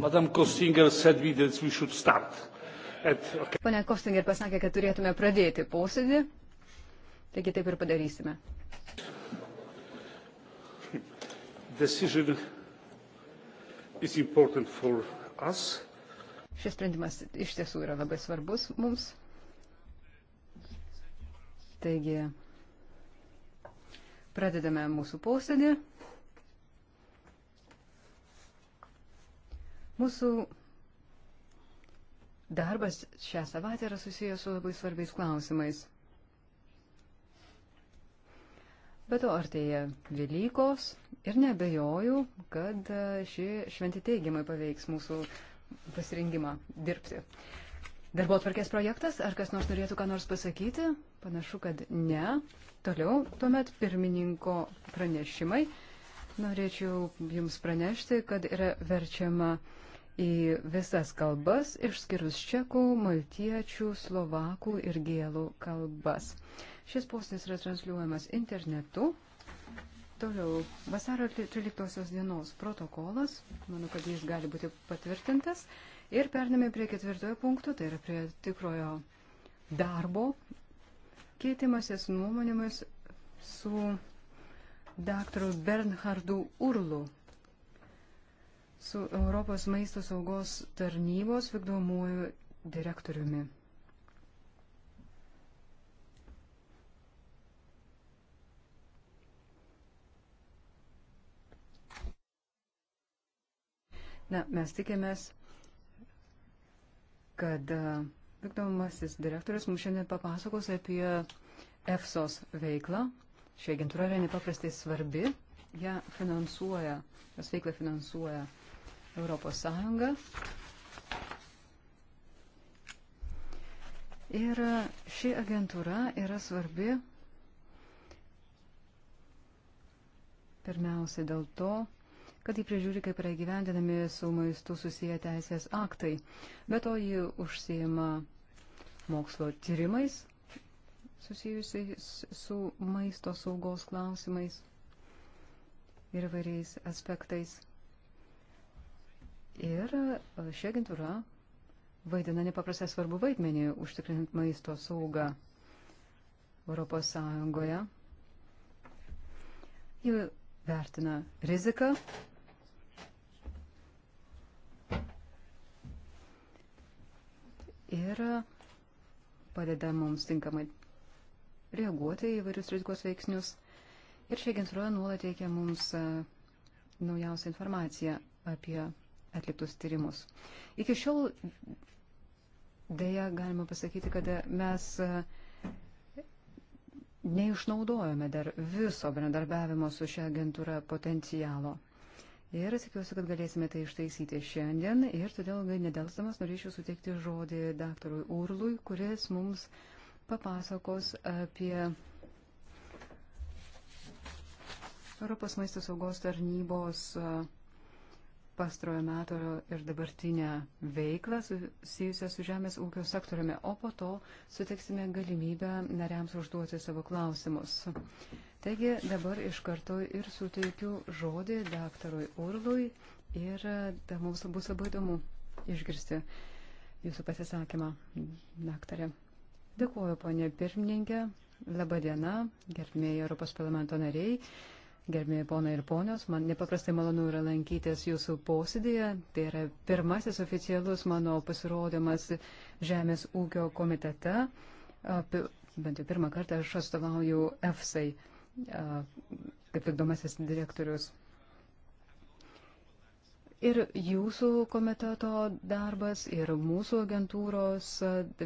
Pane Kostinger pasakė, kad turėtume pradėti posėdį, taigi taip ir padarysime. Decision is important for us. Šis sprendimas iš tiesų yra labai svarbus mums. Taigi, pradedame mūsų posėdį. Mūsų darbas šią savaitę yra susijęs su labai svarbiais klausimais. Be to artėja Velykos ir nebejoju, kad ši šventi teigiamai paveiks mūsų pasirinkimą dirbti. Darbo atvarkės projektas, ar kas nors norėtų ką nors pasakyti? Panašu, kad ne. Toliau, tuomet pirmininko pranešimai. Norėčiau Jums pranešti, kad yra verčiama į visas kalbas, išskyrus čekų, maltiečių, slovakų ir gėlų kalbas. Šis postas yra transliuojamas internetu. Toliau, vasaro 13 dienos protokolas, manau, kad jis gali būti patvirtintas. Ir pername prie ketvirtojo punkto, tai yra prie tikrojo darbo, keitimasis nuomonėmis su daktaru Bernhardu Urlu, su Europos maisto saugos tarnybos vykdomuoju direktoriumi. Na, mes tikėmės, kad e, vykdomasis direktorius mums šiandien papasakos apie EFSOS veiklą. Ši agentūra yra nepaprastai svarbi, ją finansuoja, jos veiklą finansuoja Europos Sąjungą. Ir ši agentūra yra svarbi pirmiausia dėl to, kad jį prižiūri, kaip yra gyvendinami su maistu susiję teisės aktai. Be to jį užsieima mokslo tyrimais susijusiais su maisto saugos klausimais ir variais aspektais. Ir e, ši agentūra vaidina nepaprastai svarbu vaidmenį užtikrinant maisto saugą Europos Sąjungoje. Ji vertina riziką. Ir padeda mums tinkamai reaguoti į įvairius rizikos veiksnius. Ir ši agentūra nuolat teikia mums e, naujausią informaciją apie atliktus tyrimus. Iki šiol dėja galima pasakyti, kad mes e, neišnaudojame dar viso bendradarbiavimo su šia agentūra potencialo. Ir tikiuosi, kad galėsime tai ištaisyti šiandien ir todėl nedelstamas norėčiau suteikti žodį daktarui Urlui, kuris mums papasakos apie Europos maisto saugos tarnybos uh, pastarojo meto ir dabartinę veiklą susijusią su žemės ūkio sektoriumi, o po to suteiksime galimybę nariams užduoti savo klausimus. Taigi dabar iš karto ir suteikiu žodį daktarui Urlui ir da, mums bus labai įdomu išgirsti jūsų pasisakymą, daktarė. Dėkuoju, ponė pirmininkė. Labadiena, gerbėjai Europos parlamento nariai. Gerbėjai ponai ir ponios, man nepaprastai malonu yra lankytis jūsų posėdėje. Tai yra pirmasis oficialus mano pasirodymas Žemės ūkio komitete. Bent jau pirmą kartą aš atstovauju EFSAI kaip vykdomasis direktorius. Ir jūsų komiteto darbas ir mūsų agentūros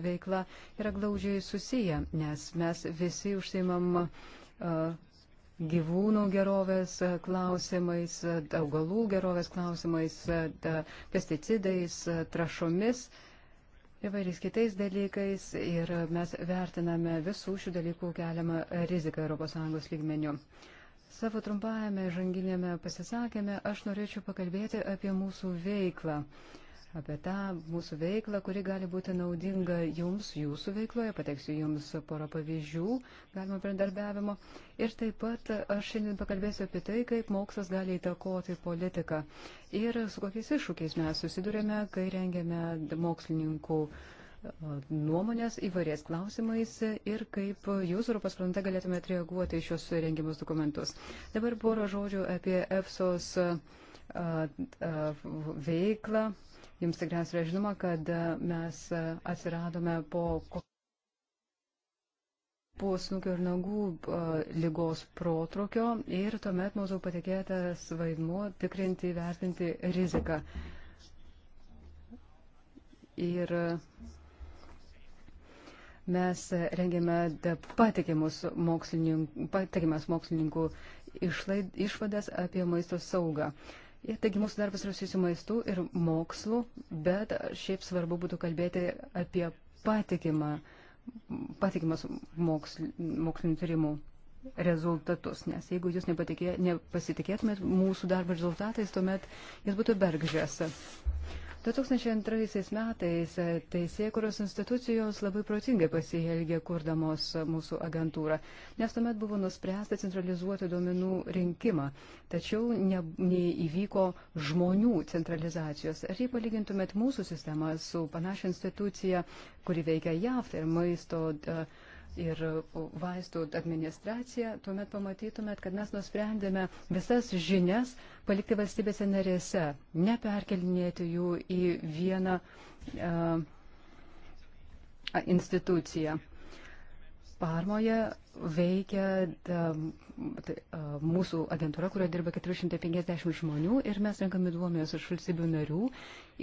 veikla yra glaudžiai susiję, nes mes visi užsimam uh, gyvūnų gerovės e, klausimais, e, augalų gerovės klausimais, e, pesticidais, trašomis įvairiais kitais dalykais ir mes vertiname visų šių dalykų keliamą riziką ES lygmeniu. Savo trumpajame žanginėme pasisakėme aš norėčiau pakalbėti apie mūsų veiklą. Uh, apie tą mūsų veiklą, kuri gali būti naudinga jums, jūsų veikloje. Pateiksiu jums porą pavyzdžių galima bendarbiavimo. Ir taip pat aš šiandien pakalbėsiu apie tai, kaip mokslas gali įtakoti politiką ir su kokiais iššūkiais mes susidurėme, kai rengėme mokslininkų nuomonės įvairiais klausimais ir kaip jūs, Europos parlamente, galėtumėte reaguoti į šios rengimus dokumentus. Dabar porą žodžių apie EFSOS veiklą Jums tikriausiai yra žinoma, kad e, mes e, atsiradome po, po snukio ir nagų e, lygos protrukio ir tuomet mūsų patikėtas vaidmuo tikrinti, vertinti riziką. Ir mes rengėme patikimus mokslininkų, patikimas mokslininkų išlaid, išvadas apie maisto saugą. Ir taigi mūsų darbas yra susijęs su maistu ir mokslu, bet šiaip svarbu būtų kalbėti apie patikimą, patikimas moksl, mokslinio tyrimų rezultatus, nes jeigu jūs nepatikė, nepasitikėtumėt mūsų darbo rezultatais, tuomet jis būtų bergžės. 2002 metais teisėkuros institucijos labai protingai pasielgė kurdamos mūsų agentūrą, nes tuomet buvo nuspręsta centralizuoti duomenų rinkimą, tačiau neįvyko ne žmonių centralizacijos. Ar jei palygintumėt mūsų sistemą su panašia institucija, kuri veikia JAV, tai ir maisto. Uh, ir vaistų administraciją, tuomet pamatytumėt, kad mes nusprendėme visas žinias palikti valstybėse narėse, neperkelinėti jų į vieną uh, instituciją. Parmoje veikia da, tai, mūsų agentūra, kurioje dirba 450 žmonių ir mes renkame duomenės iš valstybių narių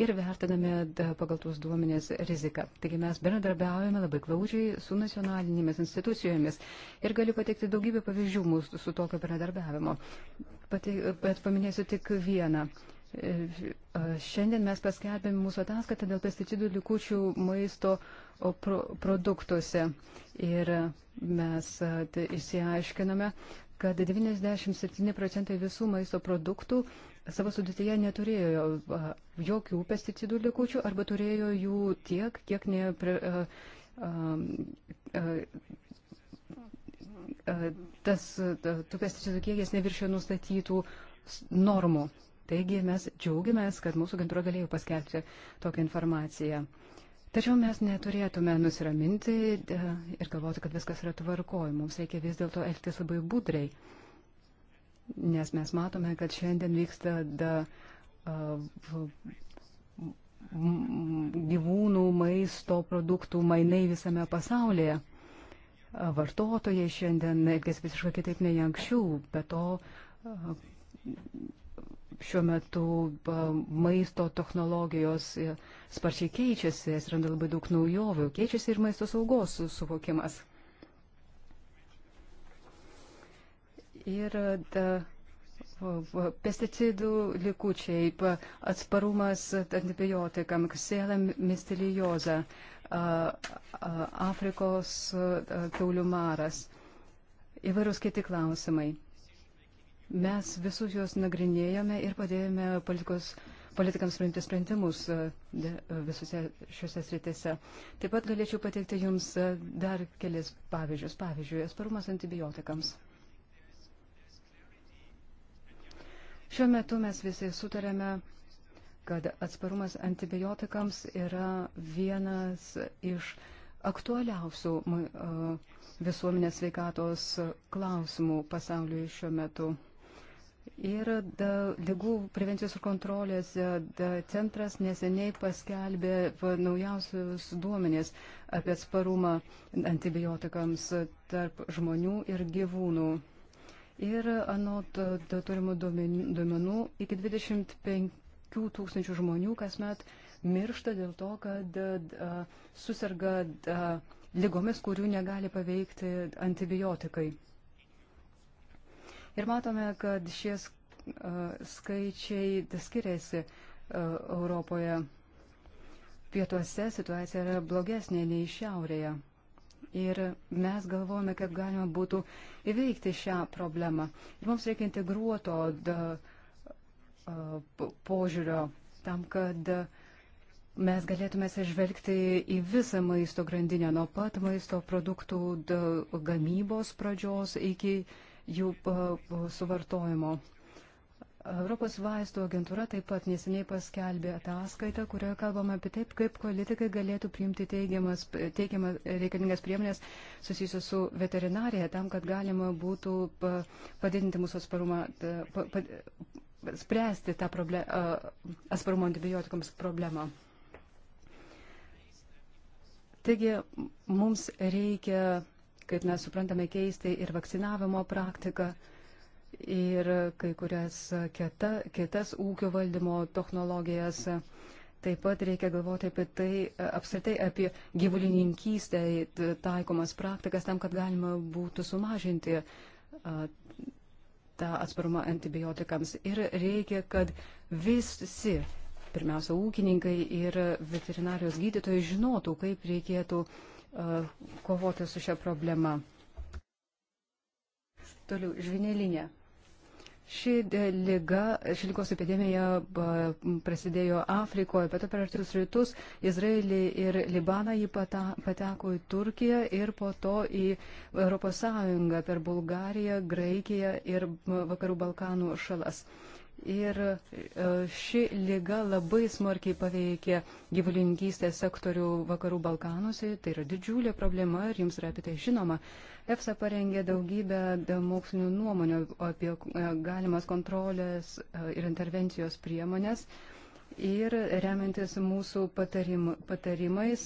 ir vertiname da, pagal tuos duomenės riziką. Taigi mes bendradarbiaujame labai glaudžiai su nacionalinėmis institucijomis ir galiu pateikti daugybę pavyzdžių mūsų su tokio bendradarbiavimo. Bet paminėsiu tik vieną. E, šiandien mes paskelbėme mūsų ataskaitą dėl pesticidų likučių maisto pro produktuose ir mes e, tai išsiaiškiname, kad 97 procentai visų maisto produktų savo sudėtyje neturėjo e, jokių pesticidų likučių arba turėjo jų tiek, kiek ne. Tas, tų pesticidų kiekis neviršė nustatytų normų. Taigi mes džiaugiamės, kad mūsų agentūra galėjo paskelbti tokią informaciją. Tačiau mes neturėtume nusiraminti e, ir galvoti, kad viskas yra tvarkoj. Mums reikia vis dėlto elgtis labai budriai, nes mes matome, kad šiandien vyksta da, gyvūnų maisto produktų mainai visame pasaulyje. Vartotojai šiandien elgesi visiškai kitaip nei anksčiau, bet to šiuo metu maisto technologijos e, sparčiai keičiasi, atsiranda labai daug naujovių, keičiasi ir maisto saugos suvokimas. Ir da, pesticidų likučiai, atsparumas antibiotikam, kselė mistilijoza, Afrikos kiaulių maras, įvairūs kiti klausimai. Mes visus juos nagrinėjome ir padėjome politikos, politikams priimti sprendimus e, e, visose šiuose sritise. Taip pat galėčiau pateikti Jums e, dar kelis pavyzdžius. Pavyzdžiui, atsparumas antibiotikams. Šiuo metu mes visi sutarėme, kad atsparumas antibiotikams yra vienas iš aktualiausių visuomenės veikatos klausimų pasauliui šiuo metu. Ir da, lygų prevencijos ir kontrolės e, da, centras neseniai paskelbė naujausius duomenės apie sparumą antibiotikams tarp žmonių ir gyvūnų. Ir anot e, turimų duomenų, iki 25 tūkstančių žmonių kasmet miršta dėl to, kad e, da, susirga da, lygomis, kurių negali paveikti antibiotikai. Ir matome, kad šie skaičiai skiriasi Europoje. Pietuose situacija yra blogesnė nei šiaurėje. Ir mes galvojame, kaip galima būtų įveikti šią problemą. Ir mums reikia integruoto da, požiūrio tam, kad mes galėtume sižvelgti į visą maisto grandinę nuo pat maisto produktų da, gamybos pradžios iki uh, jų suvartojimo. Europos vaistų agentūra taip pat neseniai paskelbė ataskaitą, kurioje kalbama apie taip, kaip politikai galėtų priimti teigiamas, teigiamas reikalingas priemonės susijusios su veterinarija, tam, kad galima būtų padidinti mūsų atsparumą, pa, pa, spręsti tą problem, atsparumo antibiotikams problemą. Taigi mums reikia kaip mes suprantame keisti ir vakcinavimo praktiką, ir kai kurias kita, kitas ūkio valdymo technologijas. Taip pat reikia galvoti apie tai, apskritai apie gyvulininkystę taikomas praktikas tam, kad galima būtų sumažinti tą atsparumą antibiotikams. Ir reikia, kad visi, pirmiausia, ūkininkai ir veterinarijos gydytojai žinotų, kaip reikėtų uh, E, kovoti su šia problema. Toliau, žvinelinė. Ši e, lyga, ši lygos epidemija e, prasidėjo Afrikoje, bet per artius rytus Izraelį ir Libaną jį pateko į Turkiją ir po to į ES per Bulgariją, Graikiją ir Vakarų Balkanų šalas. Ir e, ši lyga labai smarkiai paveikė gyvulininkystės sektorių vakarų Balkanuose. Tai yra didžiulė problema ir jums yra apie tai žinoma. EFSA parengė daugybę e, mokslinių nuomonių apie e, galimas kontrolės ir intervencijos priemonės. Ir remiantis mūsų patarim, patarimais,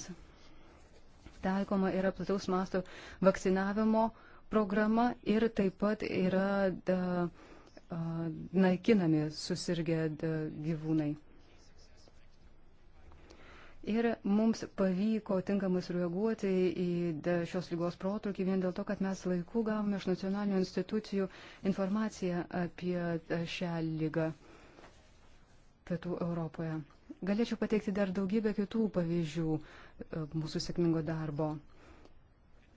taikoma yra plataus masto vakcinavimo programa ir taip pat yra. Da, naikinami susirgę gyvūnai. Ir mums pavyko tinkamai sureaguoti į šios lygos protrukį vien dėl to, kad mes laiku gavome iš nacionalinių institucijų informaciją apie šią lygą Pietų Europoje. Galėčiau pateikti dar daugybę kitų pavyzdžių e, mūsų sėkmingo darbo.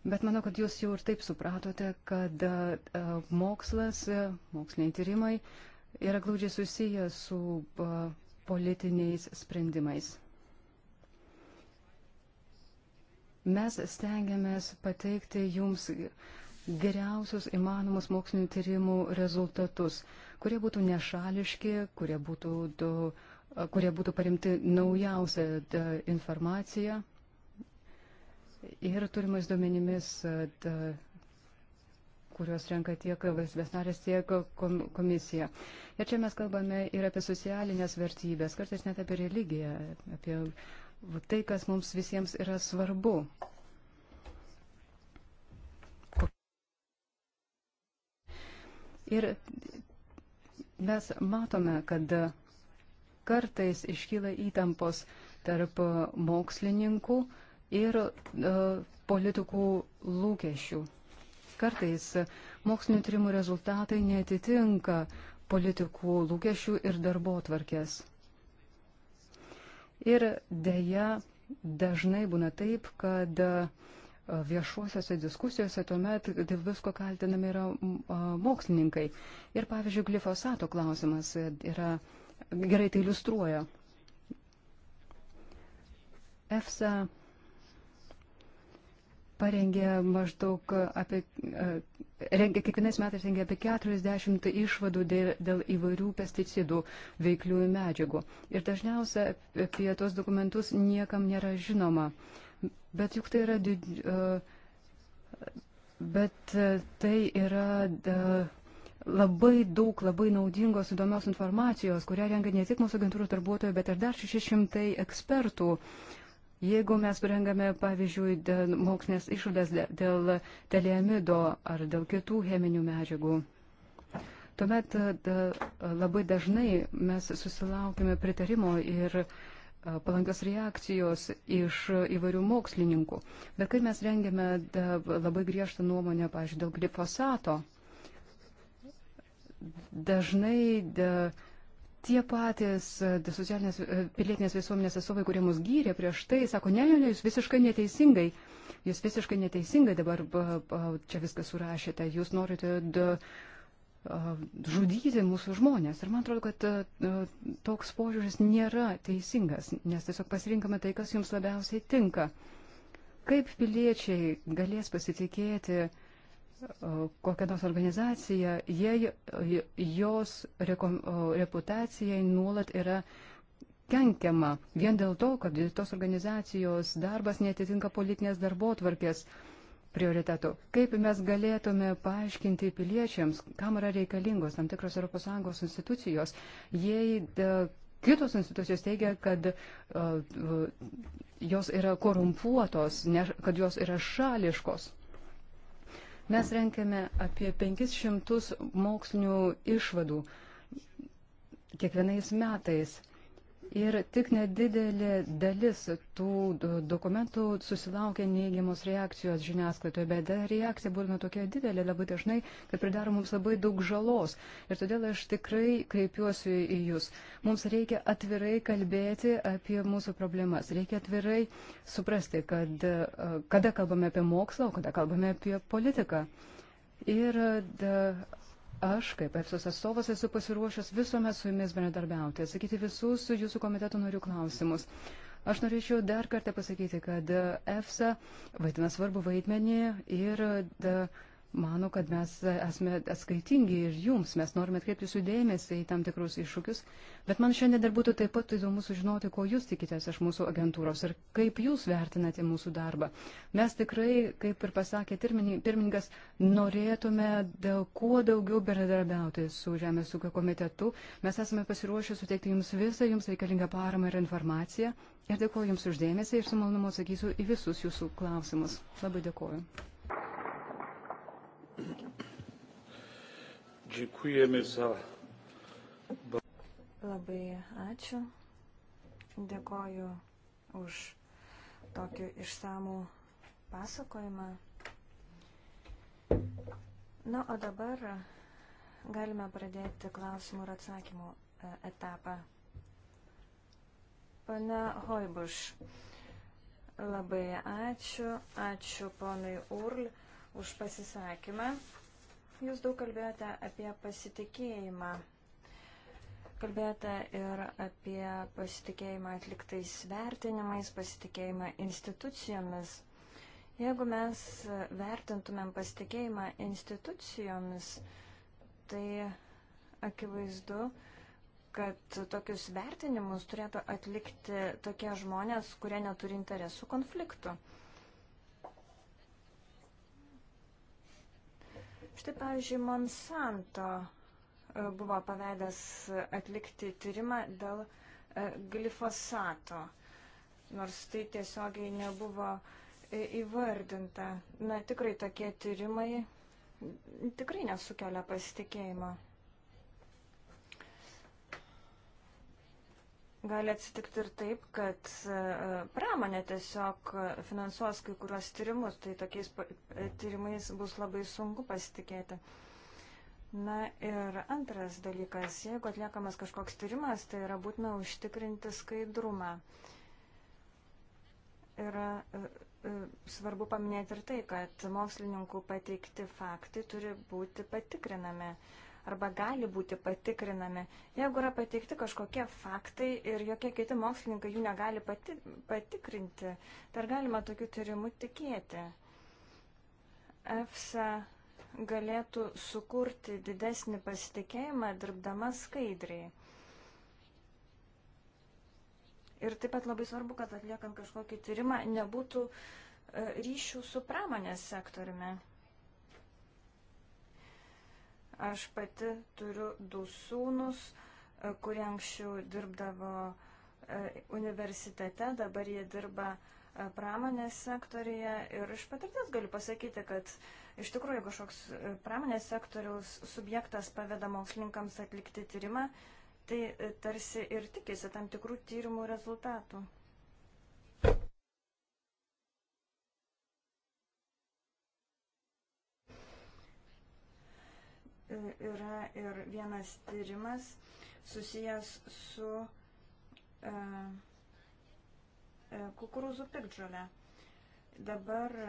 Bet manau, kad jūs jau ir taip supratote, kad e, mokslas, e, moksliniai tyrimai yra glaudžiai susiję su e, politiniais sprendimais. Mes stengiamės pateikti jums geriausius įmanomus mokslinių tyrimų rezultatus, kurie būtų nešališki, kurie būtų, do, kurie būtų parimti naujausią informaciją Ir turimais duomenimis, kuriuos renka tiek valstybės narės, tiek komisija. Ir čia mes kalbame ir apie socialinės vertybės, kartais net apie religiją, apie tai, kas mums visiems yra svarbu. Ir mes matome, kad kartais iškyla įtampos tarp mokslininkų, uh, ir e, politikų lūkesčių. Kartais mokslinio tyrimų rezultatai netitinka politikų lūkesčių ir darbo tvarkės. Ir dėja, dažnai būna taip, kad e, viešuosiuose diskusijose tuomet dėl visko kaltinami yra e, mokslininkai. Ir pavyzdžiui, glifosato klausimas yra, gerai tai iliustruoja. EFSA parengė maždaug apie, e, rengė, kiekvienais metais rengė apie 40 išvadų dėl, dėl įvairių pesticidų veikliųjų medžiagų. Ir dažniausia apie tuos dokumentus niekam nėra žinoma. Bet juk tai yra, did, e, bet e, tai yra da, labai daug labai naudingos įdomios informacijos, kurią rengia ne tik mūsų agentūros darbuotojai, bet ir dar 600 ekspertų. Uh, Jeigu mes parengame, pavyzdžiui, mokslinės išvadas dėl teleamido ar dėl kitų cheminių medžiagų, tuomet da, labai dažnai mes susilaukime pritarimo ir e, palankios reakcijos iš įvairių mokslininkų. Bet kai mes rengiame da, labai griežtą nuomonę, pavyzdžiui, dėl glifosato, dažnai da, uh, Tie patys e, socialinės e, pilietinės visuomenės atstovai, kurie mus gyrė prieš tai, sako, ne, ne, jūs visiškai neteisingai, jūs visiškai neteisingai dabar čia viską surašėte, jūs norite da, žudyti mūsų žmonės. Ir man atrodo, kad e, toks požiūris nėra teisingas, nes tiesiog pasirinkame tai, kas jums labiausiai tinka. Kaip piliečiai galės pasitikėti uh, kokią nors organizaciją, jie, jos reputacijai nuolat yra kenkiama vien dėl to, kad tos organizacijos darbas netitinka politinės darbo tvarkės prioritetų. Kaip mes galėtume paaiškinti piliečiams, kam yra reikalingos tam tikros ES institucijos, jei da, e, kitos institucijos teigia, kad uh, jos yra korumpuotos, ne, kad jos yra šališkos. Mes renkame apie 500 mokslinių išvadų kiekvienais metais. Ir tik nedidelė dalis tų dokumentų susilaukė neigiamos reakcijos žiniasklaidoje, bet ta reakcija būna tokia didelė labai dažnai, kad pridaro mums labai daug žalos. Ir todėl aš tikrai kreipiuosi į Jūs. Mums reikia atvirai kalbėti apie mūsų problemas. Reikia atvirai suprasti, kad kada kalbame apie mokslą, o kada kalbame apie politiką. Ir da, Aš, kaip EFSOS atstovas, esu pasiruošęs visuomet su jumis bendradarbiauti, atsakyti visus jūsų komiteto narių klausimus. Aš norėčiau dar kartą pasakyti, kad EFSA vaidina svarbu vaidmenį ir da, mano, kad mes esame atskaitingi ir jums, mes norime atkreipti jūsų dėmesį į tam tikrus iššūkius, bet man šiandien dar būtų taip pat įdomu sužinoti, ko jūs tikitės iš mūsų agentūros ir kaip jūs vertinate mūsų darbą. Mes tikrai, kaip ir pasakė pirmininkas, norėtume dėl kuo daugiau bendradarbiauti su Žemės ūkio komitetu. Mes esame pasiruošę suteikti jums visą jums reikalingą paramą ir informaciją. Ir dėkoju Jums uždėmesį ir su malonumu atsakysiu į visus Jūsų klausimus. Labai dėkoju. Dziękujemy za. Labai ačiū. Dėkoju už tokį išsamų pasakojimą. Na, o dabar galime pradėti klausimų ir atsakymų e, etapą. Pane Hoibuš, labai ačiū. Ačiū ponui Url už pasisakymą. Jūs daug kalbėjote apie pasitikėjimą. Kalbėjote ir apie pasitikėjimą atliktais vertinimais, pasitikėjimą institucijomis. Jeigu mes vertintumėm pasitikėjimą institucijomis, tai akivaizdu, kad tokius vertinimus turėtų atlikti tokie žmonės, kurie neturi interesų konfliktų. Štai, pavyzdžiui, Monsanto e, buvo pavedęs atlikti tyrimą dėl e, glifosato, nors tai tiesiogiai nebuvo e, įvardinta. Na, tikrai tokie tyrimai tikrai nesukelia pasitikėjimo. Gali atsitikti ir taip, kad e, pramonė tiesiog finansuos kai kuriuos tyrimus, tai tokiais tyrimais bus labai sunku pasitikėti. Na ir antras dalykas, jeigu atliekamas kažkoks tyrimas, tai yra būtina užtikrinti skaidrumą. Yra e, e, svarbu paminėti ir tai, kad mokslininkų pateikti faktai turi būti patikrinami arba gali būti patikrinami. Jeigu yra pateikti kažkokie faktai ir jokie kiti mokslininkai jų negali pati, patikrinti, dar galima tokių tyrimų tikėti. EFSA galėtų sukurti didesnį pasitikėjimą dirbdama skaidriai. Ir taip pat labai svarbu, kad atliekant kažkokį tyrimą nebūtų e, ryšių su pramonės sektoriumi. Aš pati turiu du sūnus, e, kurie anksčiau dirbdavo e, universitete, dabar jie dirba e, pramonės sektorija ir iš patirties galiu pasakyti, kad iš tikrųjų kažkoks pramonės sektoriaus subjektas paveda mokslininkams atlikti tyrimą, tai tarsi ir tikisi tam tikrų tyrimų rezultatų. yra ir vienas tyrimas susijęs su e, e, kukurūzų pikdžiolė. Dabar e,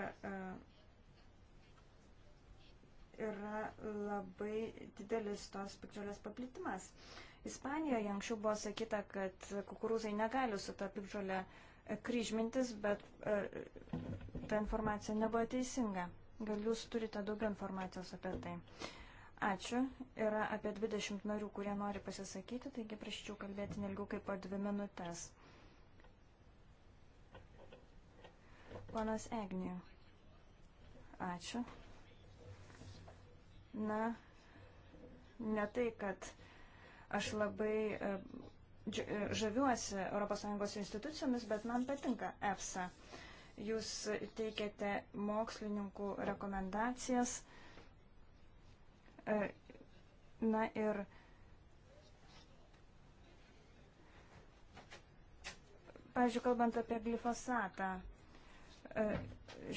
yra labai didelis tos pikdžiolės paplitimas. Ispanijoje anksčiau buvo sakyta, kad kukurūzai negali su ta pikdžiolė kryžmintis, bet ta informacija nebuvo teisinga. Gal jūs turite daugiau informacijos apie tai? Ačiū. Yra apie 20 narių, kurie nori pasisakyti, taigi prašyčiau kalbėti nelgiau kaip po dvi minutės. Ponas Egnijų. Ačiū. Na, ne tai, kad aš labai e, e, žaviuosi ES institucijomis, bet man patinka EFSA. Jūs teikiate mokslininkų rekomendacijas E, na ir Pavyzdžiui, kalbant apie glifosatą, e,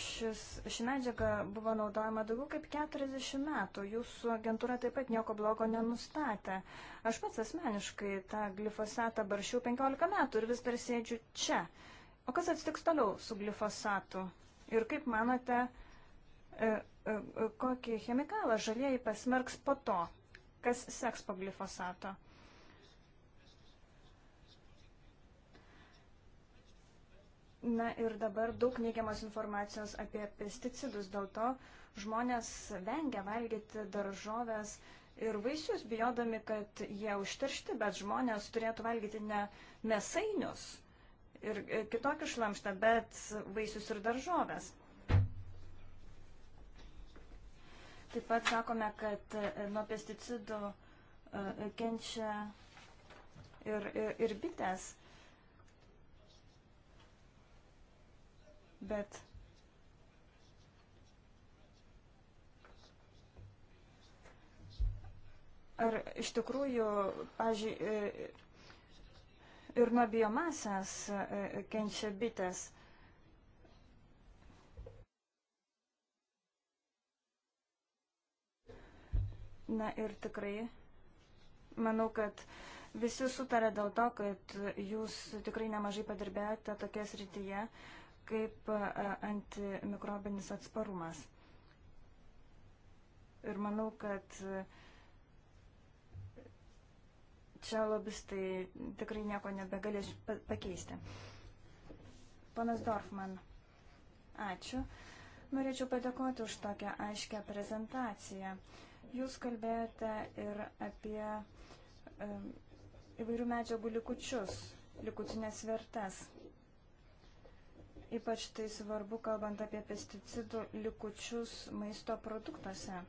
šis, ši medžiaga buvo naudojama daugiau kaip 40 metų. Jūsų agentūra taip pat nieko blogo nenustatė. Aš pats asmeniškai tą glifosatą baršiau 15 metų ir vis dar sėdžiu čia. O kas atsitiks toliau su glifosatu? Ir kaip manote, e, kokį chemikalą žalieji pasmerks po to, kas seks po glifosato. Na ir dabar daug neigiamos informacijos apie pesticidus, dėl to žmonės vengia valgyti daržovės ir vaisius, bijodami, kad jie užteršti, bet žmonės turėtų valgyti ne mėsainius ir e, kitokį šlamštą, bet vaisius ir daržovės. Taip pat sakome, kad e, nuo pesticidų e, e, kenčia ir, ir, ir bitės. Bet ar iš tikrųjų, pažiūrėjau, ir nuo biomasės kenčia bitės? Na ir tikrai manau, kad visi sutarė dėl to, kad jūs tikrai nemažai padirbėjote tokia srityje kaip e, antimikrobinis atsparumas. Ir manau, kad e, čia lobistai tikrai nieko nebegalės pakeisti. Panas Dorfman, ačiū. Norėčiau padėkoti už tokią aiškę prezentaciją. Uh, Jūs kalbėjote ir apie um, įvairių medžiagų likučius, likutinės vertes. Ypač tai svarbu, kalbant apie pesticidų likučius maisto produktuose.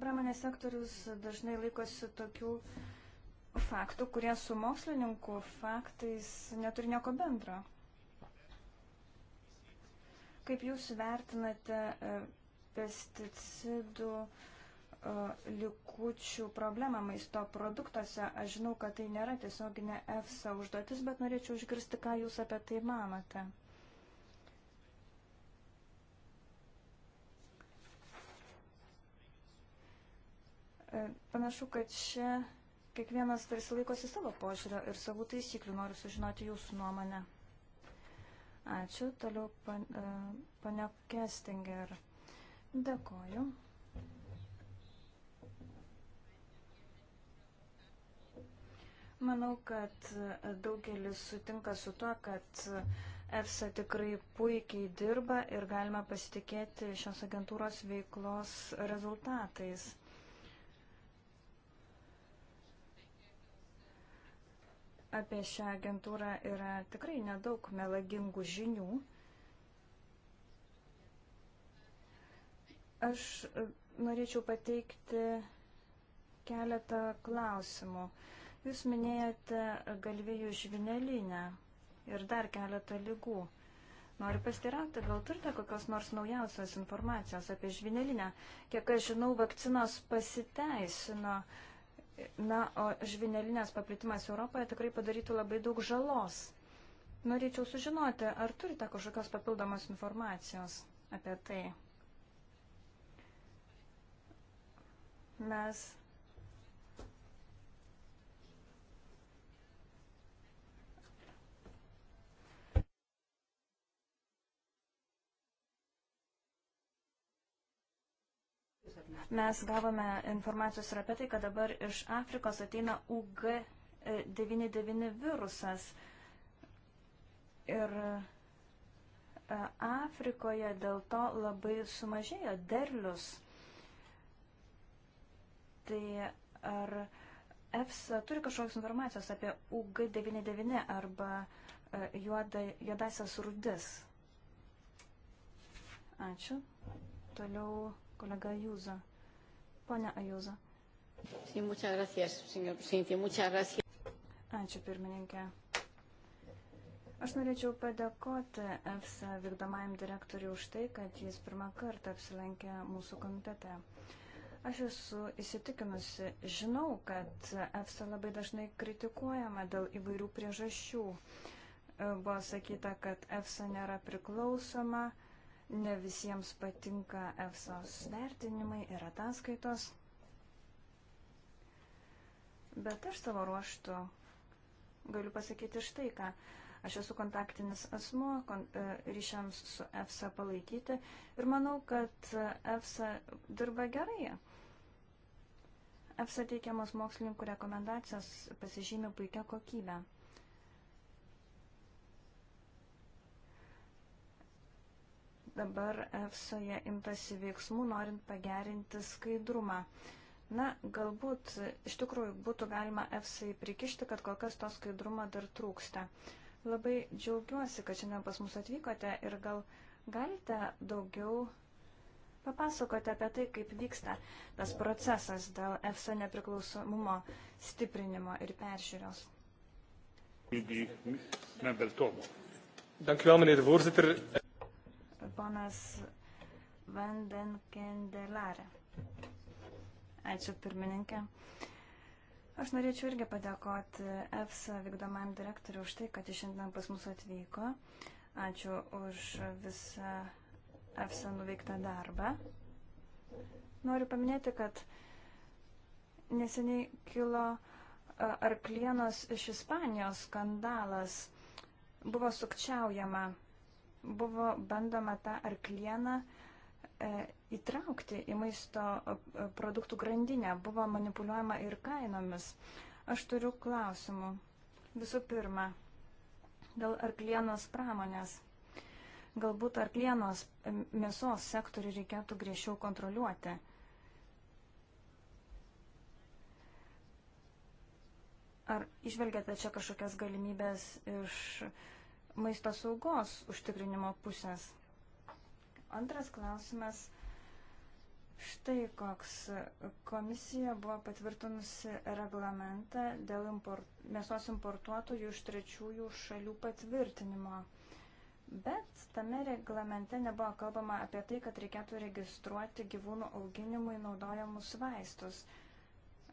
pramonės sektorius dažnai laikosi tokių faktų, kurie su mokslininkų faktais neturi nieko bendro. Kaip Jūs vertinate e, pesticidų e, likučių problemą maisto produktuose? Aš žinau, kad tai nėra tiesioginė EFSA užduotis, bet norėčiau išgirsti, ką Jūs apie tai manote. E, panašu, kad čia kiekvienas tarsi laikosi savo požiūrio ir savo taisyklių. Noriu sužinoti jūsų nuomonę. Ačiū. Toliau pane Kestinger. Dėkoju. Manau, kad daugelis sutinka su tuo, kad EFSA tikrai puikiai dirba ir galima pasitikėti šios agentūros veiklos rezultatais. apie šią agentūrą yra tikrai nedaug melagingų žinių. Aš e, norėčiau pateikti keletą klausimų. Jūs minėjote galvėjų žvinelinę ir dar keletą lygų. Noriu pastirauti, gal turite kokios nors naujausios informacijos apie žvinelinę. Kiek aš žinau, vakcinos pasiteisino. Uh, Na, o žvinelinės paplitimas Europoje tikrai padarytų labai daug žalos. Norėčiau sužinoti, ar turite kažkokios papildomos informacijos apie tai. Mes Mes gavome informacijos ir apie tai, kad dabar iš Afrikos ateina UG99 virusas. Ir e, Afrikoje dėl to labai sumažėjo derlius. Tai ar EFSA turi kažkokios informacijos apie UG99 arba e, juoda, juodasias rudis? Ačiū. Toliau kolega Jūza. Pone Ajuza. Ačiū pirmininkė. Aš norėčiau padėkoti EFSA vykdomajam direktoriui už tai, kad jis pirmą kartą apsilankė mūsų komitete. Aš esu įsitikinusi, žinau, kad EFSA labai dažnai kritikuojama dėl įvairių priežasčių. Buvo sakyta, kad EFSA nėra priklausoma, Ne visiems patinka EFSOS vertinimai ir ataskaitos. Bet aš savo ruoštų galiu pasakyti štai ką. Aš esu kontaktinis asmuo kon, e, ryšiams su EFSA palaikyti ir manau, kad EFSA dirba gerai. EFSA teikiamos mokslininkų rekomendacijos pasižymė puikia kokybė. Dabar EFSA imtasi veiksmų, norint pagerinti skaidrumą. Na, galbūt iš tikrųjų būtų galima EFSA prikišti, kad kol kas to skaidrumo dar trūksta. Labai džiaugiuosi, kad šiandien pas mus atvykote ir gal galite daugiau papasakoti apie tai, kaip vyksta tas procesas dėl EFSA nepriklausomumo stiprinimo ir peržiūros. Dank u wel, meneer de voorzitter ponas Vanden Kendelare. Ačiū pirmininkė. Aš norėčiau irgi padėkoti EFSA vykdomam direktoriu už tai, kad jis šiandien pas mus atvyko. Ačiū už visą EFSA nuveiktą darbą. Noriu paminėti, kad neseniai kilo arklienos iš Ispanijos skandalas. Buvo sukčiaujama buvo bandoma tą arklieną e, įtraukti į maisto e, e, produktų grandinę, buvo manipuliuojama ir kainomis. Aš turiu klausimų. Visų pirma, dėl arklienos pramonės. Galbūt arklienos mėsos sektorių reikėtų griežčiau kontroliuoti. Ar išvelgiate čia kažkokias galimybės iš uh, maisto saugos užtikrinimo pusės. Antras klausimas. Štai koks komisija buvo patvirtinusi reglamentą dėl import, mėsos importuotojų iš trečiųjų šalių patvirtinimo. Bet tame reglamente nebuvo kalbama apie tai, kad reikėtų registruoti gyvūnų auginimui naudojamus vaistus.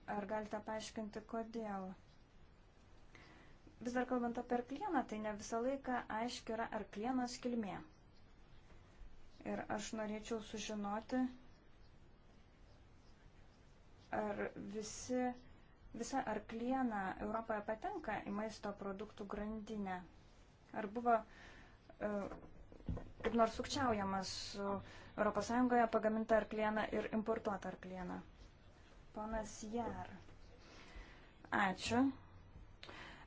Ar galite paaiškinti, kodėl? Vis dar kalbant apie arklieną, tai ne visą laiką aiškiai yra arklienas kilmė. Ir aš norėčiau sužinoti, ar visi, visa arkliena Europoje patenka į maisto produktų grandinę. Ar buvo e, kaip nors sukčiaujamas su ES pagaminta arkliena ir importuota arkliena. Ponas Jar. Ačiū.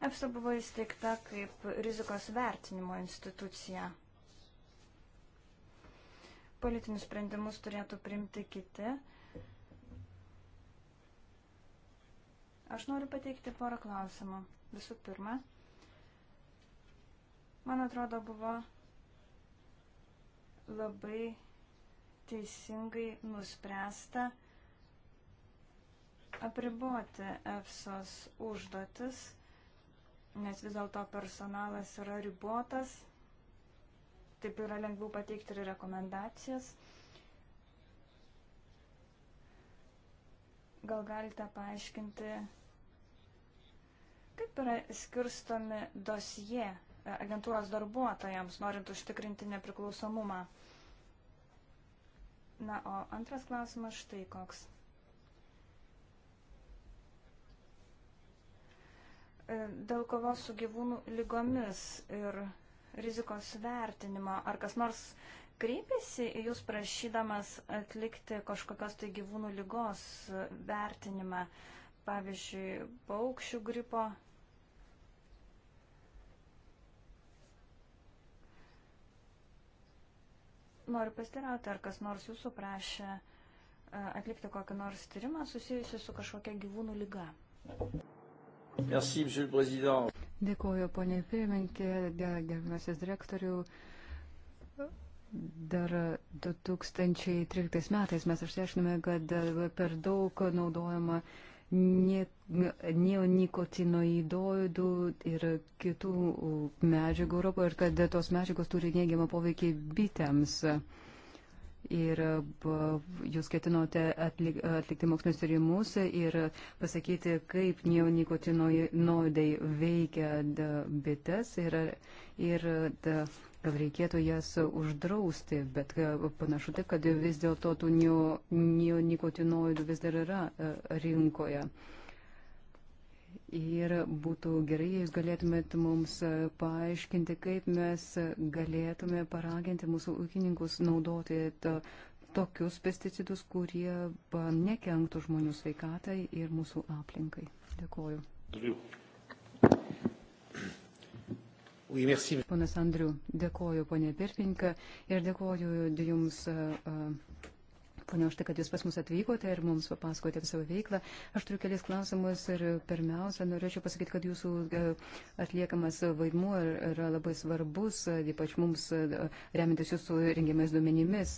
EFSA buvo įsteigta kaip rizikos vertinimo institucija. Politinius sprendimus turėtų priimti kiti. Aš noriu pateikti porą klausimų. Visų pirma, man atrodo, buvo labai teisingai nuspręsta apriboti EFSOS užduotis nes vis dėlto personalas yra ribotas, taip yra lengviau pateikti ir rekomendacijas. Gal galite paaiškinti, kaip yra skirstomi dosie e, agentūros darbuotojams, norint užtikrinti nepriklausomumą? Na, o antras klausimas štai koks. E, dėl kovos su gyvūnų lygomis ir rizikos vertinimo, ar kas nors kreipėsi į jūs prašydamas atlikti kažkokios tai gyvūnų lygos vertinimą, pavyzdžiui, paukščių gripo? Noriu pastirauti, ar kas nors jūsų prašė e, atlikti kokį nors tyrimą susijusi su kažkokia gyvūnų lyga. Merci, monsieur le président. Dėkuoju, ponė pirmininkė, gerbiamasis direktorių. Dar 2013 metais mes išsiaiškinome, kad per daug naudojama neonikotinoidoidų ir kitų medžiagų Europoje ir kad tos medžiagos turi neigiamą poveikį bitėms. Uh, ir e, jūs ketinote atlikti mokslinius tyrimus ir pasakyti, kaip neonikotinoidai veikia bites ir, ir da, gal reikėtų jas uždrausti, bet e, panašu tai, kad vis dėlto tų neonikotinoidų vis dar yra e, rinkoje. Uh, Ir būtų gerai, jei jūs galėtumėt mums e, paaiškinti, kaip mes galėtume paraginti mūsų ūkininkus naudoti to, tokius pesticidus, kurie nekenktų žmonių sveikatai ir mūsų aplinkai. Dėkuoju. Oui, Ponas Andriu, dėkoju, ponė Pirpinka, ir dėkoju Jums. Uh, Pone, už tai, kad jūs pas mus atvykote ir mums papasakote apie savo veiklą. Aš turiu kelias klausimus ir pirmiausia, norėčiau pasakyti, kad jūsų e, atliekamas vaidmuo yra labai svarbus, ypač mums e, remintis jūsų rengiamais duomenimis.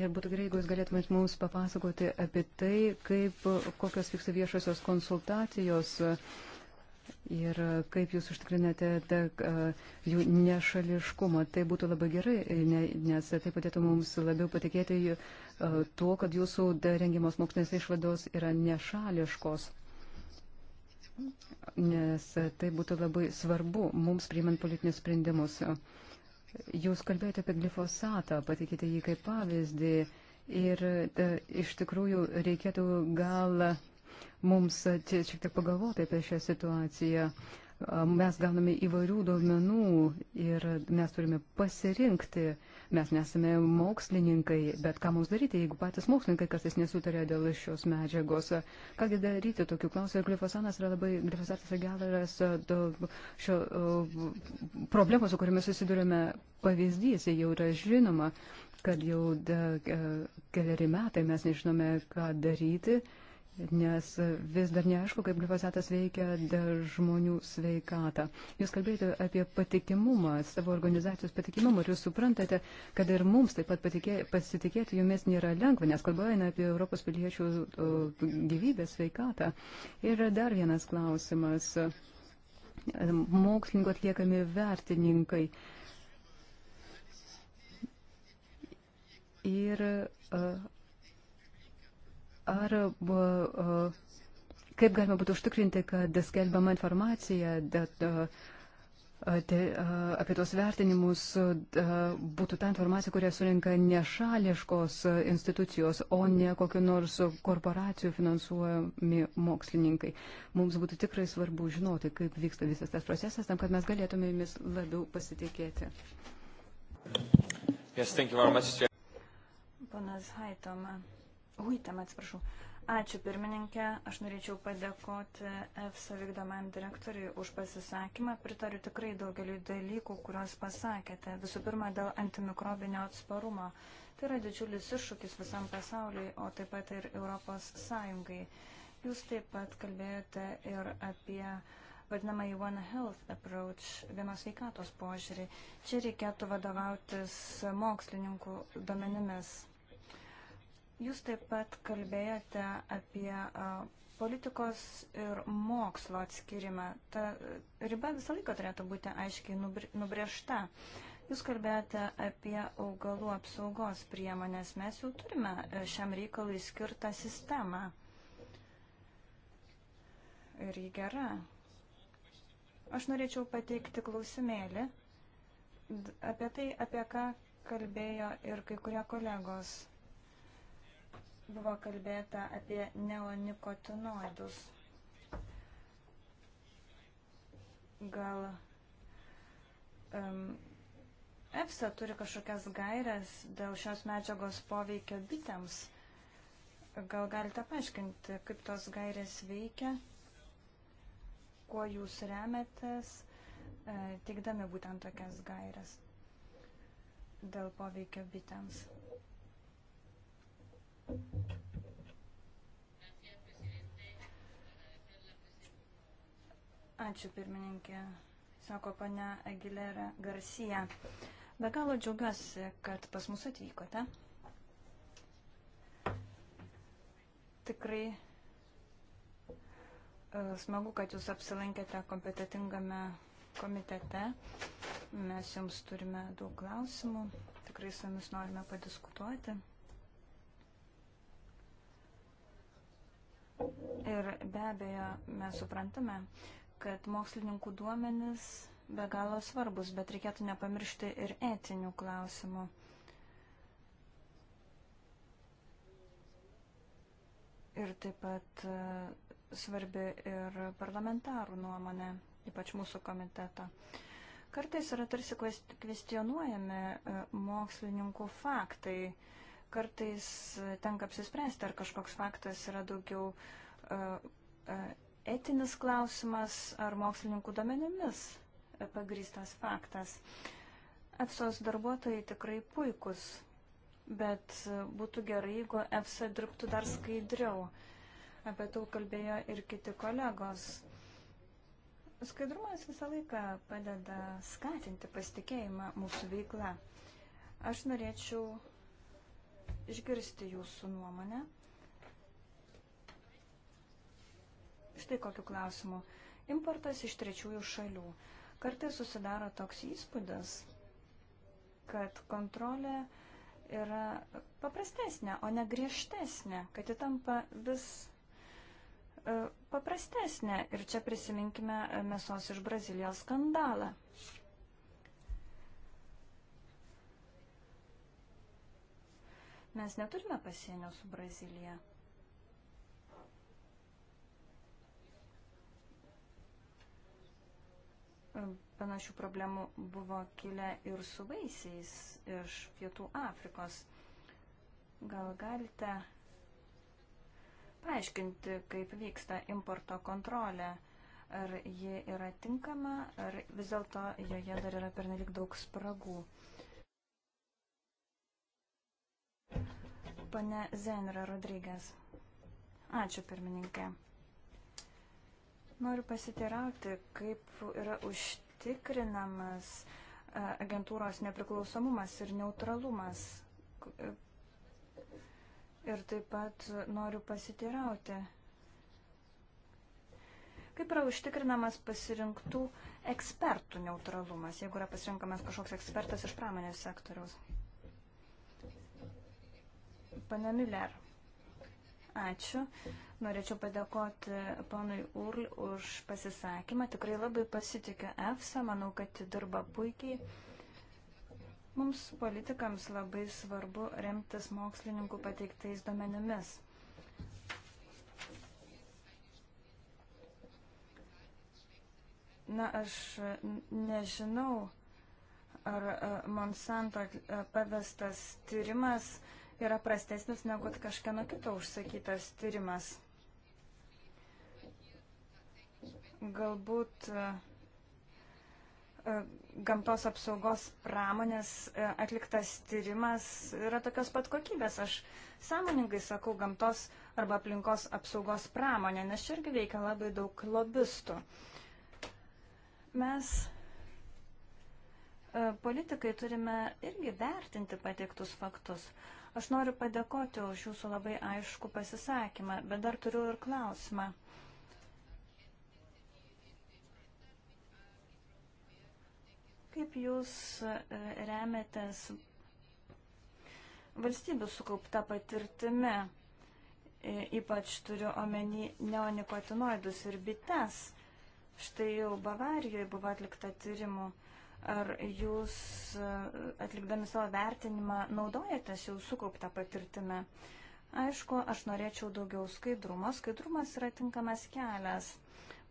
Ir būtų gerai, jeigu jūs galėtumėt mums papasakoti apie tai, kaip, kokios vyksta viešosios konsultacijos. Uh, Ir kaip jūs užtikrinate da, jų nešališkumą, tai būtų labai gerai, ne, nes tai padėtų mums labiau patikėti tuo, kad jūsų da, rengimos mokslinės išvados yra nešališkos. Nes tai būtų labai svarbu mums priimant politinius sprendimus. Jūs kalbėjote apie glifosatą, patikite jį kaip pavyzdį ir da, e, iš tikrųjų reikėtų gal mums šiek tiek pagalvoti apie šią situaciją. Mes gauname įvairių duomenų ir mes turime pasirinkti. Mes nesame mokslininkai, bet ką mums daryti, jeigu patys mokslininkai kartais nesutarė dėl šios medžiagos? Kągi daryti tokių klausimų? Glifosanas yra labai, glifosatas yra geras šio problemos, su kuriomis susidurėme pavyzdys, jau yra žinoma, kad jau da, keliari metai mes nežinome, ką daryti. Uh, nes vis dar neaišku, kaip glifosatas veikia žmonių sveikatą. Jūs kalbėjote apie patikimumą, savo organizacijos patikimumą ir jūs suprantate, kad ir mums taip pat patikė, pasitikėti jumis nėra lengva, nes kalbėjome apie Europos piliečių gyvybę, sveikatą. Ir dar vienas klausimas. Mokslininkų atliekami vertininkai. Ir uh, ar kaip galima būtų užtikrinti, kad skelbiama informacija dat, te, apie tos vertinimus būtų ta informacija, kurią surinka nešališkos institucijos, o ne kokiu nors korporacijų finansuojami mokslininkai. Mums būtų tikrai svarbu žinoti, kaip vyksta visas tas procesas, tam, kad mes galėtume jomis labiau pasitikėti. Yes, thank you very much. Ponas Haitoma. Huitam, atsiprašau. Ačiū pirmininkė, aš norėčiau padėkoti EFSA vykdomam direktoriui už pasisakymą. Pritariu tikrai daugeliu dalykų, kuriuos pasakėte. Visų pirma, dėl antimikrobinio atsparumo. Tai yra didžiulis iššūkis visam pasauliui, o taip pat ir Europos Sąjungai. Jūs taip pat kalbėjote ir apie vadinamąjį One Health approach, vienos veikatos požiūrį. Čia reikėtų vadovautis mokslininkų domenimis Jūs taip pat kalbėjote apie politikos ir mokslo atskirimą. Ta riba visą laiką turėtų būti aiškiai nubriežta. Jūs kalbėjote apie augalų apsaugos priemonės. Mes jau turime e, šiam reikalui skirtą sistemą. Ir jį gera. Aš norėčiau pateikti klausimėlį apie tai, apie ką kalbėjo ir kai kurie kolegos buvo kalbėta apie neonikotinoidus. Gal um, EFSA turi kažkokias gairias dėl šios medžiagos poveikio bitėms. Gal galite paaiškinti, kaip tos gairės veikia, kuo jūs remetės, e, teikdami būtent tokias gairias dėl poveikio bitėms. Ačiū pirmininkė, sako pane Aguilera Garcia. Be galo džiaugiuosi, kad pas mus atvykote. Tikrai e, smagu, kad jūs apsilankėte kompetitingame komitete. Mes jums turime daug klausimų. Tikrai su jumis norime padiskutuoti. Ir be abejo, mes suprantame, kad mokslininkų duomenis be galo svarbus, bet reikėtų nepamiršti ir etinių klausimų. Ir taip pat e, svarbi ir parlamentarų nuomonė, ypač mūsų komiteto. Kartais yra tarsi kvestionuojami e, mokslininkų faktai. Kartais e, tenka apsispręsti, ar kažkoks faktas yra daugiau etinis klausimas ar mokslininkų domenimis pagrįstas faktas. EFSOS darbuotojai tikrai puikus, bet būtų gerai, jeigu EFSA dirbtų dar skaidriau. Apie tai kalbėjo ir kiti kolegos. Skaidrumas visą laiką padeda skatinti pasitikėjimą mūsų veiklą. Aš norėčiau išgirsti jūsų nuomonę. štai kokiu klausimu. Importas iš trečiųjų šalių. Kartais susidaro toks įspūdis, kad kontrolė yra paprastesnė, o ne griežtesnė, kad ji tampa vis e, paprastesnė. Ir čia prisiminkime mėsos iš Brazilijos skandalą. Mes neturime pasienio su Brazilija. Panašių problemų buvo kilę ir su vaisiais iš Pietų Afrikos. Gal galite paaiškinti, kaip vyksta importo kontrolė? Ar ji yra tinkama, ar vis dėlto joje dar yra pernelik daug spragų? Pane Zenra Rodrygės. Ačiū pirmininkė. Noriu pasiteirauti, kaip yra užtikrinamas e, agentūros nepriklausomumas ir neutralumas. Ir taip pat noriu pasiteirauti, kaip yra užtikrinamas pasirinktų ekspertų neutralumas, jeigu yra pasirinkamas kažkoks ekspertas iš pramonės sektoriaus. Pane Miller, ačiū norėčiau padėkoti ponui Url už pasisakymą. Tikrai labai pasitikiu EFSA, manau, kad dirba puikiai. Mums politikams labai svarbu remtis mokslininkų pateiktais domenimis. Na, aš nežinau, ar Monsanto pavestas tyrimas yra prastesnis negu kažkieno kito užsakytas tyrimas. Galbūt e, e, gamtos apsaugos pramonės e, atliktas tyrimas yra tokios pat kokybės. Aš sąmoningai sakau gamtos arba aplinkos apsaugos pramonė, nes čia irgi veikia labai daug lobistų. Mes politikai turime irgi vertinti pateiktus faktus. Aš noriu padėkoti už jūsų labai aišku pasisakymą, bet dar turiu ir klausimą. Kaip jūs e, remiatės valstybių sukaupta patirtimi, e, ypač turiu omeny neonikotinoidus ir bites. Štai jau Bavarijoje buvo atlikta tyrimų. Ar jūs e, atlikdami savo vertinimą naudojatės jau sukauptą patirtimį? Aišku, aš norėčiau daugiau skaidrumo. Skaidrumas yra tinkamas kelias.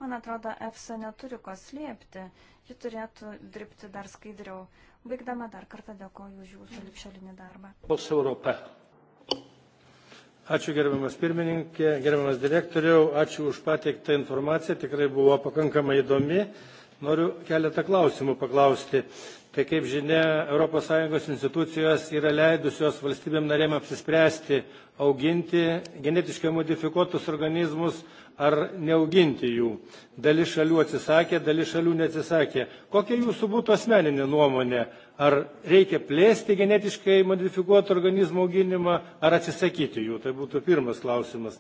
Man atrodo, EFSA neturi ko slėpti, ji turėtų dirbti dar skaidriau. Baigdama dar kartą dėkoju už jūsų lipšelinį darbą. Ačiū gerbiamas pirmininkė, gerbiamas direktoriau, ačiū už pateiktą informaciją, tikrai buvo pakankamai įdomi. Noriu keletą klausimų paklausti. Tai kaip žinia, ES institucijos yra leidusios valstybėm narėm apsispręsti auginti genetiškai modifikuotus organizmus ar neauginti jų. Dalis šalių atsisakė, dalis šalių neatsisakė. Kokia jūsų būtų asmeninė nuomonė? Ar reikia plėsti genetiškai modifikuotų organizmų auginimą, ar atsisakyti jų? Tai būtų pirmas klausimas.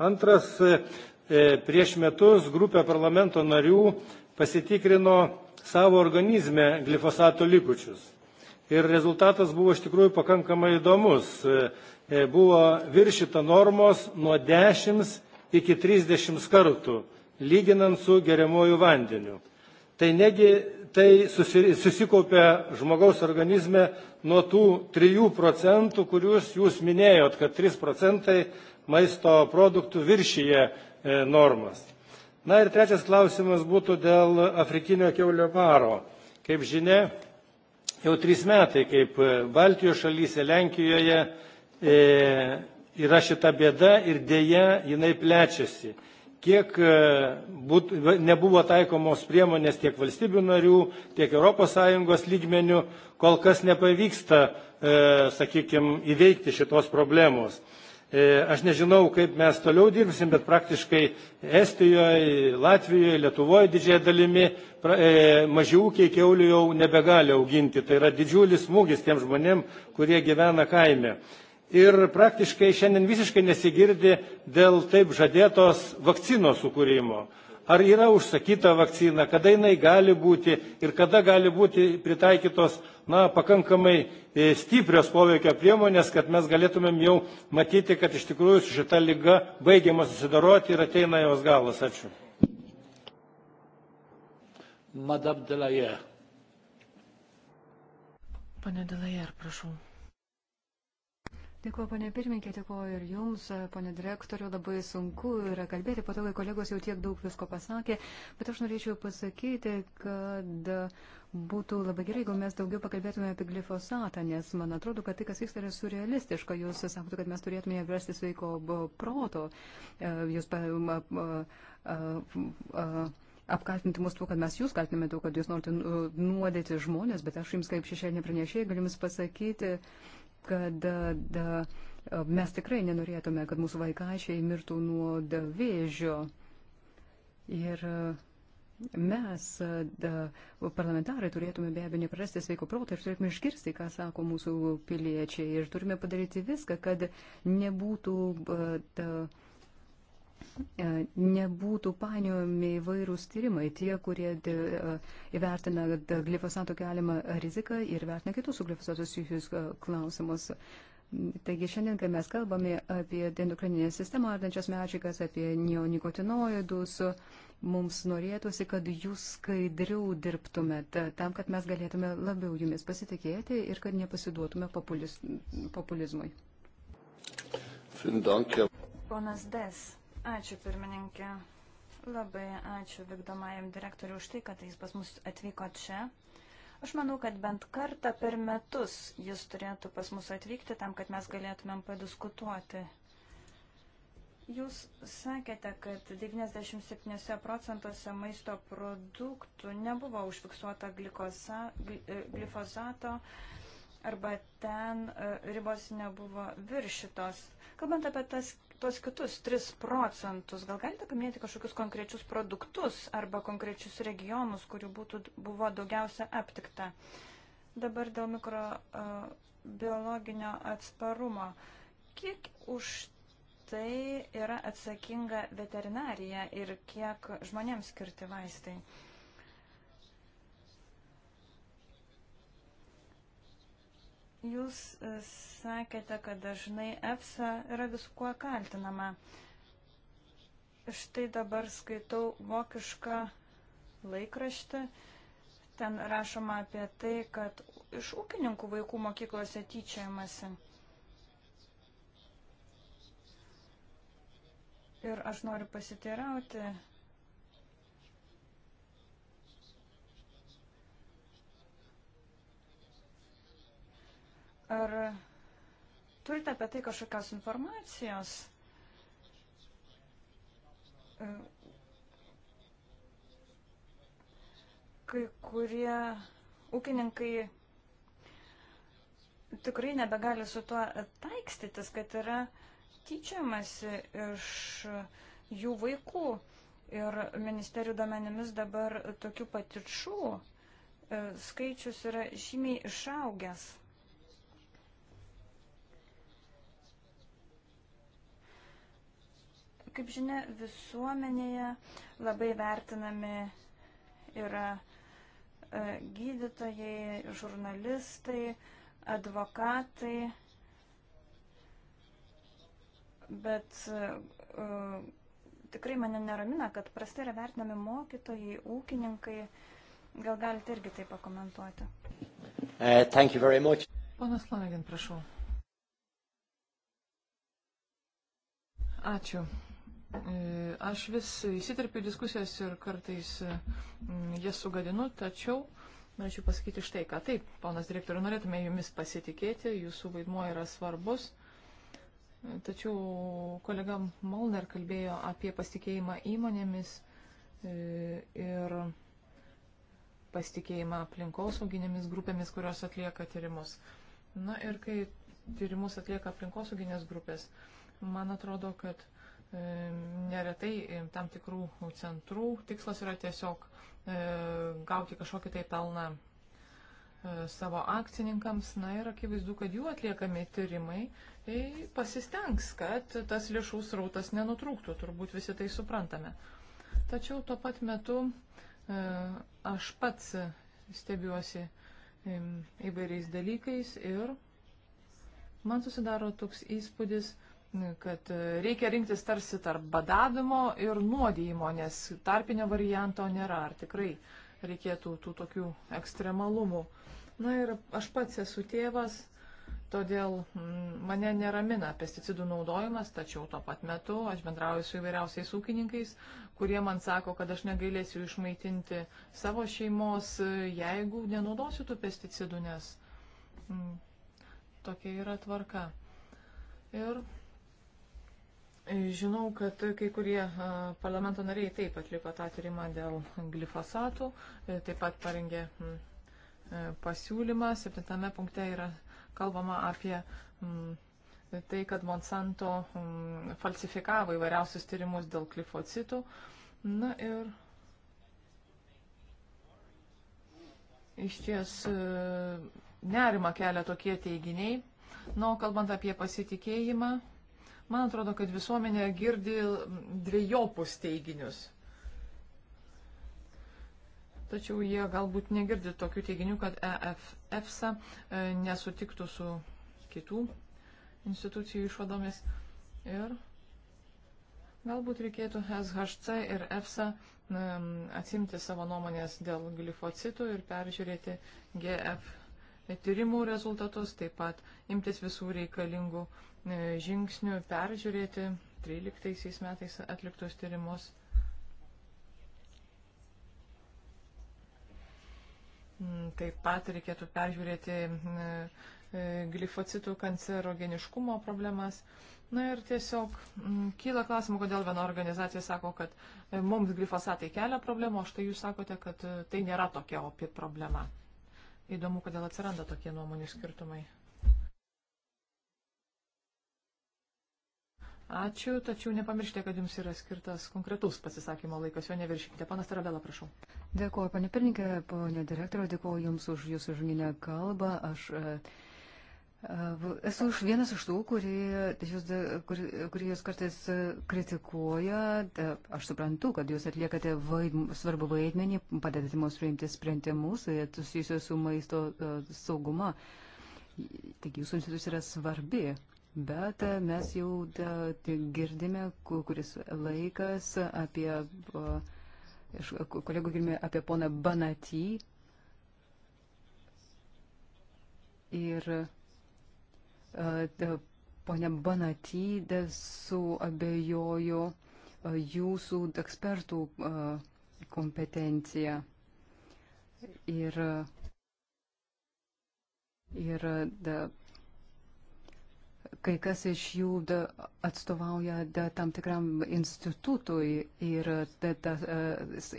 Antras, e, e, prieš metus grupė parlamento narių pasitikrino savo organizme glifosato likučius. Ir rezultatas buvo iš tikrųjų pakankamai įdomus. E, buvo viršita normos nuo 10 iki 30 kartų, lyginant su geriamuoju vandeniu. Tai negi tai susikaupia žmogaus organizme nuo tų 3 procentų, kuriuos jūs minėjot, kad 3 procentai maisto produktų viršyje e, normas. Na ir trečias klausimas būtų dėl afrikinio keulio maro. Kaip žinia, jau trys metai, kaip e, Baltijos šalyse, Lenkijoje e, yra šita bėda ir dėja jinai plečiasi. Kiek e, būt, nebuvo taikomos priemonės tiek valstybių narių, tiek ES lygmenių, kol kas nepavyksta, e, sakykime, įveikti šitos problemos. E, aš nežinau, kaip mes toliau dirbsim, bet praktiškai Estijoje, Latvijoje, Lietuvoje didžiai dalimi e, maži ūkiai keulių jau nebegali auginti. Tai yra didžiulis smūgis tiem žmonėm, kurie gyvena kaime ir praktiškai šiandien visiškai nesigirdi dėl taip žadėtos vakcinos sukūrimo. Ar yra užsakyta vakcina, kada jinai gali būti ir kada gali būti pritaikytos na, pakankamai e, stiprios poveikio priemonės, kad mes galėtumėm jau matyti, kad iš tikrųjų su šita lyga baigiama susidaroti ir ateina jos galas. Ačiū. Madame Delajer. Pane Delajer, prašau. Dėkuoju, ponė pirmininkė, dėkuoju ir jums, ponė direktoriu, labai sunku yra kalbėti, po to, kai kolegos jau tiek daug visko pasakė, bet aš norėčiau pasakyti, kad būtų labai gerai, jeigu mes daugiau pakalbėtume apie glifosatą, nes man atrodo, kad tai, kas vyksta, yra surrealistiška. Jūs sakote, kad mes turėtume versti sveiko proto. E, jūs pa, a, a, a, apkaltinti mus tuo, kad mes jūs kaltiname tuo, kad jūs norite nu, nuodyti žmonės, bet aš jums kaip šešėlinė pranešėja galiu jums pasakyti, uh, kad da, mes tikrai nenorėtume, kad mūsų vaikaičiai mirtų nuo da, vėžio. Ir e, mes, da, parlamentarai, turėtume be abejo neprarasti sveiko proto ir turėtume išgirsti, ką sako mūsų piliečiai. Ir turime padaryti viską, kad nebūtų. E, da, E, nebūtų painiojami įvairūs tyrimai, tie, kurie e, įvertina e, glifosato keliamą riziką ir vertina kitus su glifosatu susijusius klausimus. Taigi šiandien, kai mes kalbame apie endokrininę sistemą ardančias medžiagas, apie neonikotinoidus, mums norėtųsi, kad jūs skaidriau dirbtumėte tam, kad mes galėtume labiau jumis pasitikėti ir kad nepasiduotume populiz, populizmui. Ponas Des. Ačiū pirmininkė. Labai ačiū vykdomajam direktoriu už tai, kad jis pas mus atvyko čia. Aš manau, kad bent kartą per metus jis turėtų pas mus atvykti tam, kad mes galėtumėm padiskutuoti. Jūs sakėte, kad 97 procentuose maisto produktų nebuvo užfiksuota glikosa, e, glifosato arba ten e, ribos nebuvo viršytos. Kalbant apie tas tuos kitus 3 procentus. Gal galite paminėti kažkokius konkrečius produktus arba konkrečius regionus, kurių būtų, buvo daugiausia aptikta? Dabar dėl mikrobiologinio atsparumo. Kiek už tai yra atsakinga veterinarija ir kiek žmonėms skirti vaistai? Uh, Jūs e, sakėte, kad dažnai EFSA yra viskuo kaltinama. Štai dabar skaitau vokišką laikraštį. Ten rašoma apie tai, kad iš ūkininkų vaikų mokyklose tyčiamasi. Ir aš noriu pasiteirauti, Ar turite apie tai kažkokios informacijos? Kai kurie ūkininkai tikrai nebegali su tuo taikstytis, kad yra tyčiamasi iš jų vaikų. Ir ministerijų domenimis dabar tokių patirčių e, skaičius yra žymiai išaugęs. Kaip žinia, visuomenėje labai vertinami yra e, gydytojai, žurnalistai, advokatai, bet uh, tikrai mane neramina, kad prastai yra vertinami mokytojai, ūkininkai. Gal galite irgi tai pakomentuoti? Uh, Ponas Lanagin, prašau. Ačiū. Mm, aš vis įsitarpiu diskusijas ir kartais mm, jas sugadinu, tačiau norėčiau pasakyti štai ką. Taip, ponas direktorių, norėtume jumis pasitikėti, jūsų vaidmuo yra svarbus. Tačiau kolega Molner kalbėjo apie pasitikėjimą įmonėmis e, ir pasitikėjimą aplinkosauginėmis grupėmis, kurios atlieka tyrimus. Na ir kai tyrimus atlieka aplinkosauginės grupės, man atrodo, kad neretai tam tikrų centrų tikslas yra tiesiog e, gauti kažkokį tai pelną e, savo akcininkams. Na ir akivaizdu, kad jų atliekami tyrimai e, pasistengs, kad tas lėšų srautas nenutrūktų. Turbūt visi tai suprantame. Tačiau tuo pat metu aš pats stebiuosi įvairiais dalykais ir man susidaro toks įspūdis, kad e, reikia rinktis tarsi tarp badavimo ir nuodėjimo, nes tarpinio varianto nėra, ar tikrai reikėtų tų tokių ekstremalumų. Na ir aš pats esu tėvas, todėl mm, mane neramina pesticidų naudojimas, tačiau tuo pat metu aš bendrauju su įvairiausiais ūkininkais, kurie man sako, kad aš negalėsiu išmaitinti savo šeimos, e, jeigu nenaudosiu tų pesticidų, nes mm, tokia yra tvarka. Ir Žinau, kad kai kurie parlamento nariai taip atliko tą tyrimą dėl glifosatų, e, taip pat parengė e, pasiūlymą. Septintame punkte yra kalbama apie tai, kad Monsanto falsifikavo įvairiausius tyrimus dėl glifocitų. Na ir iš ties e, nerima kelia tokie teiginiai. Na, o kalbant apie pasitikėjimą, Man atrodo, kad visuomenė girdi dviejopus teiginius. Tačiau jie galbūt negirdi tokių teiginių, kad e EFSA e, nesutiktų su kitų institucijų išvadomis. Ir galbūt reikėtų SHC ir EFSA e, atsimti savo nuomonės dėl glifocitų ir peržiūrėti GF tyrimų rezultatus, taip pat imtis visų reikalingų E, žingsnių peržiūrėti 13 metais atliktus tyrimus. Mm, taip pat reikėtų peržiūrėti e, e, glifocitų kancerogeniškumo problemas. Na ir tiesiog mm, kyla klausimų, kodėl viena organizacija sako, kad mums glifosatai kelia problemų, o štai jūs sakote, kad tai nėra tokia opi problema. Įdomu, kodėl atsiranda tokie nuomonių skirtumai. Ačiū, tačiau nepamirškite, kad jums yra skirtas konkretus pasisakymo laikas, jo neviršykite. Panas Tarabela, prašau. Dėkuoju, panė pirmininkė, ponė direktorė, dėkuoju Jums už Jūsų žinginę kalbą. Aš e, e, Esu už vienas iš tų, kurie jūs, kurie, kurie jūs kartais e, kritikuoja. Aš suprantu, kad jūs atliekate vaidm, svarbu vaidmenį, padedate mums priimti sprendimus susijusios su maisto sauguma. Taigi jūsų institucija yra svarbi. Bet e, mes jau da, e, tai girdime, kuris laikas apie, iš kolegų girdime apie poną Banatį. Ir e, ponia Banatį suabejojo jūsų ekspertų kompetencija. Ir, ir da, kai kas iš jų da, atstovauja da, tam tikram institutui ir da, tas e,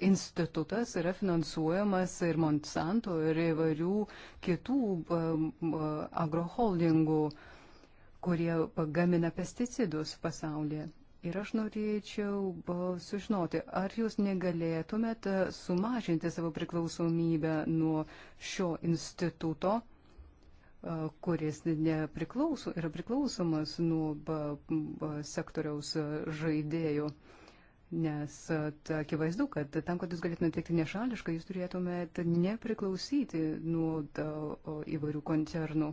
institutas yra finansuojamas ir Monsanto ir įvairių kitų e, e, agroholdingų, kurie gamina pesticidus pasaulyje. Ir aš norėčiau sužinoti, ar jūs negalėtumėt sumažinti savo priklausomybę nuo šio instituto kuris nepriklauso, yra priklausomas nuo sektoriaus žaidėjų. Nes akivaizdu, kad tam, kad jūs galėtumėte veikti nešališkai, jūs turėtumėte nepriklausyti nuo da, įvairių koncernų.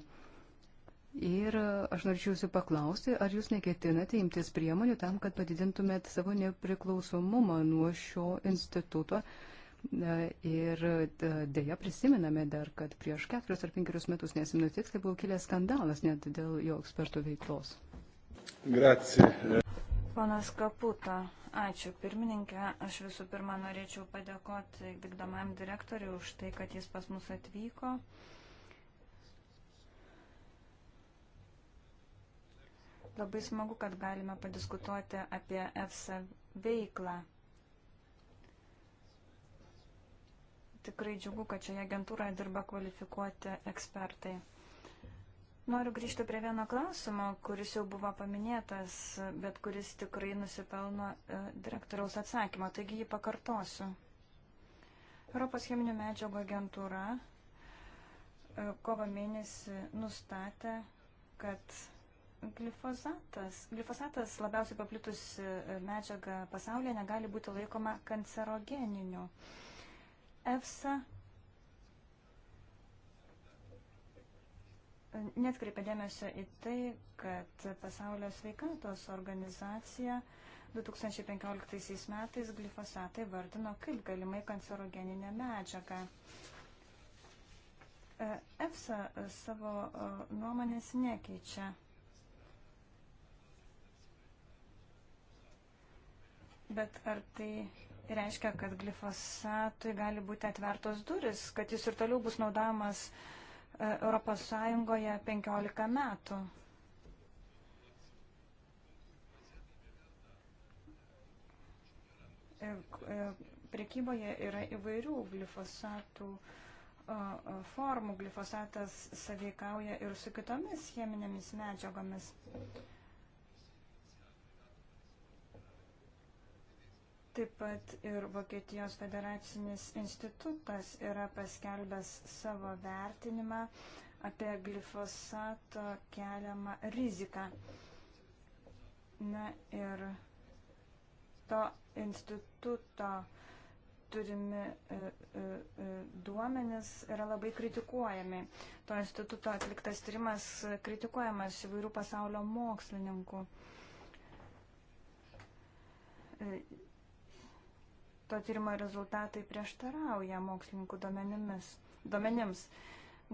Ir aš norėčiau jūsų paklausti, ar jūs neketinate imtis priemonių tam, kad padidintumėt savo nepriklausomumą nuo šio instituto, uh, Ir e, dėja prisiminame dar, kad prieš keturis ar penkerius metus, nesiminu tiksliai, buvo kilęs skandalas net dėl jo ekspertų veiklos. Gracija. Panas Kaputa, ačiū pirmininkė. Aš visų pirma norėčiau padėkoti vykdomajam direktoriui už tai, kad jis pas mus atvyko. Labai smagu, kad galime padiskutuoti apie EFSA veiklą. Tikrai džiugu, kad šioje agentūroje dirba kvalifikuoti ekspertai. Noriu grįžti prie vieno klausimo, kuris jau buvo paminėtas, bet kuris tikrai nusipelno e, direktoriaus atsakymo, taigi jį pakartosiu. Europos cheminių medžiagų agentūra e, kovo mėnesį nustatė, kad glifosatas, glifosatas labiausiai paplitusi e, medžiaga pasaulyje negali būti laikoma kancerogeniniu. Uh, EFSA netkreipė dėmesio į tai, kad pasaulio sveikatos organizacija 2015 metais glifosatą įvardino kaip galimai kancerogeninę medžiagą. E, EFSA savo e, nuomonės nekeičia. Bet ar tai Tai reiškia, kad glifosatui gali būti atvertos duris, kad jis ir toliau bus naudojamas ES 15 metų. E, e, prekyboje yra įvairių glifosatų formų. Glifosatas saveikauja ir su kitomis cheminėmis medžiagomis. Taip pat ir Vokietijos federacinis institutas yra paskelbęs savo vertinimą apie glifosato keliamą riziką. Na ir to instituto turimi e, e, e, duomenis yra labai kritikuojami. To instituto atliktas tyrimas kritikuojamas įvairių pasaulio mokslininkų to tyrimo rezultatai prieštarauja mokslininkų duomenims.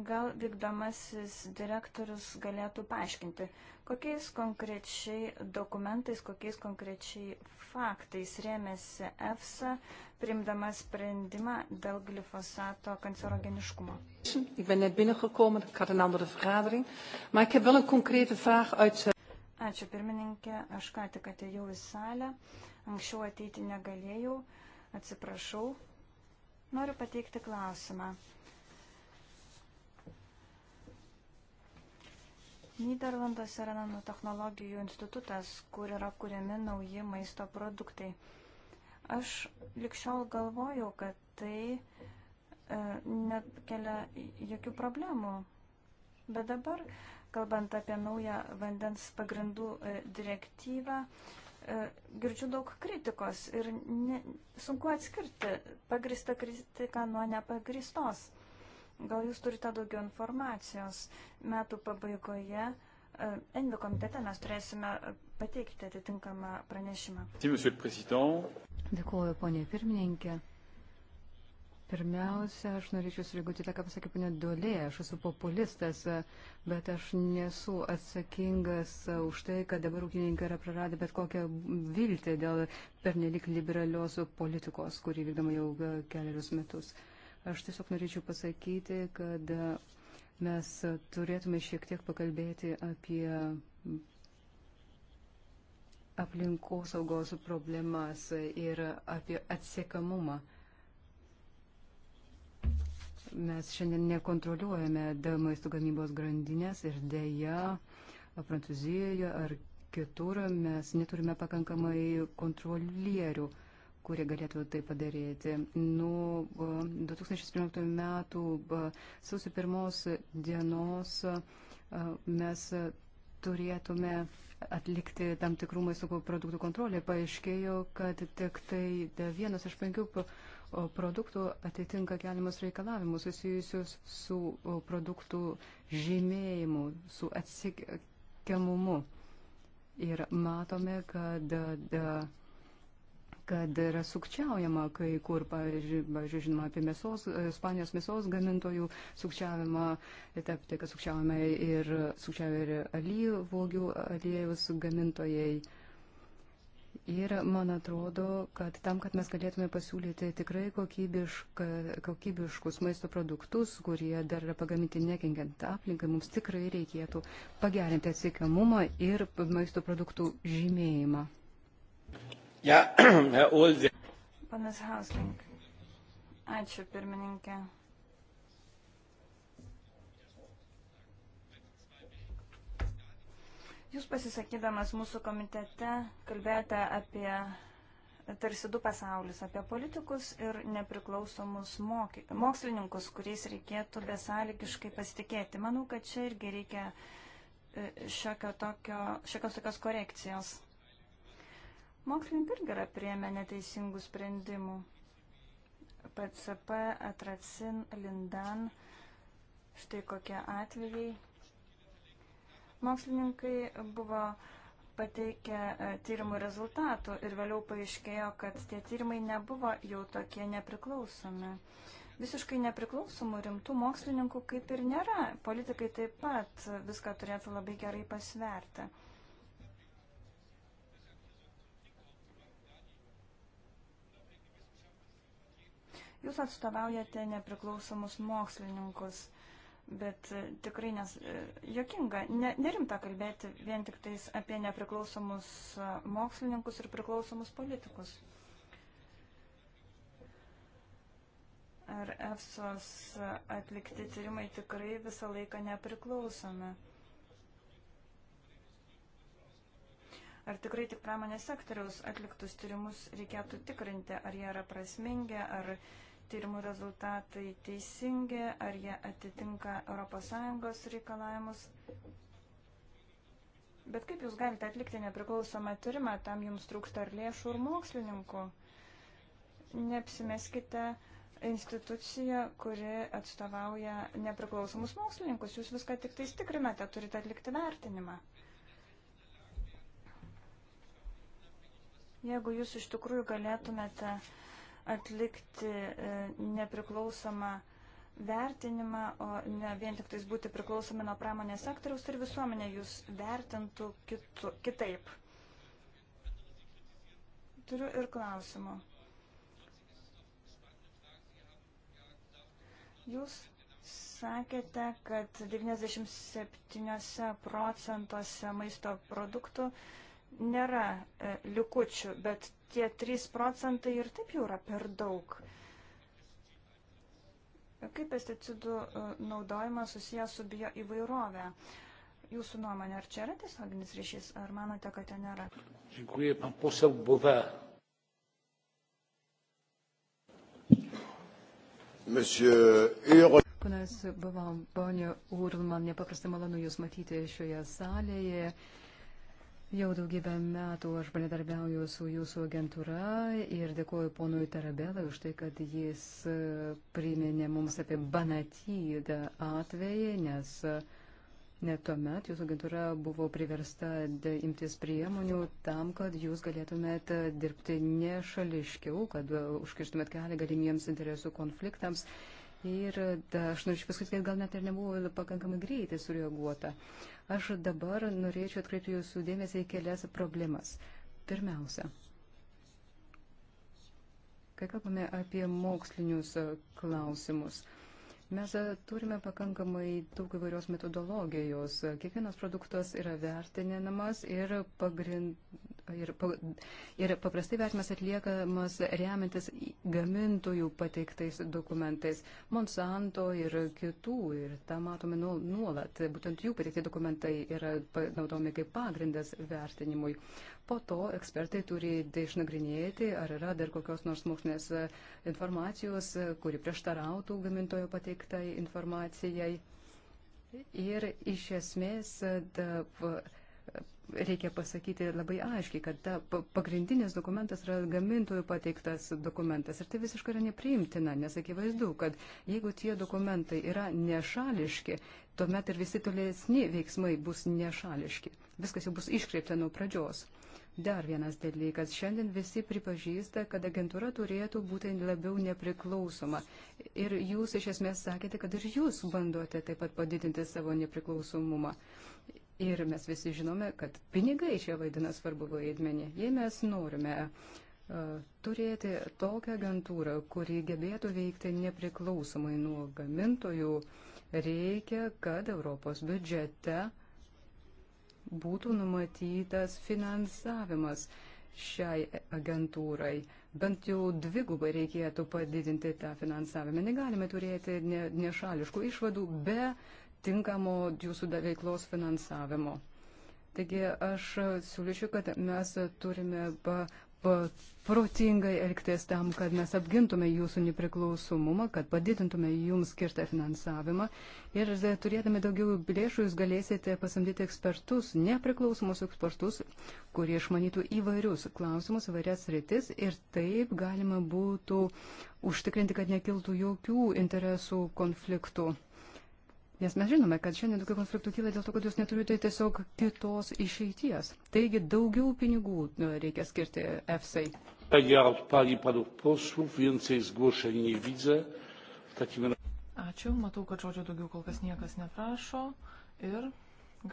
Gal vykdomasis direktorius galėtų paaiškinti, kokiais konkrečiai dokumentais, kokiais konkrečiai faktais rėmėsi EFSA, primdama sprendimą dėl glifosato kancerogeniškumo. Eh, Ačiū pirmininkė, aš ką tik atėjau į salę, anksčiau ateiti negalėjau. Atsiprašau, noriu pateikti klausimą. Niderlanduose yra nanotehnologijų institutas, kur yra kuriami nauji maisto produktai. Aš likščiol galvojau, kad tai e, net kelia jokių problemų. Bet dabar, kalbant apie naują vandens pagrindų e, direktyvą, e, E, girdžiu daug kritikos ir ne, sunku atskirti pagristą kritiką nuo nepagristos. Gal jūs turite daugiau informacijos metų pabaigoje? E, Envi komitete mes turėsime e, pateikti atitinkamą pranešimą. Dėkuoju, ponė pirmininkė. Pirmiausia, aš norėčiau sureaguoti tą, ką pasakė ponė Dolė. Aš esu populistas, bet aš nesu atsakingas už tai, kad dabar ūkininkai yra praradę bet kokią viltį dėl pernelik liberalios politikos, kurį vykdama jau keliarius metus. Aš tiesiog norėčiau pasakyti, kad mes turėtume šiek tiek pakalbėti apie aplinkosaugos problemas ir apie atsiekamumą. Mes šiandien nekontroliuojame maisto gamybos grandinės ir dėja Prancūzijoje ar kitur mes neturime pakankamai kontrolierių kurie galėtų tai padaryti. Nuo 2017 metų sausio pirmos dienos mes turėtume atlikti tam tikrų maisto produktų kontrolę. Paaiškėjo, kad tik tai vienas iš penkių produktų atitinka keliamus reikalavimus susijusius su produktų žymėjimu, su atsikiamumu. Ir matome, kad, kad yra sukčiaujama kai kur, pavyzdžiui, žinoma, apie mėsos, e, Ispanijos mėsos gamintojų sukčiavimą, taip, tai kad sukčiaujama ir sukčiavė ir alyvogių aliejus gamintojai. Uh, Ir man atrodo, kad tam, kad mes galėtume pasiūlyti tikrai kokybiškus maisto produktus, kurie dar yra pagaminti nekenkiant aplinkai, mums tikrai reikėtų pagerinti atsiekamumą ir maisto produktų žymėjimą. Ja, Panas Hausling. Ačiū, pirmininkė. Jūs pasisakydamas mūsų komitete kalbėjote apie tarsi du pasaulius - apie politikus ir nepriklausomus moky, mokslininkus, kuriais reikėtų besąlygiškai pasitikėti. Manau, kad čia irgi reikia e, šiokio tokio, šiokios tokios korekcijos. Mokslininkai irgi yra priemę neteisingų sprendimų. PCP, Atracin, Lindan, štai kokie atvejai Mokslininkai buvo pateikę e, tyrimų rezultatų ir vėliau paaiškėjo, kad tie tyrimai nebuvo jau tokie nepriklausomi. Visiškai nepriklausomų rimtų mokslininkų kaip ir nėra. Politikai taip pat viską turėtų labai gerai pasverti. Jūs atstovaujate nepriklausomus mokslininkus bet e, tikrai nes, e, jokinga, ne, nerimta kalbėti vien tik tais apie nepriklausomus e, mokslininkus ir priklausomus politikus. Ar EFSOS atlikti tyrimai tikrai visą laiką nepriklausomi? Ar tikrai tik pramonės sektoriaus atliktus tyrimus reikėtų tikrinti, ar jie yra prasmingi, ar uh, tyrimų rezultatai teisingi, ar jie atitinka ES reikalavimus. Bet kaip jūs galite atlikti nepriklausomą tyrimą, tam jums trūksta ar lėšų, ir mokslininkų. Neapsimeskite instituciją, kuri atstovauja nepriklausomus mokslininkus. Jūs viską tik tai tikrinate, turite atlikti vertinimą. Jeigu jūs iš tikrųjų galėtumėte uh, atlikti e, nepriklausomą vertinimą, o ne vien tik tais būti priklausomi nuo pramonės sektoriaus ir visuomenė jūs vertintų kitu, kitaip. Turiu ir klausimų. Jūs sakėte, kad 97 procentuose maisto produktų uh, nėra e, likučių, bet tie 3 procentai ir taip jau yra per daug. Kaip pesticidų e, naudojimas susijęs su bio įvairovė? Jūsų nuomonė, ar čia yra tiesioginis ryšys, ar manote, kad ten nėra? Dziękuję, pan poseł Bove. Ponas Bavam, ponio Urlman, nepaprastai malonu Jūs matyti šioje salėje. Uh, Jau daugybę metų aš bendradarbiauju su jūsų agentūra ir dėkoju ponui Tarabelai už tai, kad jis e, priminė mums apie banatydą atvejį, nes e, net tuomet jūsų agentūra buvo priversta imtis priemonių tam, kad jūs galėtumėt e, dirbti nešališkiau, kad užkirstumėt kelią galimiems interesų konfliktams Ir da, aš norėčiau pasakyti, kad gal net ir nebuvo pakankamai greitai sureaguota. Aš dabar norėčiau atkreipti jūsų dėmesį į kelias problemas. Pirmiausia, kai kalbame apie mokslinius klausimus, uh, Mes e, turime pakankamai daug įvairios metodologijos. Kiekvienas produktas yra vertininamas ir, pagrind, ir, pa, ir paprastai vertimas atliekamas remiantis gamintojų pateiktais dokumentais. Monsanto ir kitų, ir tą matome nu-, nuolat. Būtent jų pateikti dokumentai yra naudojami kaip pagrindas vertinimui. Po to ekspertai turi išnagrinėti, ar yra dar kokios nors mokslinės e, informacijos, e, kuri prieštarautų gamintojo pateiktai informacijai. Ir iš esmės e, da, reikia pasakyti labai aiškiai, kad ta pagrindinis dokumentas yra gamintojų pateiktas dokumentas. Ir tai visiškai yra nepriimtina, nes akivaizdu, kad jeigu tie dokumentai yra nešališki, tuomet ir visi tolesni veiksmai bus nešališki. Viskas jau bus iškreipta nuo pradžios. Dar vienas dalykas. Šiandien visi pripažįsta, kad agentūra turėtų būti labiau nepriklausoma. Ir jūs iš esmės sakėte, kad ir jūs bandote taip pat padidinti savo nepriklausomumą. Ir mes visi žinome, kad pinigai čia vaidina svarbu vaidmenį. Jei mes norime uh, turėti tokią agentūrą, kuri gebėtų veikti nepriklausomai nuo gamintojų, reikia, kad Europos biudžete būtų numatytas finansavimas šiai agentūrai. Bent jau dvigubai reikėtų padidinti tą finansavimą. Negalime turėti nešališkų išvadų be uh, tinkamo jūsų veiklos finansavimo. Taigi aš siūlyčiau, kad mes turime protingai elgtis tam, kad mes apgintume jūsų nepriklausomumą, kad padidintume jums skirtą finansavimą ir turėdami daugiau lėšų jūs galėsite pasamdyti ekspertus, nepriklausomus ekspertus, kurie išmanytų įvairius klausimus, įvairias rytis ir taip galima būtų užtikrinti, kad nekiltų jokių interesų konfliktų. Nes mes žinome, kad šiandien tokių konfliktų kyla dėl to, kad jūs neturite tai tiesiog kitos išeities. Taigi daugiau pinigų e, reikia skirti EFSAI. Ačiū, matau, kad žodžio daugiau kol kas niekas neprašo ir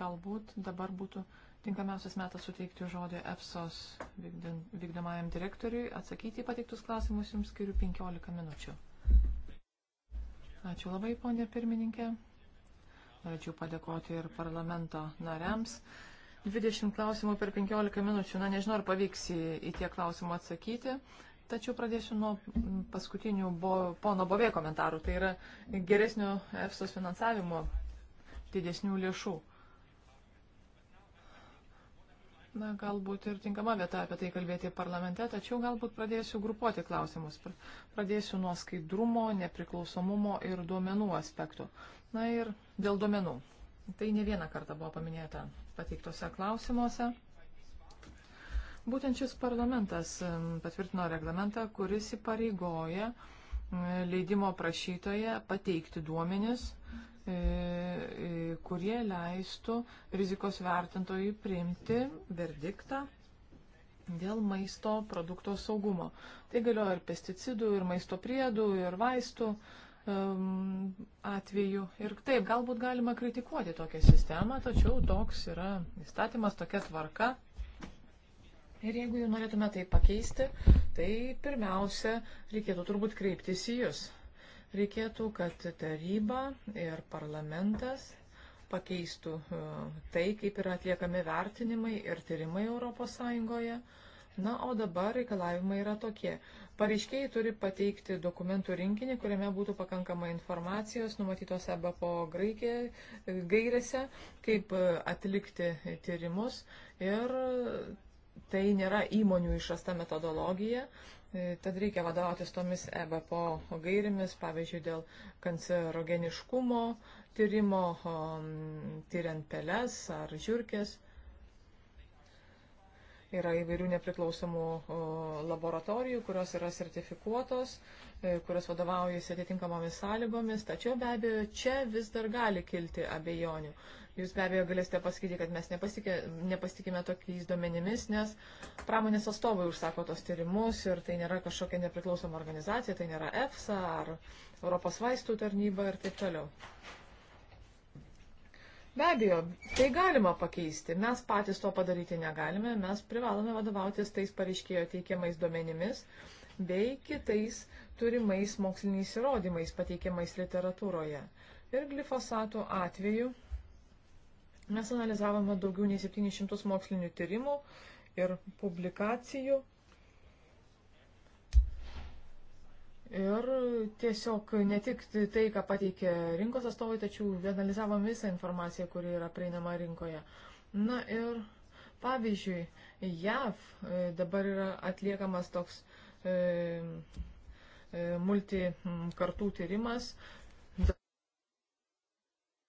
galbūt dabar būtų tinkamiausias metas suteikti žodį EFSOS vykdomajam direktoriui, atsakyti į pateiktus klausimus jums skiriu 15 minučių. Ačiū labai, ponė pirmininkė. Norėčiau padėkoti ir parlamento nariams. 20 klausimų per 15 minučių. Na, nežinau, ar pavyks į, į tie klausimą atsakyti. Tačiau pradėsiu nuo paskutinių bo, pono Bovė komentarų. Tai yra geresnio EFSOS finansavimo, didesnių lėšų. Na, galbūt ir tinkama vieta apie tai kalbėti parlamente, tačiau galbūt pradėsiu grupuoti klausimus. Pradėsiu nuo skaidrumo, nepriklausomumo ir duomenų aspektų. Na ir dėl duomenų. Tai ne vieną kartą buvo paminėta pateiktose klausimuose. Būtent šis parlamentas patvirtino reglamentą, kuris įpareigoja leidimo prašytoje pateikti duomenis, e, e, kurie leistų rizikos vertintojui priimti verdiktą dėl maisto produkto saugumo. Tai galioja ir pesticidų, ir maisto priedų, ir vaistų um, atveju. Ir taip, galbūt galima kritikuoti tokią sistemą, tačiau toks yra įstatymas, tokia tvarka. Ir jeigu jau norėtume tai pakeisti, tai pirmiausia, reikėtų turbūt kreiptis į Jūs. Reikėtų, kad taryba ir parlamentas pakeistų uh, tai, kaip yra atliekami vertinimai ir tyrimai ES Na, o dabar reikalavimai yra tokie. Pareiškėjai turi pateikti dokumentų rinkinį, kuriame būtų pakankamai informacijos numatytos EBPO gairėse, kaip e, atlikti tyrimus. Ir tai nėra įmonių išrasta metodologija. E, tad reikia vadovautis tomis EBPO gairėmis, pavyzdžiui, dėl kancerogeniškumo tyrimo, tyriant peles ar žiūrkės. Yra įvairių nepriklausomų laboratorijų, kurios yra sertifikuotos, e, kurios vadovaujasi atitinkamomis sąlygomis, tačiau be abejo čia vis dar gali kilti abejonių. Jūs be abejo galėsite pasakyti, kad mes nepasitikė, nepasitikime tokiais duomenimis, nes pramonės atstovai užsako tos tyrimus ir tai nėra kažkokia nepriklausoma organizacija, tai nėra EFSA ar Europos vaistų tarnyba ir taip toliau. Be abejo, tai galima pakeisti. Mes patys to padaryti negalime, mes privalome vadovautis tais pareiškėjo teikiamais duomenimis bei kitais turimais moksliniais įrodymais pateikiamais literatūroje. Ir glifosato atveju mes analizavome daugiau nei 700 mokslinių tyrimų ir publikacijų Ir tiesiog ne tik tai, ką pateikė rinkos atstovai, tačiau analizavom visą informaciją, kuri yra prieinama rinkoje. Na ir pavyzdžiui, JAV e, dabar yra atliekamas toks e, e multikartų tyrimas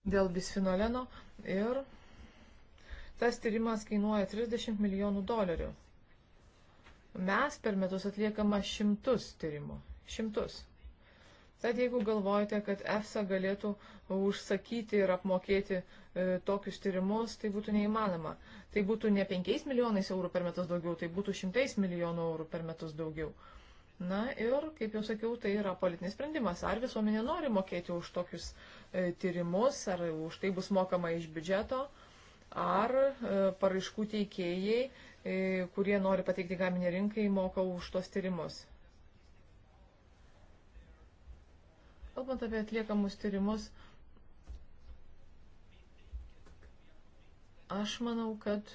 dėl bisfinoleno ir tas tyrimas kainuoja 30 milijonų dolerių. Mes per metus atliekama šimtus tyrimų šimtus. Tad jeigu galvojate, kad EFSA galėtų užsakyti ir apmokėti e, tokius tyrimus, tai būtų neįmanoma. Tai būtų ne 5 milijonais eurų per metus daugiau, tai būtų 100 milijonų eurų per metus daugiau. Na ir, kaip jau sakiau, tai yra politinis sprendimas. Ar visuomenė nori mokėti už tokius e, tyrimus, ar už tai bus mokama iš biudžeto, ar e, paraiškų teikėjai, e, kurie nori pateikti gaminį rinkai, moka už tos tyrimus. Kalbant apie atliekamus tyrimus, aš manau, kad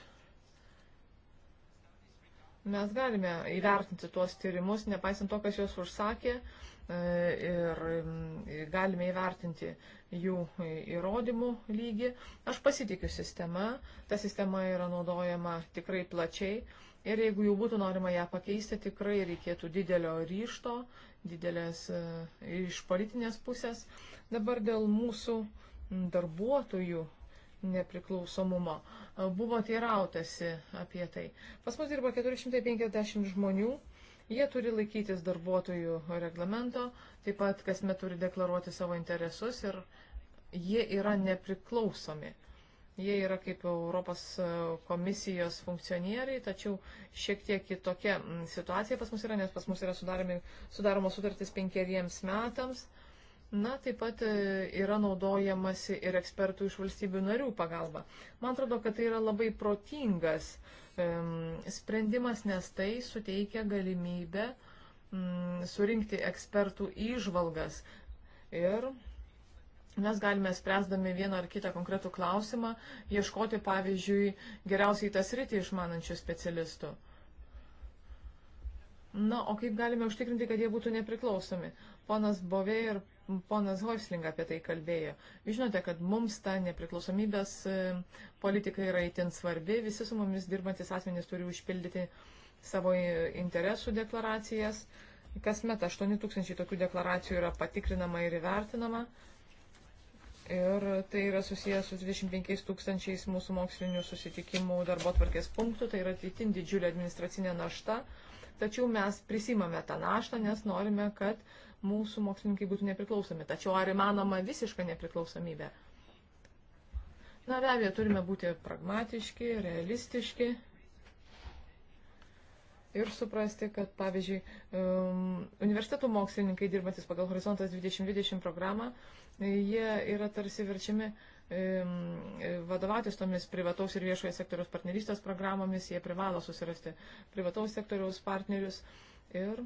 mes galime įvertinti tuos tyrimus, nepaisant to, kas juos užsakė, e, ir e, galime įvertinti jų įrodymų lygį. Aš pasitikiu sistema, ta sistema yra naudojama tikrai plačiai ir jeigu jau būtų norima ją pakeisti, tikrai reikėtų didelio ryšto didelės e, iš politinės pusės. Dabar dėl mūsų darbuotojų nepriklausomumo. E, buvo teirautasi apie tai. Pas mus dirba 450 žmonių. Jie turi laikytis darbuotojų reglamento, taip pat kasmet turi deklaruoti savo interesus ir jie yra nepriklausomi. Jie yra kaip Europos e, komisijos funkcionieriai, tačiau šiek tiek kitokia situacija pas mus yra, nes pas mus yra sudaromi, sudaromos sutartys penkeriems metams. Na, taip pat e, yra naudojamasi ir ekspertų iš valstybių narių pagalba. Man atrodo, kad tai yra labai protingas um, sprendimas, nes tai suteikia galimybę um, surinkti ekspertų įžvalgas ir Mes galime spręsdami vieną ar kitą konkretų klausimą ieškoti, pavyzdžiui, geriausiai tas rytį išmanančių specialistų. Na, o kaip galime užtikrinti, kad jie būtų nepriklausomi? Ponas Bovė ir ponas Hoisling apie tai kalbėjo. Jūs žinote, kad mums ta nepriklausomybės e, politika yra įtin svarbi. Visi su mumis dirbantis asmenys turi užpildyti savo interesų deklaracijas. Kasmet 8 tūkstančiai tokių deklaracijų yra patikrinama ir įvertinama. Ir tai yra susijęs su 25 tūkstančiais mūsų mokslinių susitikimų darbo tvarkės punktų, tai yra itin didžiulė administracinė našta, tačiau mes prisimame tą naštą, nes norime, kad mūsų mokslininkai būtų nepriklausomi. Tačiau ar įmanoma visiška nepriklausomybė? Na, be abejo, turime būti pragmatiški, realistiški ir suprasti, kad, pavyzdžiui, um, universitetų mokslininkai dirbantis pagal Horizontas 2020 programą jie yra tarsi verčiami vadovautis tomis privataus ir viešojo sektoriaus partnerystės programomis, jie privalo susirasti privataus sektoriaus partnerius. Ir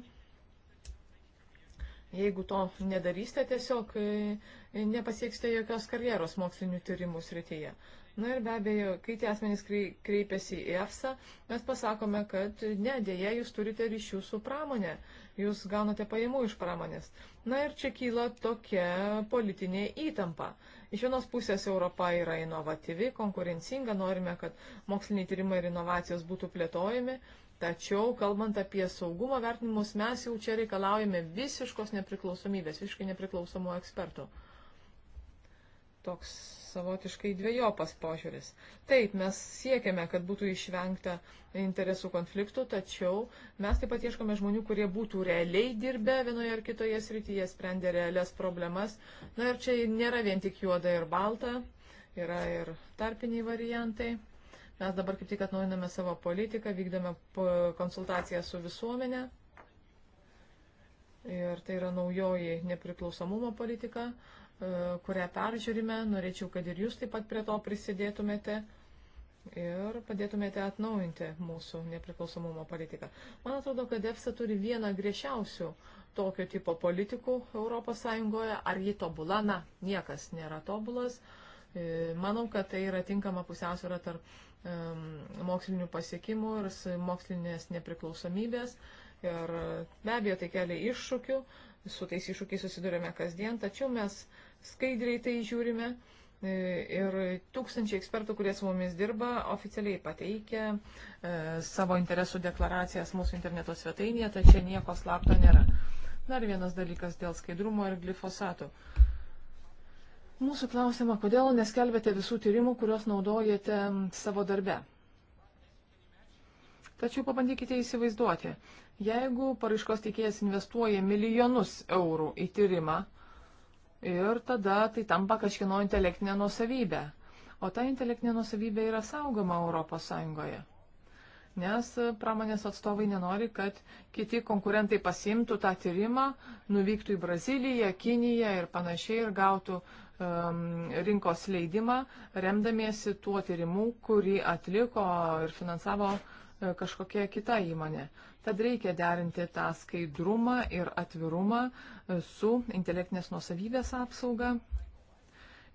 jeigu to nedarysite, tiesiog e, nepasieksite jokios karjeros mokslinių tyrimų srityje. Na ir be abejo, kai tie asmenys kreipiasi į EFSA, mes pasakome, kad ne, dėja, jūs turite ryšių su pramonė jūs gaunate pajamų iš pramonės. Na ir čia kyla tokia politinė įtampa. Iš vienos pusės Europa yra inovatyvi, konkurencinga, norime, kad moksliniai tyrimai ir inovacijos būtų plėtojami, tačiau kalbant apie saugumo vertinimus, mes jau čia reikalaujame visiškos nepriklausomybės, visiškai nepriklausomų ekspertų. Toks savotiškai dviejopas požiūris. Taip, mes siekiame, kad būtų išvengta interesų konfliktų, tačiau mes taip pat ieškome žmonių, kurie būtų realiai dirbę vienoje ar kitoje srityje, sprendę realias problemas. Na ir čia nėra vien tik juoda ir balta, yra ir tarpiniai variantai. Mes dabar kaip tik atnaujiname savo politiką, vykdome konsultaciją su visuomenė. Ir tai yra naujoji nepriklausomumo politika. Uh, E, kurią peržiūrime. Norėčiau, kad ir jūs taip pat prie to prisidėtumėte ir padėtumėte atnaujinti mūsų nepriklausomumo politiką. Man atrodo, kad EFSA turi vieną griežčiausių tokio tipo politikų ES. Ar ji tobula? Na, niekas nėra tobulas. E, manau, kad tai yra tinkama pusiausvėra tarp mokslinių pasiekimų ir mokslinės nepriklausomybės. Ir be abejo, tai kelia iššūkių, su tais iššūkiais susidurime kasdien, tačiau mes skaidriai tai žiūrime. E, ir tūkstančiai ekspertų, kurie su mumis dirba, oficialiai pateikia e, savo interesų deklaracijas mūsų interneto svetainėje, tačiau nieko slapto nėra. Dar vienas dalykas dėl skaidrumo ir glifosatų. Mūsų klausima, kodėl neskelbėte visų tyrimų, kuriuos naudojate savo darbe? Tačiau pabandykite įsivaizduoti, jeigu paraiškos teikėjas investuoja milijonus eurų į tyrimą, ir tada tai tampa kažkieno intelektinė nusavybė. O ta intelektinė nusavybė yra saugoma ES. Nes pramonės atstovai nenori, kad kiti konkurentai pasimtų tą tyrimą, nuvyktų į Braziliją, Kiniją ir panašiai ir gautų um, rinkos leidimą, remdamiesi tuo tyrimu, kurį atliko ir finansavo e, kažkokia kita įmonė. Tad reikia derinti tą skaidrumą ir atvirumą e, su intelektinės nuosavybės apsauga.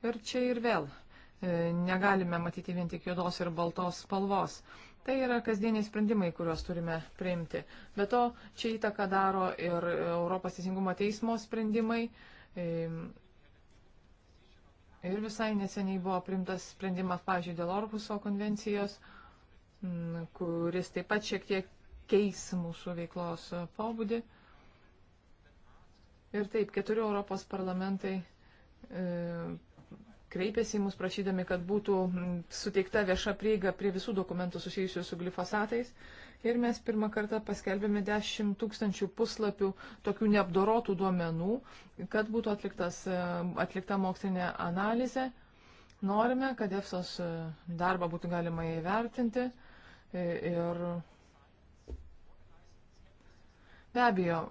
Ir čia ir vėl e, negalime matyti vien tik juodos ir baltos spalvos. Tai yra kasdieniai sprendimai, kuriuos turime priimti. Be to, čia įtaką daro ir Europos Teisingumo teismo sprendimai. E, ir visai neseniai buvo primtas sprendimas, pavyzdžiui, dėl Orhuso konvencijos, kuris taip pat šiek tiek keis mūsų veiklos pobūdį. Ir taip, keturi Europos parlamentai e, kreipėsi į mus prašydami, kad būtų suteikta vieša prieiga prie visų dokumentų susijusių su glifosatais. Ir mes pirmą kartą paskelbėme 10 tūkstančių puslapių tokių neapdorotų duomenų, kad būtų atliktas, e, atlikta mokslinė analizė. Norime, kad EFSOS e, darbą būtų galima įvertinti e, ir Be abejo,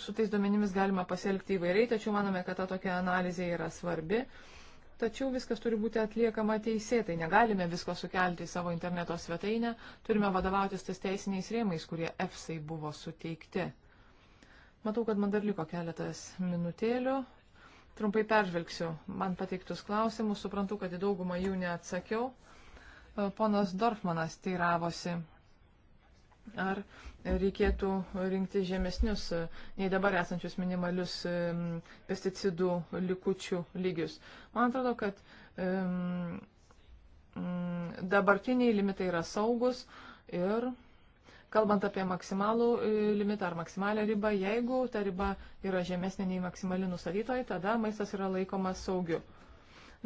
su tais duomenimis galima pasielgti įvairiai, tačiau manome, kad ta tokia analizė yra svarbi. Tačiau viskas turi būti atliekama teisėtai, negalime visko sukelti į savo interneto svetainę, turime vadovautis tas teisiniais rėmais, kurie EFSAI buvo suteikti. Matau, kad man dar liko keletas minutėlių. Trumpai peržvelgsiu man pateiktus klausimus, suprantu, kad į daugumą jų neatsakiau. Ponas Dorfmanas teiravosi Ar reikėtų rinkti žemesnius, nei dabar esančius minimalius pesticidų likučių lygius? Man atrodo, kad um, dabartiniai limitai yra saugus ir kalbant apie maksimalų e, limitą ar maksimalę ribą, jeigu ta riba yra žemesnė nei maksimali nustatytoji, tada maistas yra laikomas saugiu.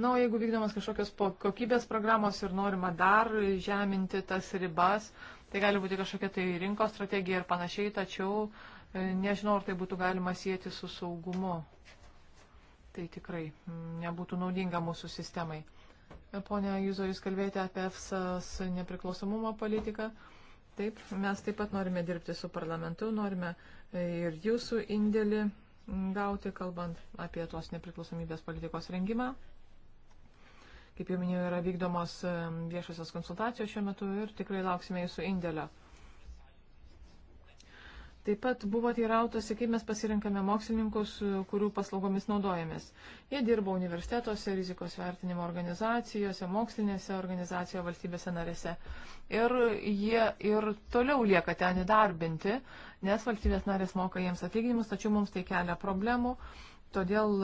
Na, o jeigu vykdomas kažkokios kokybės programos ir norima dar žeminti tas ribas, uh, Tai gali būti kažkokia tai rinkos strategija ir panašiai, tačiau e, nežinau, ar tai būtų galima sieti su saugumu. Tai tikrai mm, nebūtų naudinga mūsų sistemai. E, Pone Juzo, jūs kalbėjote apie EFSAS nepriklausomumo politiką. Taip, mes taip pat norime dirbti su parlamentu, norime e, ir jūsų indėlį gauti, kalbant apie tos nepriklausomybės politikos rengimą. Kaip jau minėjau, yra vykdomos viešosios konsultacijos šiuo metu ir tikrai lauksime jūsų indėlio. Taip pat buvo teirautasi, kaip mes pasirinkame mokslininkus, e, kurių paslaugomis naudojamės. Jie dirba universitetuose, rizikos vertinimo organizacijose, mokslinėse organizacijose, valstybėse narėse. Ir jie ir toliau lieka ten įdarbinti, nes valstybės narės moka jiems atlyginimus, tačiau mums tai kelia problemų. Todėl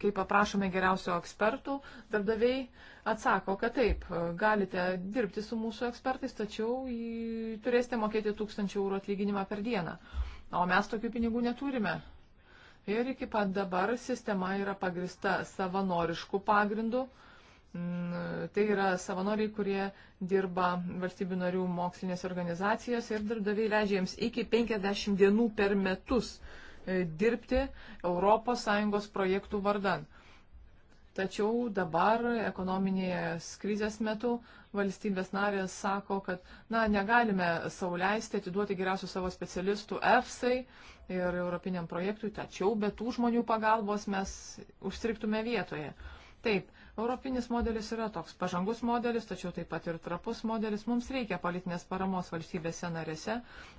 kai paprašome geriausio ekspertų, darbdaviai atsako, kad taip, galite dirbti su mūsų ekspertais, tačiau turėsite mokėti 1000 eurų atlyginimą per dieną. O mes tokių pinigų neturime. Ir iki pat dabar sistema yra pagrista savanoriškų pagrindų. Mm, tai yra savanoriai, kurie dirba valstybių narių mokslinės organizacijos ir darbdaviai leidžia jiems iki 50 dienų per metus uh, E, dirbti ES projektų vardan. Tačiau dabar ekonominės krizės metu valstybės narės sako, kad na, negalime sauliaisti atiduoti geriausių savo specialistų EFSAI ir Europiniam projektui, tačiau be tų žmonių pagalbos mes užstriktume vietoje. Taip, Europinis modelis yra toks pažangus modelis, tačiau taip pat ir trapus modelis. Mums reikia politinės paramos valstybėse narėse.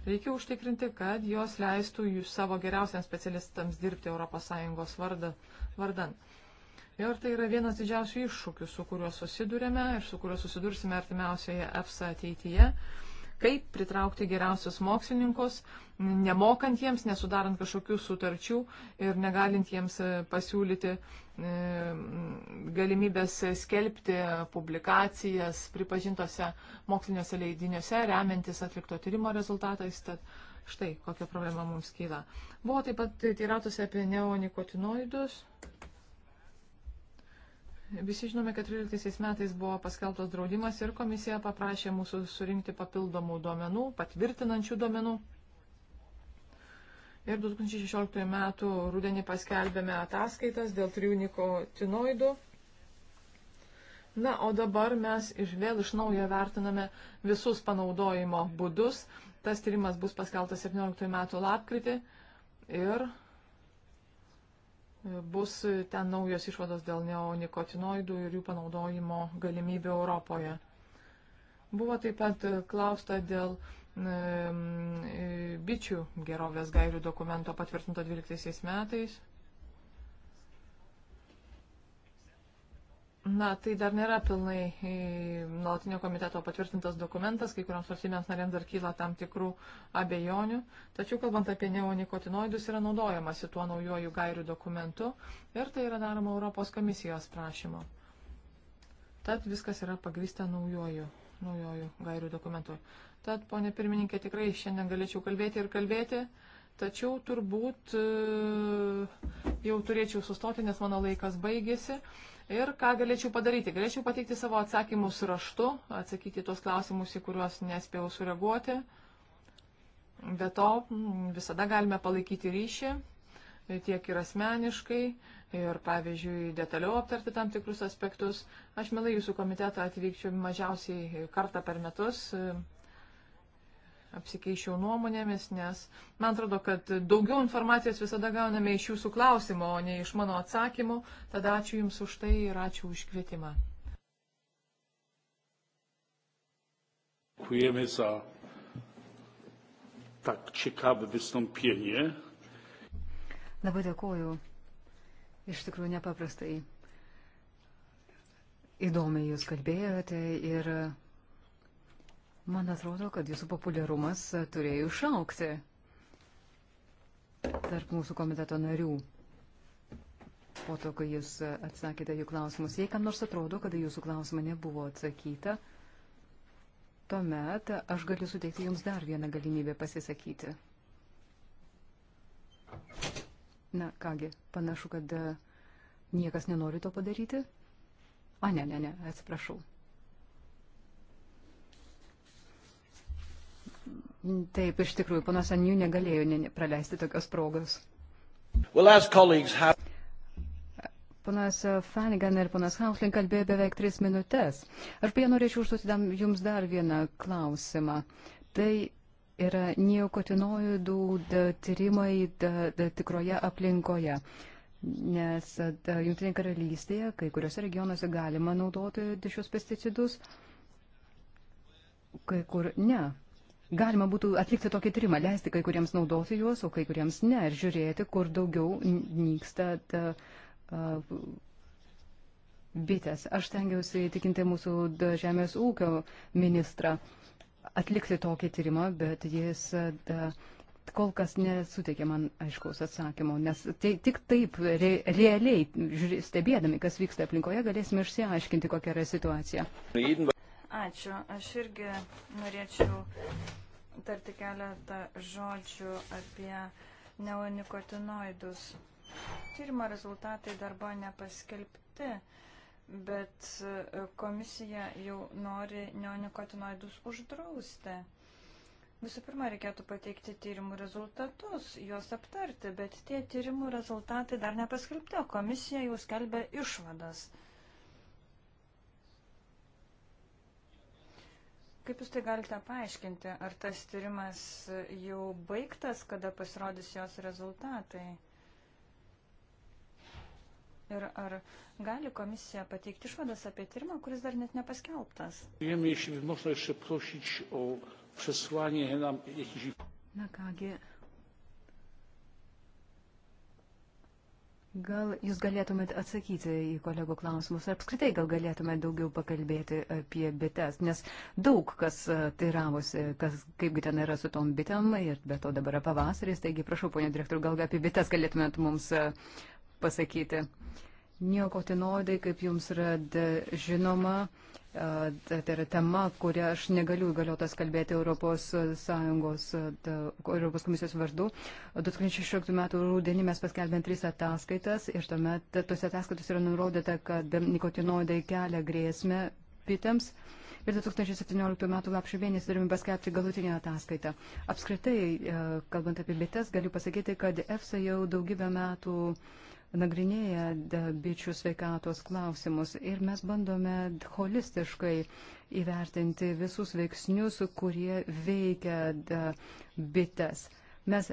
Reikia užtikrinti, kad jos leistų jūs savo geriausiams specialistams dirbti ES vardą, vardan. Ir tai yra vienas didžiausių iššūkių, su kuriuo susidurėme ir su kuriuo susidursime artimiausioje EFSA ateityje kaip pritraukti geriausius mokslininkus, nemokant jiems, nesudarant kažkokių sutarčių ir negalint jiems e, pasiūlyti e, galimybės skelbti publikacijas pripažintose moksliniuose leidiniuose, remiantis atlikto tyrimo rezultatais. Tad štai kokia problema mums kyla. Buvo taip pat teirautasi apie neonikotinoidus. Visi žinome, kad 13 metais buvo paskelbtas draudimas ir komisija paprašė mūsų surinkti papildomų duomenų, patvirtinančių duomenų. Ir 2016 metų rudenį paskelbėme ataskaitas dėl trijų nikotinoidų. Na, o dabar mes iš vėl iš naujo vertiname visus panaudojimo būdus. Tas tyrimas bus paskeltas 17 metų lapkritį ir bus ten naujos išvados dėl neonikotinoidų ir jų panaudojimo galimybių Europoje. Buvo taip pat klausta dėl bičių gerovės gairių dokumento patvirtinto 12 metais. Na, tai dar nėra pilnai e, nuolatinio komiteto patvirtintas dokumentas, kai kurioms valstybėms narėms dar kyla tam tikrų abejonių. Tačiau, kalbant apie neonikotinoidus, yra naudojamasi tuo naujoju gairių dokumentu ir tai yra daroma Europos komisijos prašymu. Tad viskas yra pagrįsta naujoju, naujoju gairių dokumentu. Tad, ponė pirmininkė, tikrai šiandien galėčiau kalbėti ir kalbėti. Tačiau turbūt e, jau turėčiau sustoti, nes mano laikas baigėsi. Ir ką galėčiau padaryti? Galėčiau pateikti savo atsakymus raštu, atsakyti tuos klausimus, į kuriuos nespėjau sureaguoti. Be to, visada galime palaikyti ryšį tiek ir asmeniškai, ir, pavyzdžiui, detaliau aptarti tam tikrus aspektus. Aš mielai jūsų komitetą atvykčiau mažiausiai kartą per metus apsikeičiau nuomonėmis, nes man atrodo, kad daugiau informacijos visada gauname iš jūsų klausimo, o ne iš mano atsakymų. Tada ačiū Jums už tai ir ačiū už kvietimą. Dziękujemy za tak ciekawe wystąpienie. Labai dėkoju. Iš tikrųjų nepaprastai įdomiai jūs kalbėjote ir Man atrodo, kad jūsų populiarumas turėjo išaukti tarp mūsų komiteto narių. Po to, kai jūs atsakėte jų klausimus, jei kam nors atrodo, kad jūsų klausimą nebuvo atsakyta, tuomet aš galiu suteikti jums dar vieną galimybę pasisakyti. Na kągi, panašu, kad e, niekas nenori to padaryti. A, ne, ne, ne, atsiprašau. Taip, iš tikrųjų, panas Anijų negalėjo praleisti tokios progos. Well, have... Panas Flanagan ir panas Hausling kalbėjo beveik tris minutės. Aš beje norėčiau užduoti jums dar vieną klausimą. Tai yra neokotinoidų tyrimai da, da, tikroje aplinkoje. Nes Junktinė karalystėje, kai kuriuose regionuose galima naudoti šios pesticidus, kai kur ne galima būtų atlikti tokį tyrimą, leisti kai kuriems naudoti juos, o kai kuriems ne, ir žiūrėti, kur daugiau nyksta ta, uh, bitės. Aš tengiausi įtikinti mūsų žemės ūkio ministrą atlikti tokį tyrimą, bet jis da, kol kas nesuteikė man aiškaus atsakymo, nes tai, tik taip re, realiai žiūrė, stebėdami, kas vyksta aplinkoje, galėsime išsiaiškinti, kokia yra situacija. Ačiū. Aš irgi norėčiau tarti keletą žodžių apie neonikotinoidus. Tyrimo rezultatai dar buvo nepaskelbti, bet komisija jau nori neonikotinoidus uždrausti. Visų pirma, reikėtų pateikti tyrimų rezultatus, juos aptarti, bet tie tyrimų rezultatai dar nepaskelbti, o komisija jau skelbia išvadas. Kaip Jūs tai galite paaiškinti, ar tas tyrimas jau baigtas, kada pasirodys jos rezultatai? Ir ar gali komisija pateikti išvadas apie tyrimą, kuris dar net nepaskelbtas? Na kągi, Gal jūs galėtumėt atsakyti į kolegų klausimus, ar apskritai gal galėtumėt daugiau pakalbėti apie bites, nes daug kas e, teiravosi, kas, kaipgi ten yra su tom bitėm ir be to dabar yra pavasaris, taigi prašau, ponė direktorių, gal apie bites galėtumėt mums e, pasakyti. Uh, Neokotinoidai, kaip jums yra žinoma, tai yra tema, kurią aš negaliu įgaliotas kalbėti Europos, Sąjungos, Europos komisijos vardu. 2016 m. rūdienį mes paskelbėm tris ataskaitas ir tuomet tose ataskaitos yra nurodyta, kad nikotinoidai kelia grėsmę bitėms. Ir 2017 m. lapšio mėnesį turime paskelbti galutinę ataskaitą. Apskritai, kalbant apie bites, galiu pasakyti, kad EFSA jau daugybę metų uh, nagrinėja bičių sveikatos klausimus ir mes bandome holistiškai įvertinti visus veiksnius, kurie veikia da, bites. Mes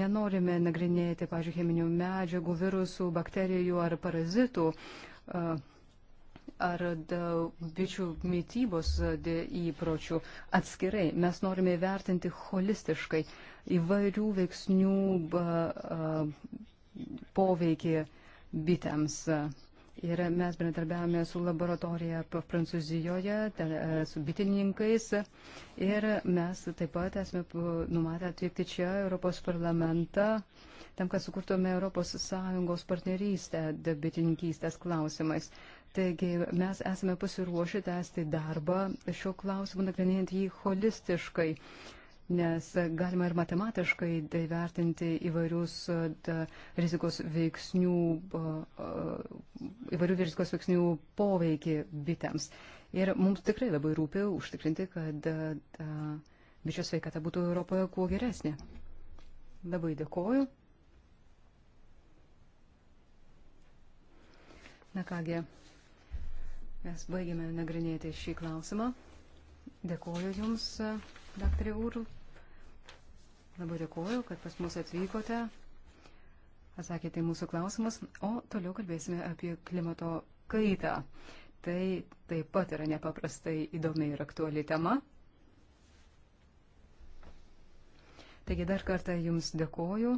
nenorime nagrinėti, pažiūrėjau, cheminių medžiagų, virusų, bakterijų ar parazitų ar bičių mytybos įpročių atskirai. Mes norime įvertinti holistiškai įvairių veiksnių ba, a, poveikį bitėms. Ir mes bendradarbiavome su laboratorija Prancūzijoje, e, su bitininkais. Ir mes taip pat esame numatę atvykti čia Europos parlamentą, tam, kad sukurtume ES partnerystę bitininkystės klausimais. Taigi mes esame pasiruošę tęsti darbą šio klausimu, nagrinėjant jį holistiškai nes galima ir matematiškai įvertinti įvairius rizikos veiksnių, įvairių rizikos veiksnių poveikį bitėms. Ir mums tikrai labai rūpi užtikrinti, kad bičios sveikata būtų Europoje kuo geresnė. Labai dėkoju. Na kągi, mes baigėme nagrinėti šį klausimą. Dėkoju Jums, daktarė Url. Labai dėkuoju, kad pas mus atvykote, atsakėte į mūsų klausimus, o toliau kalbėsime apie klimato kaitą. Tai taip pat yra nepaprastai įdomi ir aktuali tema. Taigi dar kartą Jums dėkoju.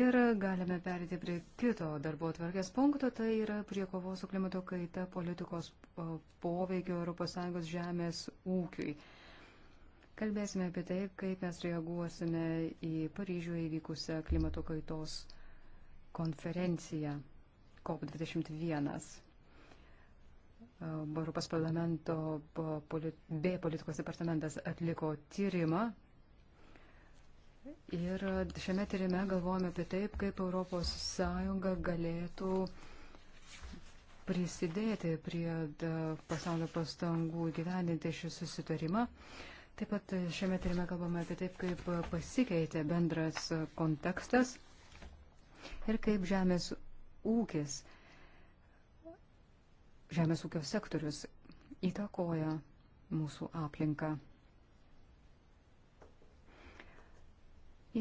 Ir galime perėti prie kito darbo atvarkės punkto, tai yra prie kovos su klimato kaita politikos poveikio ES žemės ūkiui. Kalbėsime apie tai, kaip mes reaguosime į Paryžiuje įvykusią klimato kaitos konferenciją COP21. Europos parlamento B politikos departamentas atliko tyrimą ir šiame tyrime galvojame apie taip, kaip Europos Sąjunga galėtų prisidėti prie pasaulio pastangų gyveninti šį susitarimą. Taip pat šiame tyrime kalbame apie taip, kaip pasikeitė bendras kontekstas ir kaip žemės ūkis, žemės ūkio sektorius įtakoja mūsų aplinką.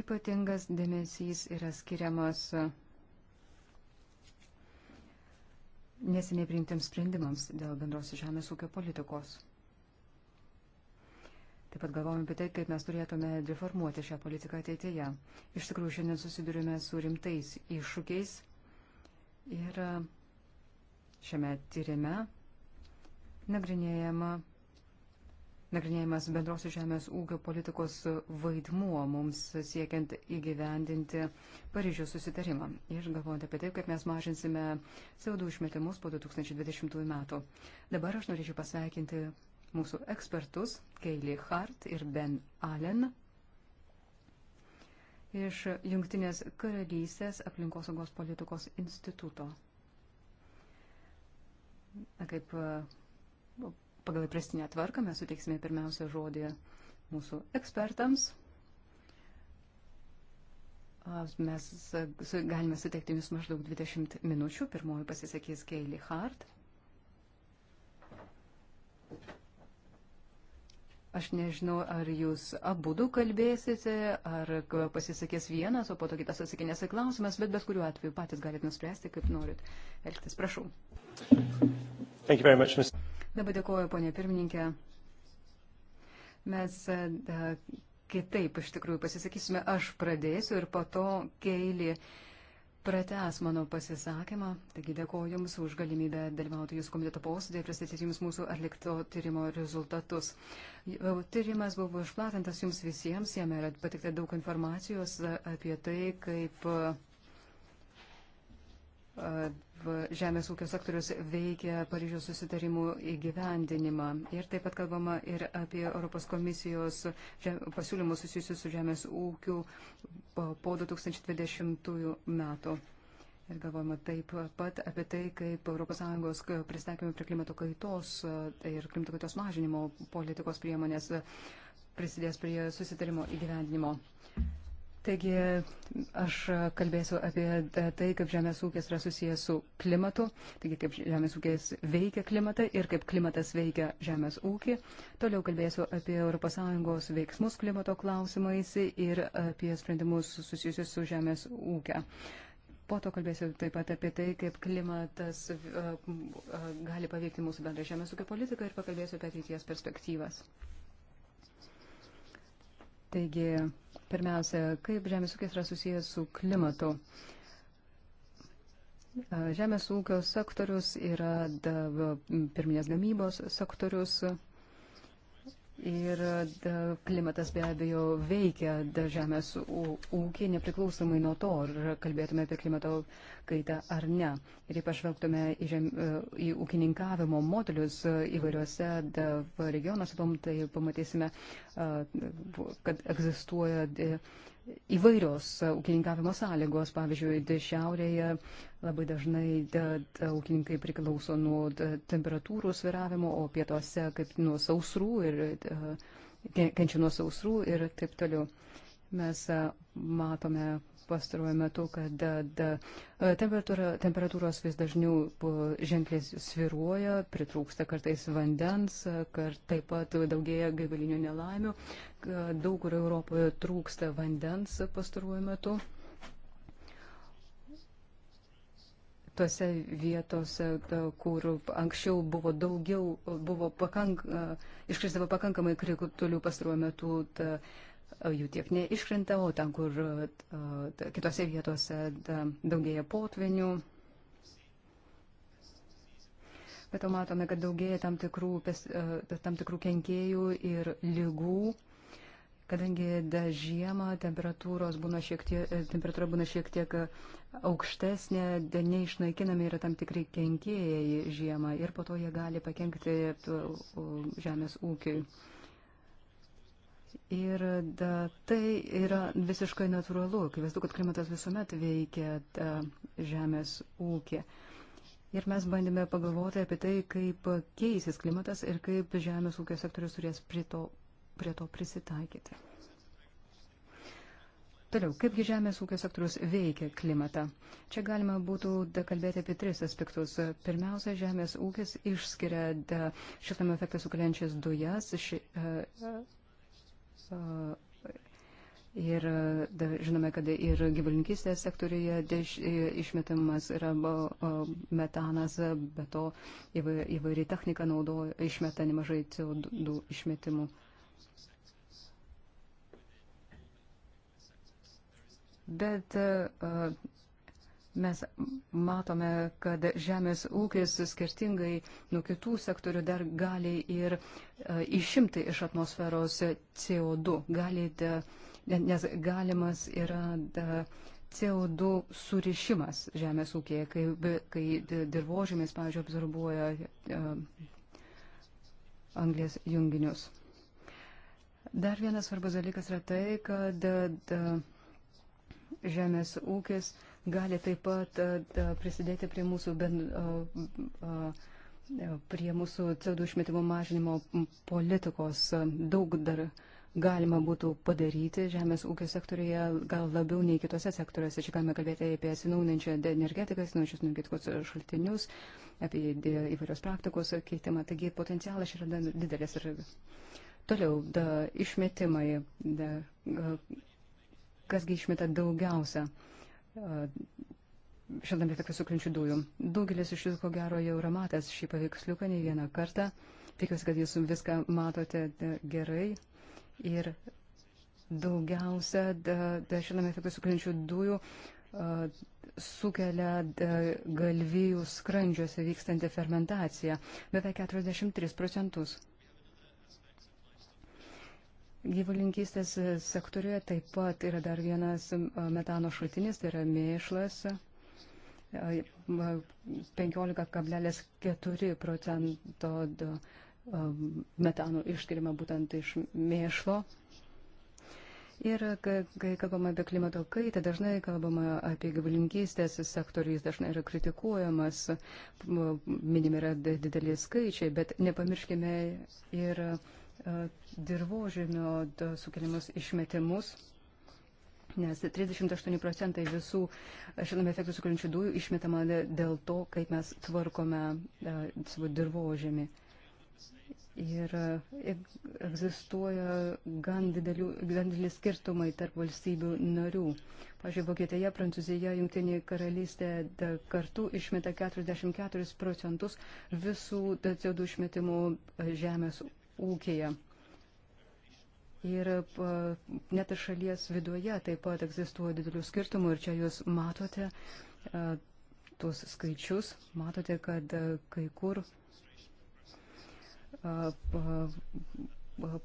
Ypatingas dėmesys yra skiriamas neseniai priimtiems sprendimams dėl bendros žemės ūkio politikos. Taip pat galvojame apie tai, kaip mes turėtume reformuoti šią politiką ateityje. Iš tikrųjų, šiandien susidurime su rimtais iššūkiais ir e, šiame tyrime nagrinėjama, nagrinėjamas bendros žemės ūkio politikos vaidmuo mums siekiant įgyvendinti Paryžiaus susitarimą ir galvojant apie taip, kaip mes mažinsime CO2 išmetimus po 2020 metų. Dabar aš norėčiau pasveikinti mūsų ekspertus Keilį Hart ir Ben Allen iš Jungtinės karalystės aplinkosaugos politikos instituto. Kaip pagal įprastinę tvarką mes suteiksime pirmiausia žodį mūsų ekspertams. Mes galime suteikti jums maždaug 20 minučių. Pirmoji pasisakys Keilį Hart. Aš nežinau, ar jūs abu du kalbėsite, ar pasisakės vienas, o po to kitas atsakinės į klausimas, bet bet kuriuo atveju patys galite nuspręsti, kaip norit elgtis. Prašau. Much, Ms. Dabar dėkuoju, ponė pirmininkė. Mes e, da, kitaip iš tikrųjų pasisakysime. Aš pradėsiu ir po to keilį. Uh, prates mano pasisakymą. Taigi dėkoju Jums už galimybę dalyvauti Jūsų komiteto posėdėje ir pristatyti Jums mūsų atlikto tyrimo rezultatus. Tyrimas buvo išplatintas Jums visiems, jame yra patikta daug informacijos apie tai, kaip žemės ūkio sektorius veikia Paryžiaus susitarimų įgyvendinimą. Ir taip pat kalbama ir apie Europos komisijos pasiūlymus susijusius su žemės ūkiu po 2020 metų. Ir galvojama taip pat apie tai, kaip ES pristatymai prie klimato kaitos e, ir klimato kaitos mažinimo politikos priemonės e, prisidės prie susitarimo įgyvendinimo. Taigi aš kalbėsiu apie tai, kaip žemės ūkis yra susijęs su klimatu, taigi kaip žemės ūkis veikia klimatą ir kaip klimatas veikia žemės ūkį. Toliau kalbėsiu apie ES veiksmus klimato klausimais ir apie sprendimus susijusius su žemės ūkia. Po to kalbėsiu taip pat apie tai, kaip klimatas e, gali paveikti mūsų bendrą žemės ūkio politiką ir pakalbėsiu apie ateities perspektyvas. Taigi, Pirmiausia, kaip žemės ūkis yra susijęs su klimatu? Žemės ūkio sektorius yra da, pirminės gamybos sektorius. Ir klimatas be abejo veikia žemės ūkį, nepriklausomai nuo to, ar kalbėtume apie klimato kaitą ar ne. Ir jei pažvelgtume į, žem, e, į ūkininkavimo modelius e, įvairiuose regionuose, tai pamatysime, kad egzistuoja. De, įvairios ūkininkavimo sąlygos. Pavyzdžiui, šiaurėje labai dažnai da, da, ūkininkai priklauso nuo da, temperatūrų sviravimo, o pietuose kaip nuo sausrų ir da, kenčia nuo sausrų ir taip toliau. Mes matome, pastaruoju metu, kad da, da, e, temperatūra, temperatūros vis dažniau ženkliai sviruoja, pritrūksta kartais vandens, e, kart taip pat daugėja gaivalinių nelaimių, daug kur Europoje trūksta vandens pastaruoju metu. Tose vietose, kur anksčiau buvo daugiau, buvo pakank, e, iškristavo pakankamai kritulių pastaruoju metu. Ta, jų tiek neiškrenta, o ten, kur e, kitose vietose daugėja potvinių. Bet to matome, kad daugėja tam tikrų, e, tam tikrų kenkėjų ir lygų, kadangi žiemą temperatūros būna šiek tiek, e, temperatūra būna šiek tiek aukštesnė, neišnaikinami yra tam tikri kenkėjai žiemą ir po to jie gali pakenkti žemės ūkiui. Ir da, tai yra visiškai natūralu, kai vaizdu, kad klimatas visuomet veikia da, žemės ūkį. Ir mes bandėme pagalvoti apie tai, kaip keisis klimatas ir kaip žemės ūkio sektorius turės prie to, prie to prisitaikyti. Toliau, kaipgi žemės ūkio sektorius veikia klimatą? Čia galima būtų kalbėti apie tris aspektus. Pirmiausia, žemės ūkis išskiria šiltame efektą sukeliančias dujas, ši, uh, Ir da, žinome, kad ir gyvulinkystės sektoriuje deš, išmetamas yra metanas, be to įvairi technika naudoja, išmeta nemažai CO2 išmetimų. Bet uh, mes matome, kad žemės ūkis skirtingai nuo kitų sektorių dar gali ir e, išimti iš atmosferos CO2, gali, e, nes galimas yra e, CO2 surišimas žemės ūkėje, kai, kai dirbožėmis, pavyzdžiui, absorbuoja anglės junginius. Dar vienas svarbus dalykas yra tai, kad žemės ūkis uh, gali taip pat prisidėti prie mūsų, ben, prie mūsų CO2 išmetimo mažinimo politikos. Daug dar galima būtų padaryti žemės ūkio sektorija, gal labiau nei kitose sektoriuose. Čia galime kalbėti apie atsinaujinančią energetiką, atsinaujinančius energetikos šaltinius, apie įvairios praktikos keitimą. Taigi potencialas yra didelis. Toliau, da, išmetimai. Da, kasgi išmeta daugiausia šiltnamio efektą sukeliančių dujų. Daugelis iš jūsų, ko gero, jau yra matęs šį paveiksliuką ne vieną kartą. Tikiuosi, kad jūs viską matote gerai. Ir daugiausia šiltnamio efektą sukeliančių dujų sukelia galvijų skrandžiuose vykstanti fermentacija - beveik 43 procentus. Gyvulinkystės sektoriuje taip pat yra dar vienas metano šaltinis, tai yra mėšlas. 15,4 procento metano išskiriama būtent iš mėšlo. Ir kai kalbama apie klimato kaitą, dažnai kalbama apie gyvulinkystės sektorių, jis dažnai yra kritikuojamas, minimi yra dideliai skaičiai, bet nepamirškime ir. Yra E, dirbožėmio sukeliamus išmetimus, nes 38 procentai visų šiltnamio efektą sukeliančių dujų išmetama dėl to, kaip mes tvarkome e, savo dirbožėmį. Ir e, egzistuoja gan, didelių, gan dideli skirtumai tarp valstybių narių. Pavyzdžiui, Vokietija, Prancūzija, Junktinė karalystė kartu išmeta 44 procentus visų CO2 išmetimų žemės ūkėje. Ir net ir šalies viduje taip pat egzistuoja didelių skirtumų ir čia jūs matote e, tuos skaičius, matote, kad e, kai kur, e,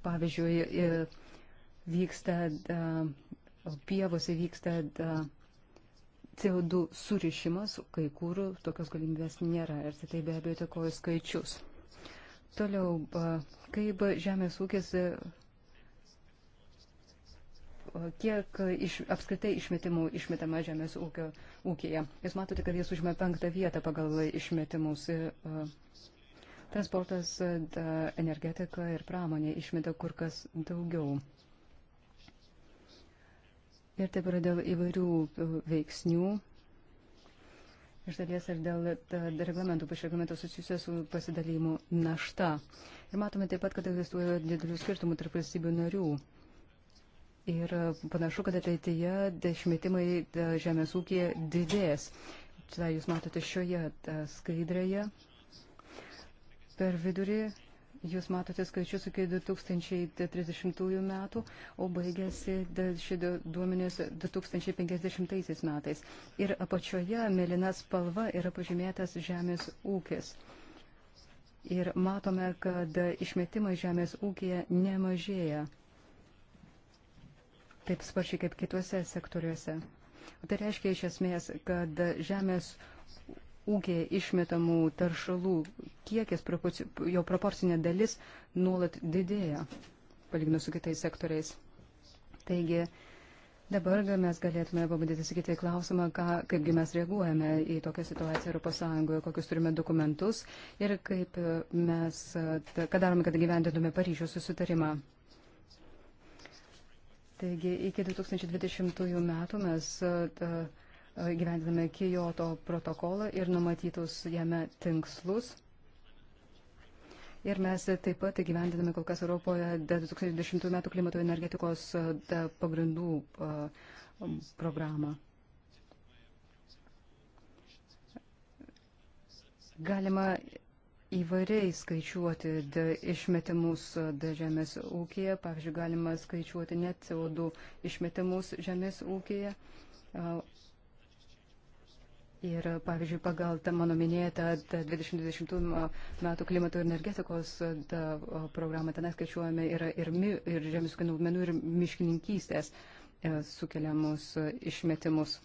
pavyzdžiui, vyksta pievose vyksta CO2 surišimas, kai kur tokios galimybės nėra ir tai be abejo takoja skaičius. Toliau, kaip žemės ūkis, kiek iš, apskritai išmetimų išmetama žemės ūkio ūkija. Jūs matote, kad jis užima penktą vietą pagal išmetimus. Transportas, energetika ir pramonė išmeta kur kas daugiau. Ir taip yra dėl įvairių veiksnių, iš dalies ir dėl reglamentų, pačių reglamentų susijusio su pasidalymu našta. Ir matome taip pat, kad egzistuoja didelių skirtumų tarp valstybių narių. Ir panašu, kad ateityje dešimtimai žemės ūkija didės. Tai jūs matote šioje skaidrėje. Per vidurį Jūs matote skaičius iki 2030 metų, o baigėsi šie duomenės 2050 metais. Ir apačioje mėlyna spalva yra pažymėtas žemės ūkis. Ir matome, kad išmetimai žemės ūkija nemažėja taip sparčiai kaip kitose sektoriuose. O tai reiškia iš esmės, kad žemės ūkėje išmetamų taršalų kiekis, jo proporcinė dalis nuolat didėja, palyginus su kitais sektoriais. Taigi, Dabar mes galėtume pabandyti sakyti klausimą, ką, kaipgi mes reaguojame į tokią situaciją Europos Sąjungoje, kokius turime dokumentus ir kaip e, mes, e, ką darome, kad gyvendintume Paryžiaus susitarimą. Taigi iki 2020 metų mes ta, e, E, gyvendiname Kijoto protokolą ir numatytus jame tinkslus. Ir mes taip pat gyvendiname kol kas Europoje 2010 m. klimato energetikos e, pagrindų e, programą. Galima įvairiai skaičiuoti išmetimus žemės ūkėje. Pavyzdžiui, galima skaičiuoti net CO2 išmetimus žemės ūkėje. Ir, pavyzdžiui, pagal tą mano minėtą 2020 metų klimato ir energetikos programą ten skaičiuojame yra ir, mi, ir žemės ūkio naudmenų, ir miškininkystės e, sukeliamus išmetimus.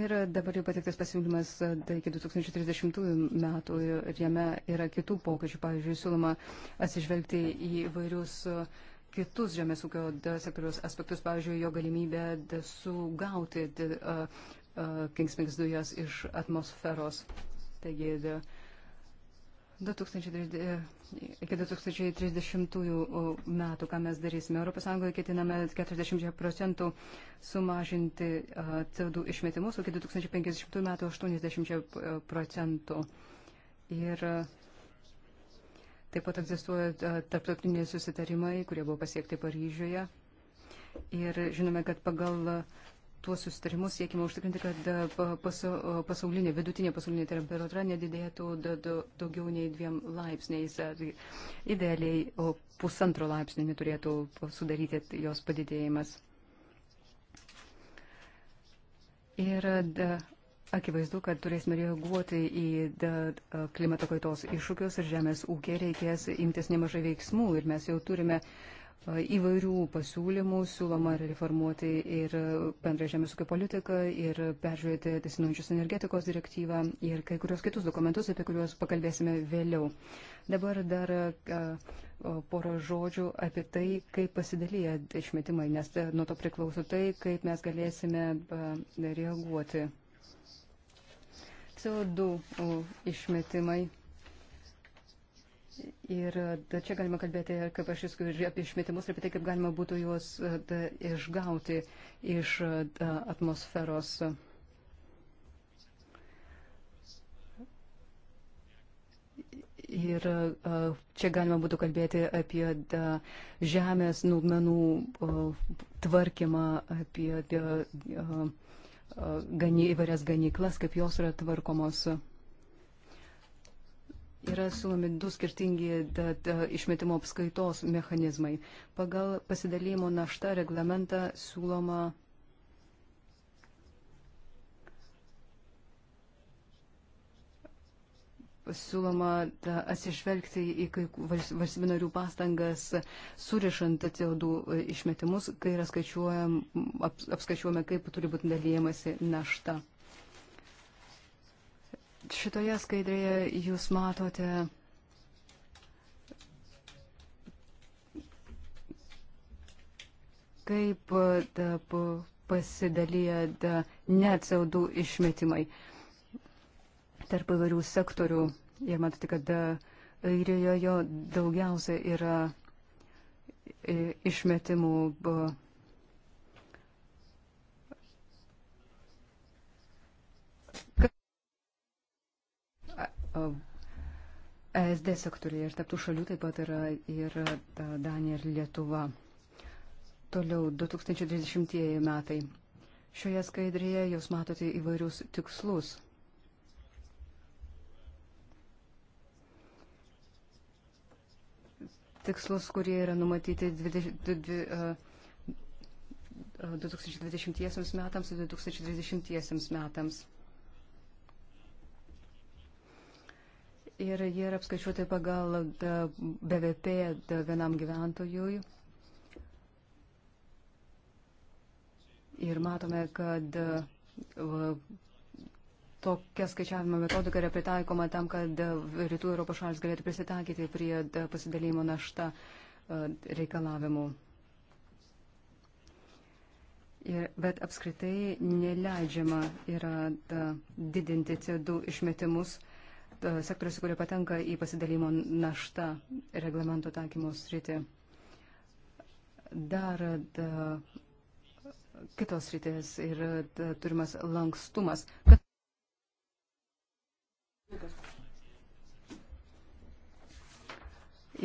Ir dabar jau patiktas pasiūlymas tai iki 2030 metų ir jame yra kitų pokyčių. Pavyzdžiui, siūloma atsižvelgti į vairius uh, kitus žemės ūkio sektoriaus aspektus, pavyzdžiui, jo galimybę sugauti kingsmings dujas iš atmosferos. Taigi, de, 2030, iki 2030 metų, ką mes darysime. ES ketiname 40 procentų sumažinti CO2 išmetimus, o iki 2050 metų 80 e, procentų. Ir uh, Taip pat egzistuoja tarptautiniai susitarimai, kurie buvo pasiekti Paryžiuje. Ir žinome, kad pagal tuos susitarimus siekime užtikrinti, kad pasaulinė, vidutinė pasaulinė temperatūra nedidėtų daugiau nei dviem laipsniais. Tai idealiai pusantro laipsnio neturėtų sudaryti jos padidėjimas. Ir Akivaizdu, kad turėsime reaguoti į klimato kaitos iššūkius ir žemės ūkė reikės imtis nemažai veiksmų ir mes jau turime įvairių pasiūlymų, siūloma reformuoti ir bendrą žemės ūkio politiką ir peržiūrėti atsinaujančios energetikos direktyvą ir kai kurios kitus dokumentus, apie kuriuos pakalbėsime vėliau. Dabar dar porą žodžių apie tai, kaip pasidalyja išmetimai, nes nuo to priklauso tai, kaip mes galėsime reaguoti. CO2 išmetimai. Ir čia galima kalbėti kaip aš jūs, apie išmetimus ir apie tai, kaip galima būtų juos e, da, išgauti iš e, da, atmosferos. Ir e, čia galima būtų kalbėti apie da, žemės naugmenų tvarkymą, apie. Da, da, gany, įvairias ganyklas, kaip jos yra tvarkomos. Yra siūlomi du skirtingi da, da, išmetimo apskaitos mechanizmai. Pagal pasidalymo naštą reglamentą siūloma siūloma atsižvelgti į kai valstybių narių pastangas surišant CO2 e, išmetimus, kai yra skaičiuojam, ap, apskaičiuojame, kaip turi būti dalyjamasi našta. Šitoje skaidrėje jūs matote kaip e, pasidalyja ne CO2 išmetimai. Uh, tarp įvairių sektorių. Ir matote, kad Airijoje daugiausia yra e, išmetimų. ESD sektoriuje ir taptų šalių taip pat yra ir Danija ir Lietuva. Toliau 2030 metai. Šioje skaidrėje jūs matote įvairius tikslus. tikslus, kurie yra numatyti 2020 metams ir 2030 metams. Ir jie yra apskaičiuoti pagal BVP vienam gyventojui. Ir matome, kad tokia skaičiavimo metodika yra pritaikoma tam, kad e, rytų Europos šalis galėtų prisitakyti prie e, pasidalėjimo naštą e, reikalavimų. Ir, bet apskritai neleidžiama yra da, didinti CO2 išmetimus sektoriuose, kurie patenka į pasidalymo naštą reglamento taikymo sritį. Dar da, kitos rytės ir da, turimas lankstumas. Kad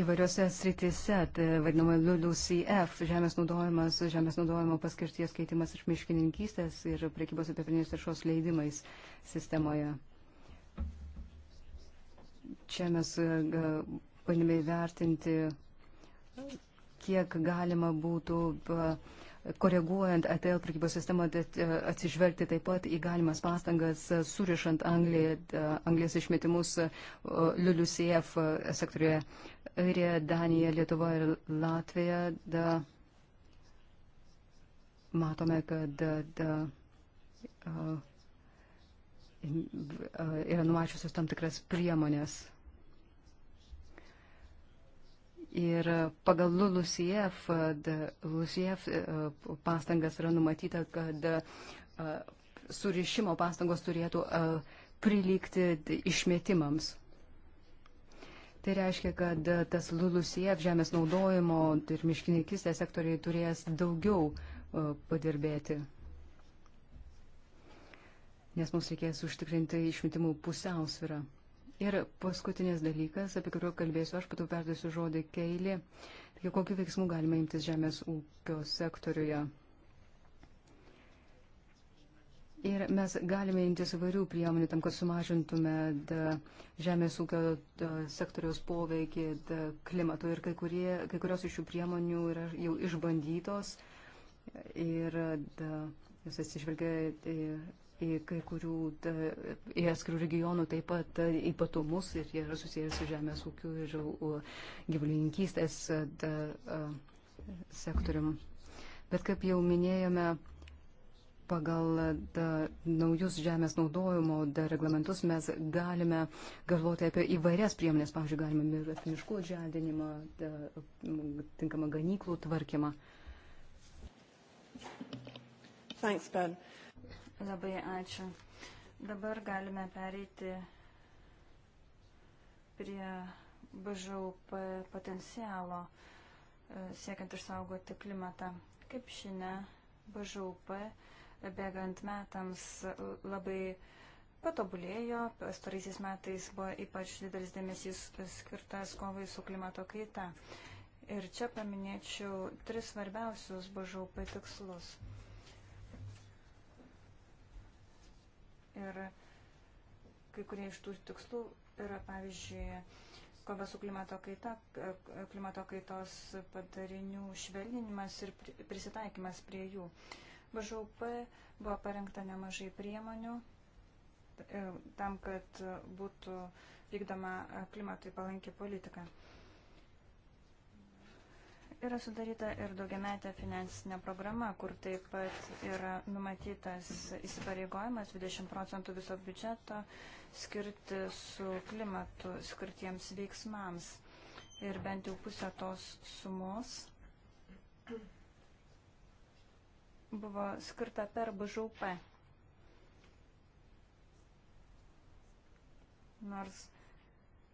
Įvairiose sritise, tai vadinama LULUCF, žemės naudojimas, žemės naudojimo paskirties keitimas iš miškininkystės ir prekybos apiepinės taršos leidimais sistemoje. Čia mes e, bandėme įvertinti, kiek galima būtų uh, koreguojant ATL prekybos sistemą, tai, e, atsižvelgti taip pat į galimas pastangas e, surišant Anglį, e, Anglės išmetimus LULUCF sektoriuje. Airija, Danija, Lietuva ir Latvija. Da, matome, kad da, da, yra numačiusios tam tikras priemonės Ir pagal LULUSIEF, LULUSIEF e, e, pastangas yra numatyta, kad e, surišimo pastangos turėtų prilygti išmetimams. Tai reiškia, kad tas LULUSIEF žemės naudojimo ir miškininkistės sektoriai turės daugiau padirbėti. Nes mums reikės užtikrinti išmetimų pusiausvyrą. Ir paskutinis dalykas, apie kurio kalbėsiu, aš patau perduosiu žodį keilį. Taigi, kokiu veiksmu galima imtis žemės ūkio sektoriuje? Ir mes galime imtis įvairių priemonių tam, kad sumažintume da, žemės ūkio da, sektoriaus poveikį da, klimato. Ir kai, kurie, kai kurios iš šių priemonių yra jau išbandytos. Ir da, jūs atsižvelgia į į kai kurių, į atskirų regionų taip pat ypatumus ir jie yra susijęs su žemės ūkiu ir gyvulininkystės sektorium. Bet kaip jau minėjome, pagal da, naujus žemės naudojimo da, reglamentus mes galime galvoti apie įvairias priemonės, pavyzdžiui, galime ir miškų želdinimą, da, tinkamą ganyklų tvarkymą. Thanks, Ben. Uh, Labai ačiū. Dabar galime pereiti prie BŽUP potencialo e, siekiant išsaugoti klimatą. Kaip žinia, BŽUP e, bėgant metams labai patobulėjo, pastaraisiais metais buvo ypač didelis dėmesys skirtas kovai su klimato kaita. Ir čia paminėčiau tris svarbiausius BŽUP tikslus. Ir kai kurie iš tų tikslų yra, pavyzdžiui, kova su klimato kaita, klimato kaitos padarinių švelninimas ir prisitaikymas prie jų. BŽUP buvo parengta nemažai priemonių e, tam, kad būtų vykdoma klimatui palanki politika. Yra sudaryta ir daugiametė finansinė programa, kur taip pat yra numatytas įsipareigojimas 20 procentų viso biudžeto skirti su klimatu skirtiems veiksmams. Ir bent jau pusė tos sumos buvo skirta per BŽUP. Nors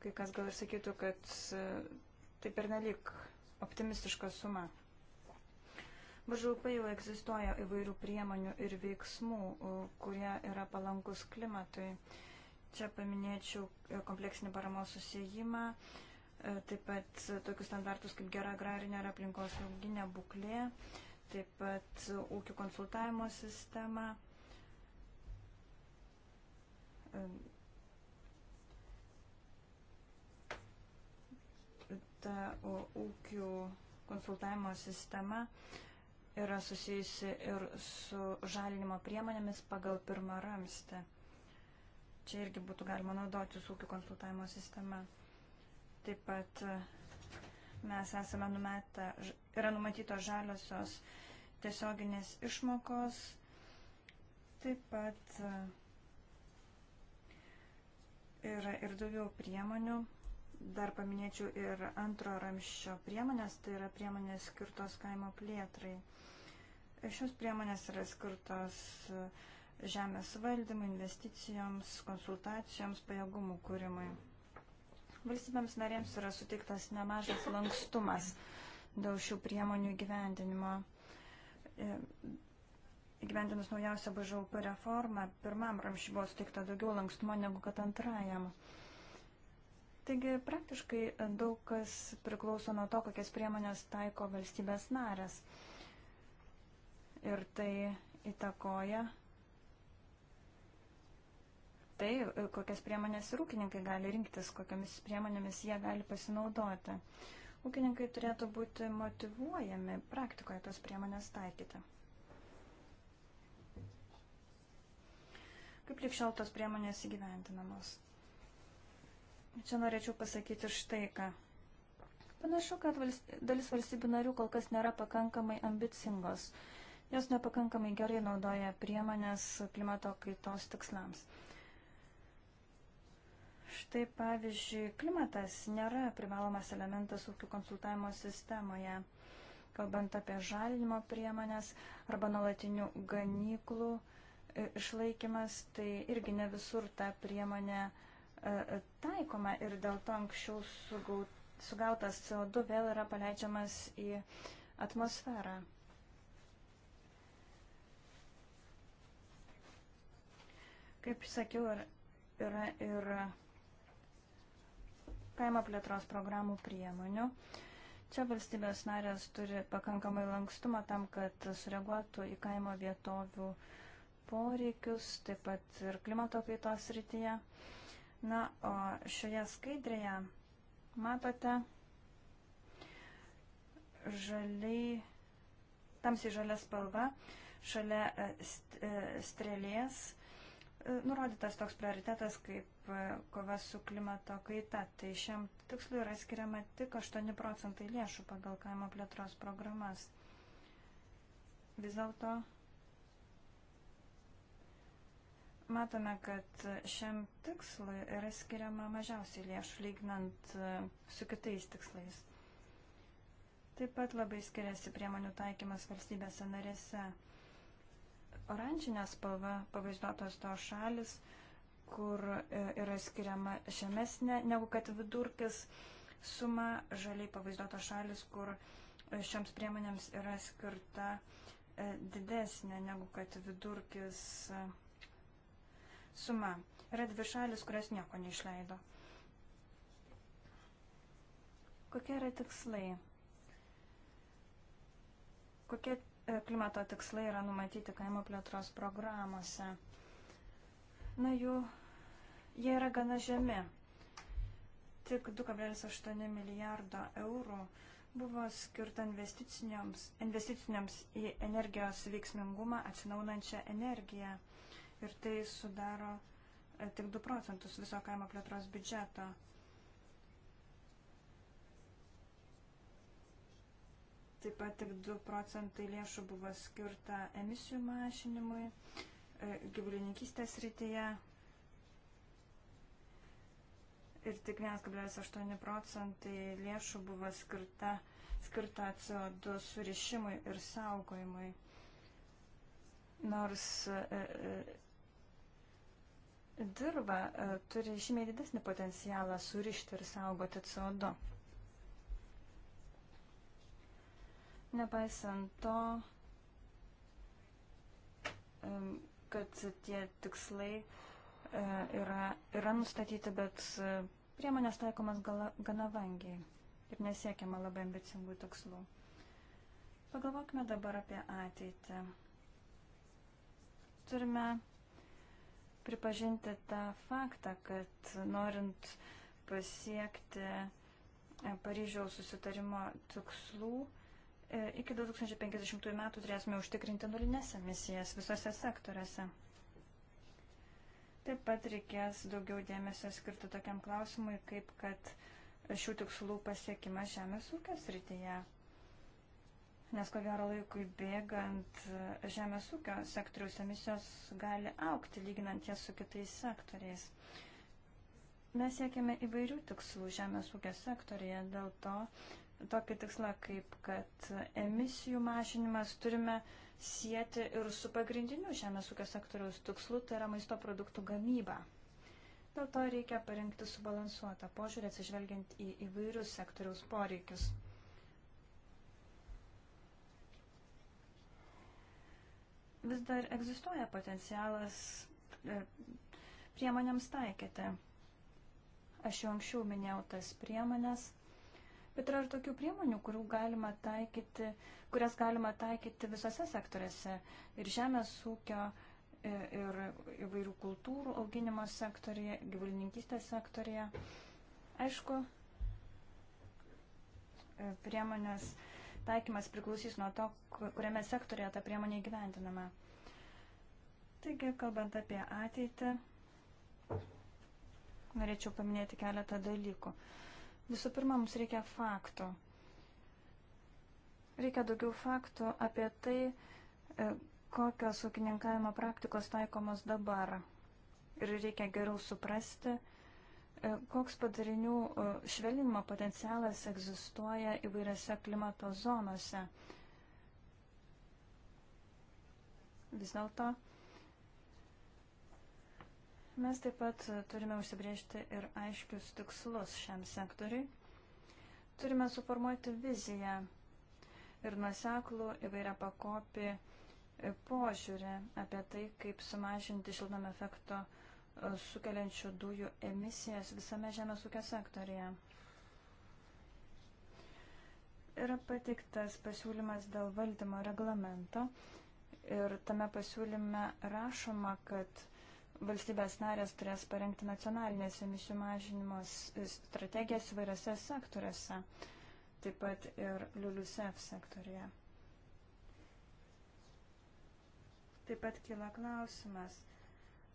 kai kas gal ir sakytų, kad tai pernelyg optimistiška suma. BŽUP jau egzistuoja įvairių priemonių ir veiksmų, kurie yra palankus klimatui. Čia paminėčiau e, kompleksinį paramos susijimą, e, taip pat tokius standartus kaip gera agrarinė ir aplinkos sauginė būklė, taip pat ūkių konsultavimo sistema e, ta ūkių konsultavimo sistema yra susijusi ir su žalinimo priemonėmis pagal pirmą ramstę. Čia irgi būtų galima naudotis ūkių konsultavimo sistema. Taip pat e, mes esame numetę, yra numatytos žaliosios tiesioginės išmokos, taip pat e, yra ir daugiau priemonių dar paminėčiau ir antro ramščio priemonės, tai yra priemonės skirtos kaimo plėtrai. Šios priemonės yra skirtos e, žemės valdymui, investicijoms, konsultacijoms, pajėgumų kūrimui. Valstybėms narėms yra suteiktas nemažas lankstumas dėl šių priemonių įgyvendinimo. E, įgyvendinus naujausią BŽUP reformą, pirmam ramšy buvo suteikta daugiau lankstumo negu kad antrajam. Taigi praktiškai daug kas priklauso nuo to, kokias priemonės taiko valstybės narės. Ir tai įtakoja tai, kokias priemonės ir ūkininkai gali rinktis, kokiamis priemonėmis jie gali pasinaudoti. Ūkininkai turėtų būti motivuojami praktikoje tos priemonės taikyti. Kaip likščiau tos priemonės įgyventinamos? Čia norėčiau pasakyti štai ką. Panašu, kad dalis valstybių narių kol kas nėra pakankamai ambicingos. Jos nepakankamai gerai naudoja priemonės klimato kaitos tikslams. Štai pavyzdžiui, klimatas nėra privalomas elementas ūkių konsultavimo sistemoje, kalbant apie žalinimo priemonės arba nuolatinių ganyklų e, išlaikimas, tai irgi ne visur ta priemonė uh, E, e, taikoma ir dėl to anksčiau sugautas CO2 vėl yra paleidžiamas į atmosferą. Kaip sakiau, yra ir kaimo plėtros programų priemonių. Čia valstybės narės turi pakankamai lankstumą tam, kad sureaguotų į kaimo vietovių poreikius, taip pat ir klimato kaitos rytyje. Na, o šioje skaidrėje matote žaliai, tamsiai žalia spalva, šalia e, e, strėlės e, nurodytas toks prioritetas kaip kova su klimato kaita. Tai šiam tikslui yra skiriama tik 8 procentai lėšų pagal kaimo plėtros programas. Vis dėlto Matome, kad šiam tikslui yra skiriama mažiausiai lėšų lygnant e, su kitais tikslais. Taip pat labai skiriasi priemonių taikymas valstybėse narėse. Oranžinė spalva pavaizduotos to šalis, kur e, yra skiriama žemesnė negu kad vidurkis suma, žaliai pavaizduotos šalis, kur e, šioms priemonėms yra skirta didesnė negu kad vidurkis suma. Yra dvi šalis, kurios nieko neišleido. Kokie yra tikslai? Kokie e, klimato tikslai yra numatyti kaimo plėtros programuose? Na, jų, jie yra gana žemi. Tik 2,8 milijardo eurų buvo skirta investiciniams, investiciniams į energijos veiksmingumą atsinaunančią energiją ir tai sudaro e, tik 2 procentus viso kaimo plėtros biudžeto. Taip pat tik 2 procentai lėšų buvo skirta emisijų mažinimui, e, gyvulininkystės rytyje ir tik 1,8 procentai lėšų buvo skirta, skirta CO2 surišimui ir saugojimui. Nors e, e, Dirva e, turi žymiai didesnį potencialą surišti ir saugoti CO2. Nepaisant to, e, kad tie tikslai e, yra, yra nustatyti, bet priemonės taikomas gala, gana vangiai ir nesiekiama labai ambicingų tikslų. Pagalvokime dabar apie ateitį. Turime pripažinti tą faktą, kad norint pasiekti e, Paryžiaus susitarimo tikslų, e, iki 2050 metų turėsime užtikrinti nulinės emisijas visose sektoriuose. Taip pat reikės daugiau dėmesio skirti tokiam klausimui, kaip kad šių tikslų pasiekimas žemės ūkio srityje nes ko gero laikui bėgant e, žemės ūkio sektoriaus emisijos gali aukti, lyginant jas su kitais sektoriais. Mes siekiame įvairių tikslų žemės ūkio sektorėje, dėl to tokį tikslą kaip, kad emisijų mažinimas turime sieti ir su pagrindiniu žemės ūkio sektoriaus tikslu, tai yra maisto produktų gamyba. Dėl to reikia parinkti subalansuotą požiūrį atsižvelgiant į įvairius sektoriaus poreikius. vis dar egzistuoja potencialas e, priemonėms taikyti. Aš jau anksčiau minėjau tas priemonės, bet yra ir tokių priemonių, galima taikyti, kurias galima taikyti visose sektoriuose - ir žemės ūkio, e, ir įvairių kultūrų auginimo sektorija, gyvulininkystės sektorija. Aišku, e, priemonės uh, taikymas priklausys nuo to, kuriame sektorėje ta priemonė gyvendinama. Taigi, kalbant apie ateitį, norėčiau paminėti keletą dalykų. Visų pirma, mums reikia faktų. Reikia daugiau faktų apie tai, e, kokios ūkininkavimo praktikos taikomos dabar. Ir reikia geriau suprasti, E, koks padarinių e, švelnimo potencialas egzistuoja įvairiose klimato zonose. Vis dėlto mes taip pat turime užsibriežti ir aiškius tikslus šiam sektoriui. Turime suformuoti viziją ir nuseklų įvairią pakopį požiūrį apie tai, kaip sumažinti šiltnamio efekto uh, sukeliančių dujų emisijas visame žemės ūkio sektorija. Yra patiktas pasiūlymas dėl valdymo reglamento ir tame pasiūlyme rašoma, kad valstybės narės turės parengti nacionalinės emisijų mažinimo strategijas įvairiose sektoriuose, taip pat ir LULUSEF sektorija. Taip pat kyla klausimas –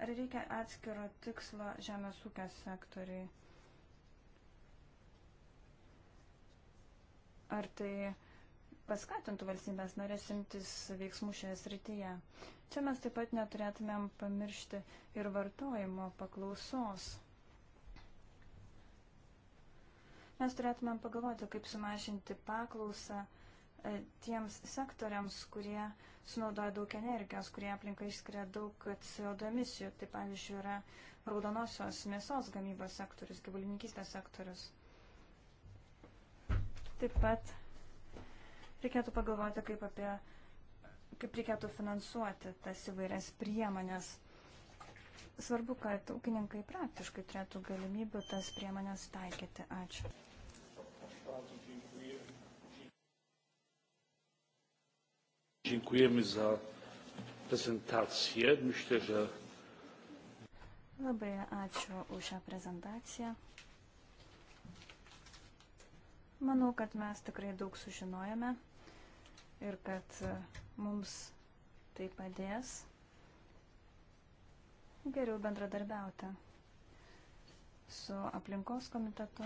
Ar reikia atskiro tikslo žemės ūkio sektoriai? Ar tai paskatintų valstybės norės imtis veiksmų šioje srityje? Čia mes taip pat neturėtumėm pamiršti ir vartojimo paklausos. Mes turėtumėm pagalvoti, kaip sumažinti paklausą e, tiems sektoriams, kurie uh, sunaudoja daug energijos, kurie aplinką išskiria daug CO2 emisijų. Tai pavyzdžiui yra raudonosios mėsos gamybos sektorius, gyvulininkystės sektorius. Taip pat reikėtų pagalvoti, kaip, apie, kaip reikėtų finansuoti tas įvairias priemonės. Svarbu, kad ūkininkai praktiškai turėtų galimybių tas priemonės taikyti. Ačiū. Dziękujemy za prezentację. Myślę, że. Labai ačiū už šią prezentaciją. Manau, kad mes tikrai daug sužinojame ir kad mums tai padės geriau bendradarbiauti su aplinkos komitetu,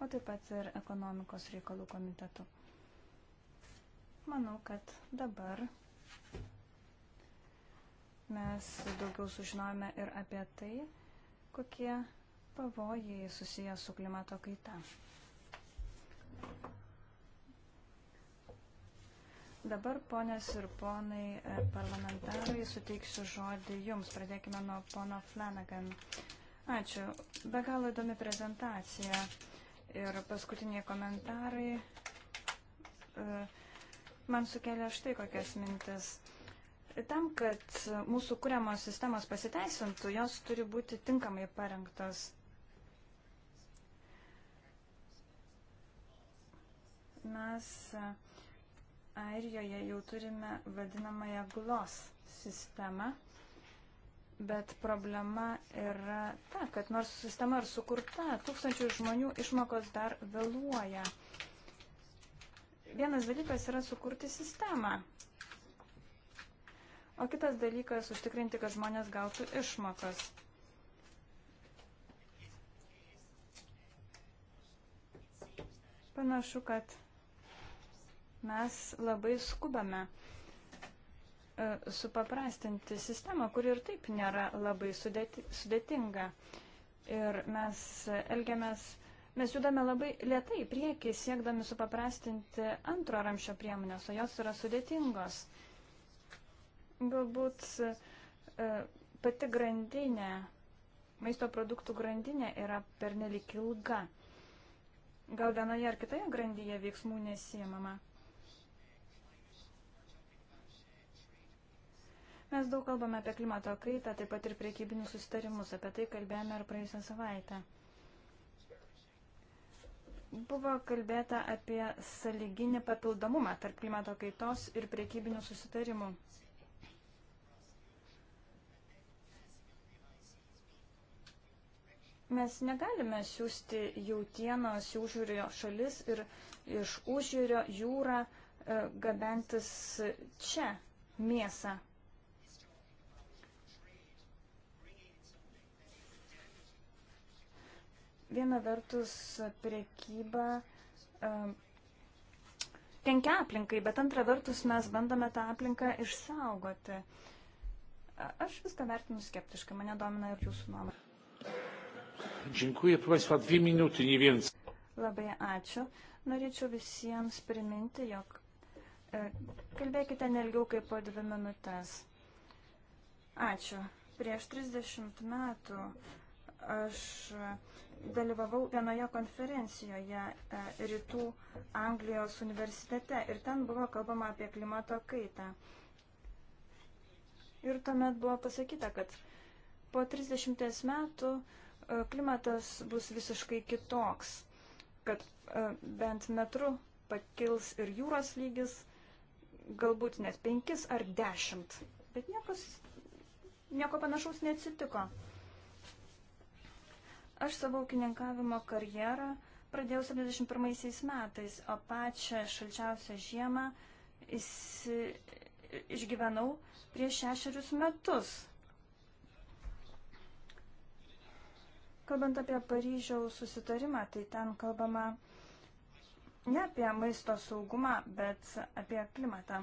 o taip pat ir ekonomikos reikalų komitetu. Manau, kad dabar mes daugiau sužinojame ir apie tai, kokie pavojai susiję su klimato kaita. Dabar, ponės ir ponai e, parlamentarai, suteiksiu žodį jums. Pradėkime nuo pono Flanagan. Ačiū. Be galo įdomi prezentacija. Ir paskutiniai komentarai. Uh, man sukelia štai kokias mintis. Tam, kad mūsų kuriamos sistemos pasiteisintų, jos turi būti tinkamai parengtos. Mes e, Airijoje jau turime vadinamąją glos sistemą, bet problema yra ta, kad nors sistema ir sukurta, tūkstančių žmonių išmokos dar vėluoja. Vienas dalykas yra sukurti sistemą, o kitas dalykas užtikrinti, kad žmonės gautų išmokas. Panašu, kad mes labai skubame e, supaprastinti sistemą, kuri ir taip nėra labai sudėtinga. Ir mes e, elgiamės uh, Mes judame labai lietai prieki, siekdami supaprastinti antro ramšio priemonės, o jos yra sudėtingos. Galbūt e, pati grandinė, maisto produktų grandinė yra pernelik ilga. Gal vienoje ar kitoje grandyje veiksmų nesijamama. Mes daug kalbame apie klimato kaitą, taip pat ir priekybinius sustarimus, apie tai kalbėjome ir praėjusią savaitę. Buvo kalbėta apie saliginį papildomumą tarp klimato kaitos ir priekybinių susitarimų. Mes negalime siūsti jautienos į užjūrio šalis ir iš užjūrio jūrą e, gabentis čia mėsą. Viena vertus priekyba um, kenkia aplinkai, bet antra vertus mes bandome tą aplinką išsaugoti. Aš viską vertinu skeptiškai, mane domina ir jūsų nuomonė. Dziękuję, proszę Państwa, dwie minuty, nie więcej. Labai ačiū. Norėčiau visiems priminti, jog e, kalbėkite nelgiau kaip po dvi minutės. Ačiū. Prieš 30 metų Aš e, dalyvavau vienoje konferencijoje e, Rytų Anglijos universitete ir ten buvo kalbama apie klimato kaitą. Ir tuomet buvo pasakyta, kad po 30 metų e, klimatas bus visiškai kitoks, kad bent metru pakils ir jūros lygis, galbūt net 5 ar 10. Bet niekos, nieko panašaus neatsitiko. Aš savo ūkininkavimo karjerą pradėjau 71 metais, o pačią šalčiausią žiemą įsi... išgyvenau prieš šešerius metus. Kalbant apie Paryžiaus susitarimą, tai ten kalbama ne apie maisto saugumą, bet apie klimatą.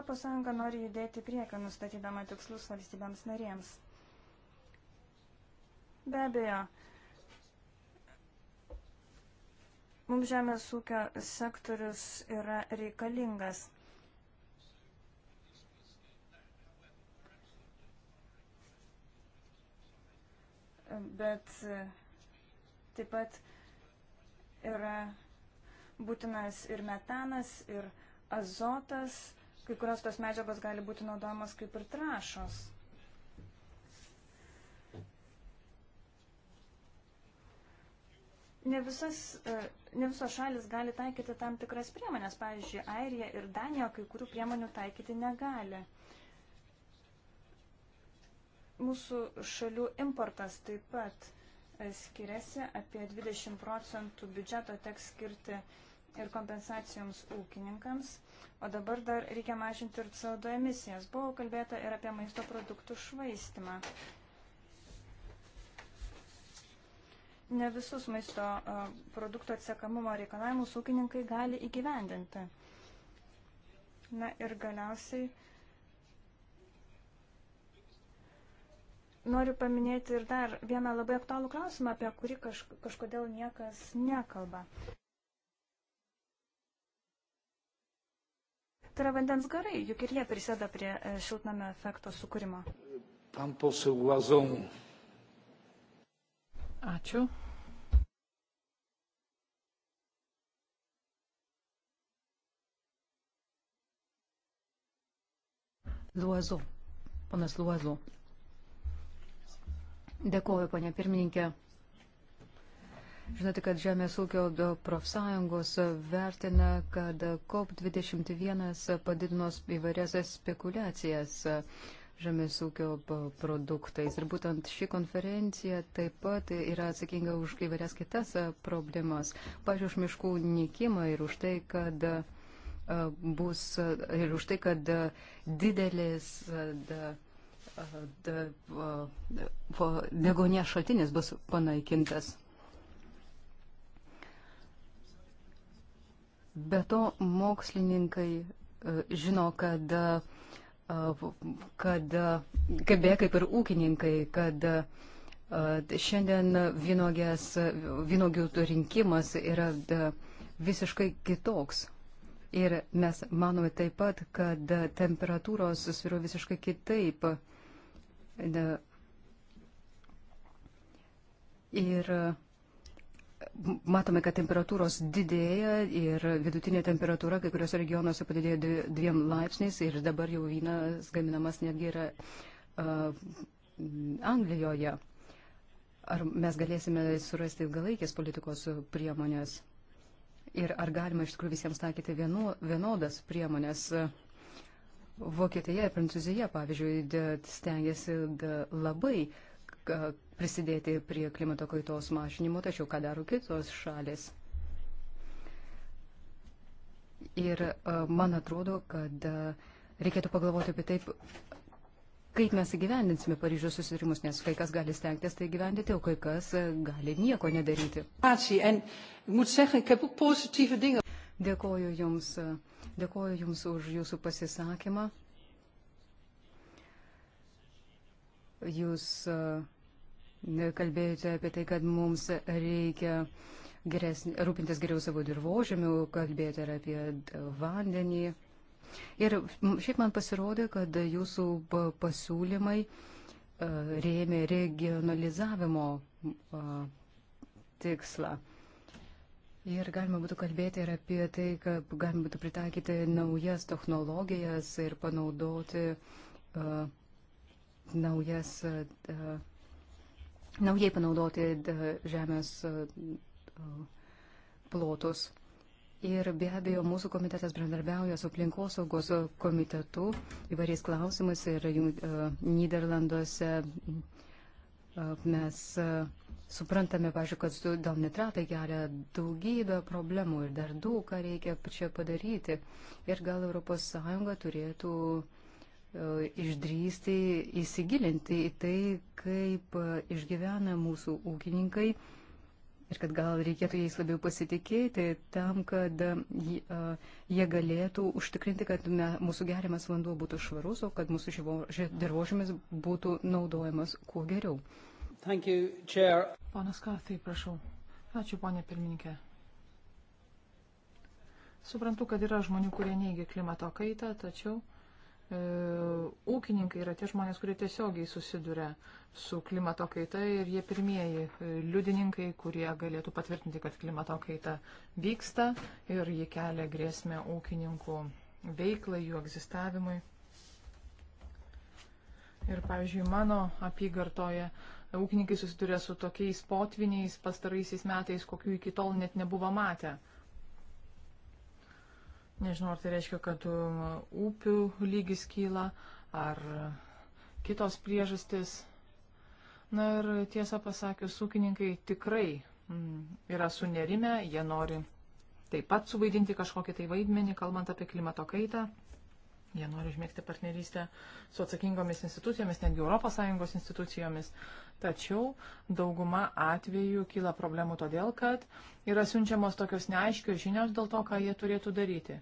ES nori judėti prieką, nustatydama tikslus valstybėms narėms. Be abejo, mums žemės ūkio sektorius yra reikalingas. Bet taip pat yra būtinas ir metanas, ir azotas, kai kurios tos medžiagos gali būti naudojamos kaip ir trašos. ne, visas, e, ne visos šalis gali taikyti tam tikras priemonės. Pavyzdžiui, Airija ir Danija kai kurių priemonių taikyti negali. Mūsų šalių importas taip pat e, skiriasi, apie 20 procentų biudžeto teks skirti ir kompensacijoms ūkininkams, o dabar dar reikia mažinti ir CO2 emisijas. Buvo kalbėta ir apie maisto produktų švaistimą. ne visus maisto produktų atsekamumo reikalavimus ūkininkai gali įgyvendinti. Na ir galiausiai noriu paminėti ir dar vieną labai aktualų klausimą, apie kurį kaž, kažkodėl niekas nekalba. Tai yra vandens garai, juk ir jie prisėda prie e, šiltnamio efekto sukūrimo. Pan posel Lazon. Ačiū. Luozu. Panas Luozu. Dėkuoju, ponė pirmininkė. Žinote, kad Žemės ūkio profsąjungos vertina, kad COP21 padidinos įvairias spekulacijas žemės ūkio produktais. Ir būtent ši konferencija taip pat yra atsakinga už įvairias kitas problemas. Pavyzdžiui, už miškų nykimą ir už tai, kad bus ir už tai, kad didelis degonės šaltinis bus panaikintas. Be to, mokslininkai žino, kad kad, kaip beje, kaip ir ūkininkai, kad e, šiandien vynogės, vynogių rinkimas yra e, visiškai kitoks. Ir mes manome taip pat, kad temperatūros susviro visiškai kitaip. E, ir matome, kad temperatūros didėja ir vidutinė temperatūra kai kuriuose regionuose padidėjo dviem laipsniais ir dabar jau vynas gaminamas netgi yra uh, Anglijoje. Ar mes galėsime surasti ilgalaikės politikos priemonės? Ir ar galima iš tikrųjų visiems taikyti vienu, vienodas priemonės? Vokietija ir Prancūzija, pavyzdžiui, stengiasi labai prisidėti prie klimato kaitos mažinimo, tačiau ką daro kitos šalis. Ir e, man atrodo, kad e, reikėtų pagalvoti apie taip, kaip mes įgyvendinsime Paryžiaus susitarimus, nes kai kas gali stengtis tai gyvendyti, o kai kas e, gali nieko nedaryti. Dėkoju Jums, dėkoju Jums už Jūsų pasisakymą. Jūs uh, kalbėjote apie tai, kad mums reikia geresnį, rūpintis geriau savo dirbožėmių, kalbėjote ir apie vandenį. Ir šiaip man pasirodė, kad jūsų pasiūlymai e, rėmė regionalizavimo tikslą. Ir galima būtų kalbėti ir apie tai, kaip galima būtų pritaikyti naujas technologijas ir panaudoti uh, naujas uh, naujai panaudoti žemės e, e, plotus. Ir be abejo, mūsų komitetas bendarbiauja su aplinkosaugos komitetu įvairiais klausimais ir uh, Niderlanduose uh, mes uh, suprantame, pažiūrėjau, kad dėl nitratai kelia daugybę problemų ir dar daug ką reikia čia padaryti. Ir gal ES turėtų uh, E, išdrysti įsigilinti į tai, kaip e, išgyvena mūsų ūkininkai ir kad gal reikėtų jais labiau pasitikėti tam, kad e, jie galėtų užtikrinti, kad mūsų geriamas vanduo būtų švarus, o kad mūsų dirbožėmis būtų naudojamas kuo geriau. Thank you, Chair. Ponas Kathai, prašau. Ačiū, ponė pirmininkė. Suprantu, kad yra žmonių, kurie neigia klimato kaitą, tačiau E, ūkininkai yra tie žmonės, kurie tiesiogiai susiduria su klimato kaita ir jie pirmieji e, liudininkai, kurie galėtų patvirtinti, kad klimato kaita vyksta ir jie kelia grėsmę ūkininkų veiklai, jų egzistavimui. Ir, pavyzdžiui, mano apygartoje ūkininkai susiduria su tokiais potviniais pastaraisiais metais, kokių iki tol net nebuvo matę. Nežinau, ar tai reiškia, kad um, upių lygis kyla, ar kitos priežastis. Na ir tiesą pasakius, ūkininkai tikrai mm, yra sunerime, jie nori taip pat suvaidinti kažkokį tai vaidmenį, kalbant apie klimato kaitą. Jie nori užmėgti partnerystę su atsakingomis institucijomis, netgi ES institucijomis. Tačiau dauguma atvejų kyla problemų todėl, kad yra siunčiamos tokios neaiškios žinios dėl to, ką jie turėtų daryti.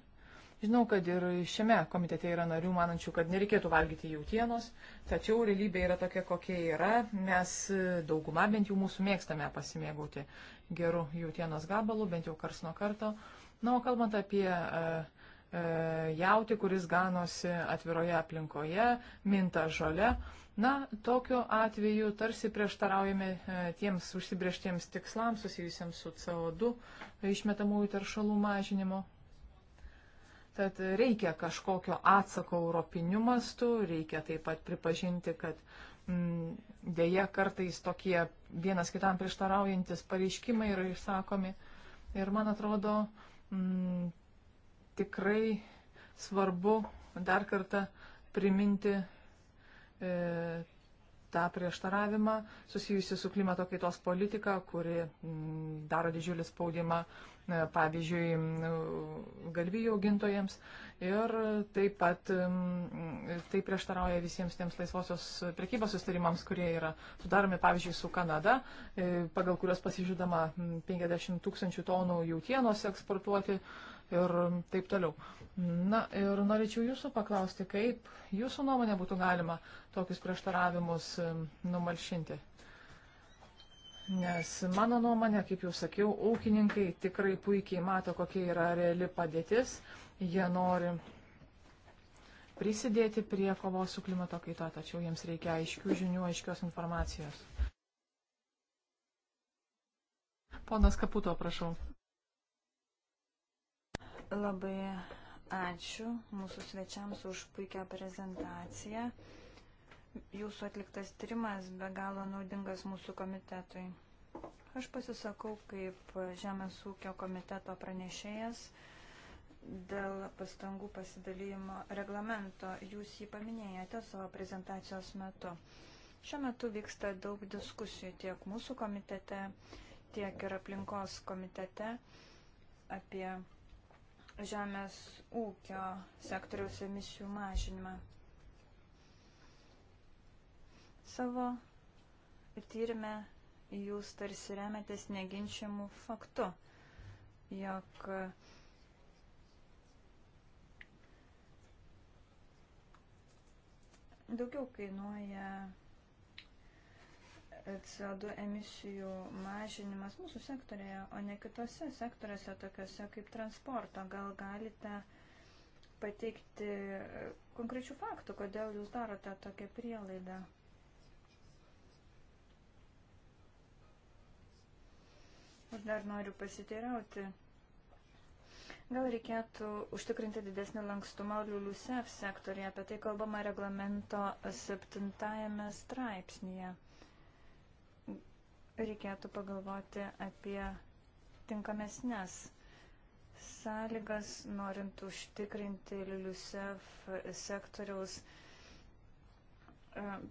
Žinau, kad ir šiame komitete yra narių manančių, kad nereikėtų valgyti jautienos, tačiau realybė yra tokia, kokia yra. Mes e, dauguma bent jau mūsų mėgstame pasimėgauti gerų jautienos gabalų, bent jau kars nuo karto. Na, o kalbant apie uh, e, e, jauti, kuris ganosi atviroje aplinkoje, minta žole. Na, tokiu atveju tarsi prieštaraujame tiems užsibrieštiems tikslams susijusiems su CO2 išmetamųjų teršalų mažinimu. Tad reikia kažkokio atsako europiniu mastu, reikia taip pat pripažinti, kad m, mm, dėja kartais tokie vienas kitam prieštaraujantis pareiškimai yra išsakomi. Ir man atrodo, m, mm, tikrai svarbu dar kartą priminti e, tą prieštaravimą susijusi su klimato kaitos politika, kuri mm, daro didžiulį spaudimą, e, pavyzdžiui, mm, galvijų augintojams. Ir taip pat mm, tai prieštarauja visiems tiems laisvosios prekybos sustarimams, kurie yra sudaromi, pavyzdžiui, su Kanada, e, pagal kurios pasižydama 50 tūkstančių tonų jautienos eksportuoti ir taip toliau. Na ir norėčiau jūsų paklausti, kaip jūsų nuomonė būtų galima tokius prieštaravimus numalšinti. Nes mano nuomonė, kaip jau sakiau, ūkininkai tikrai puikiai mato, kokia yra reali padėtis. Jie nori prisidėti prie kovos su klimato kaita, tačiau jiems reikia aiškių žinių, aiškios informacijos. Ponas Kaputo, prašau. Labai ačiū mūsų svečiams už puikią prezentaciją. Jūsų atliktas tyrimas be galo naudingas mūsų komitetui. Aš pasisakau kaip Žemės ūkio komiteto pranešėjas dėl pastangų pasidalymo reglamento. Jūs jį paminėjote savo prezentacijos metu. Šiuo metu vyksta daug diskusijų tiek mūsų komitete, tiek ir aplinkos komitete apie žemės ūkio sektoriaus emisijų mažinimą. Savo tyrimę jūs tarsi remetės neginčiamų faktų, jog daugiau kainuoja CO2 emisijų mažinimas mūsų sektorėje, o ne kitose sektoriuose, tokiuose kaip transporto. Gal galite pateikti e, konkrečių faktų, kodėl jūs darote tokią prielaidą? Aš dar noriu pasiteirauti. Gal reikėtų užtikrinti didesnį lankstumą LULUSEF sektorėje, apie tai kalbama reglamento septintajame straipsnėje reikėtų pagalvoti apie tinkamesnės sąlygas, norint užtikrinti LULUSEF sektoriaus e,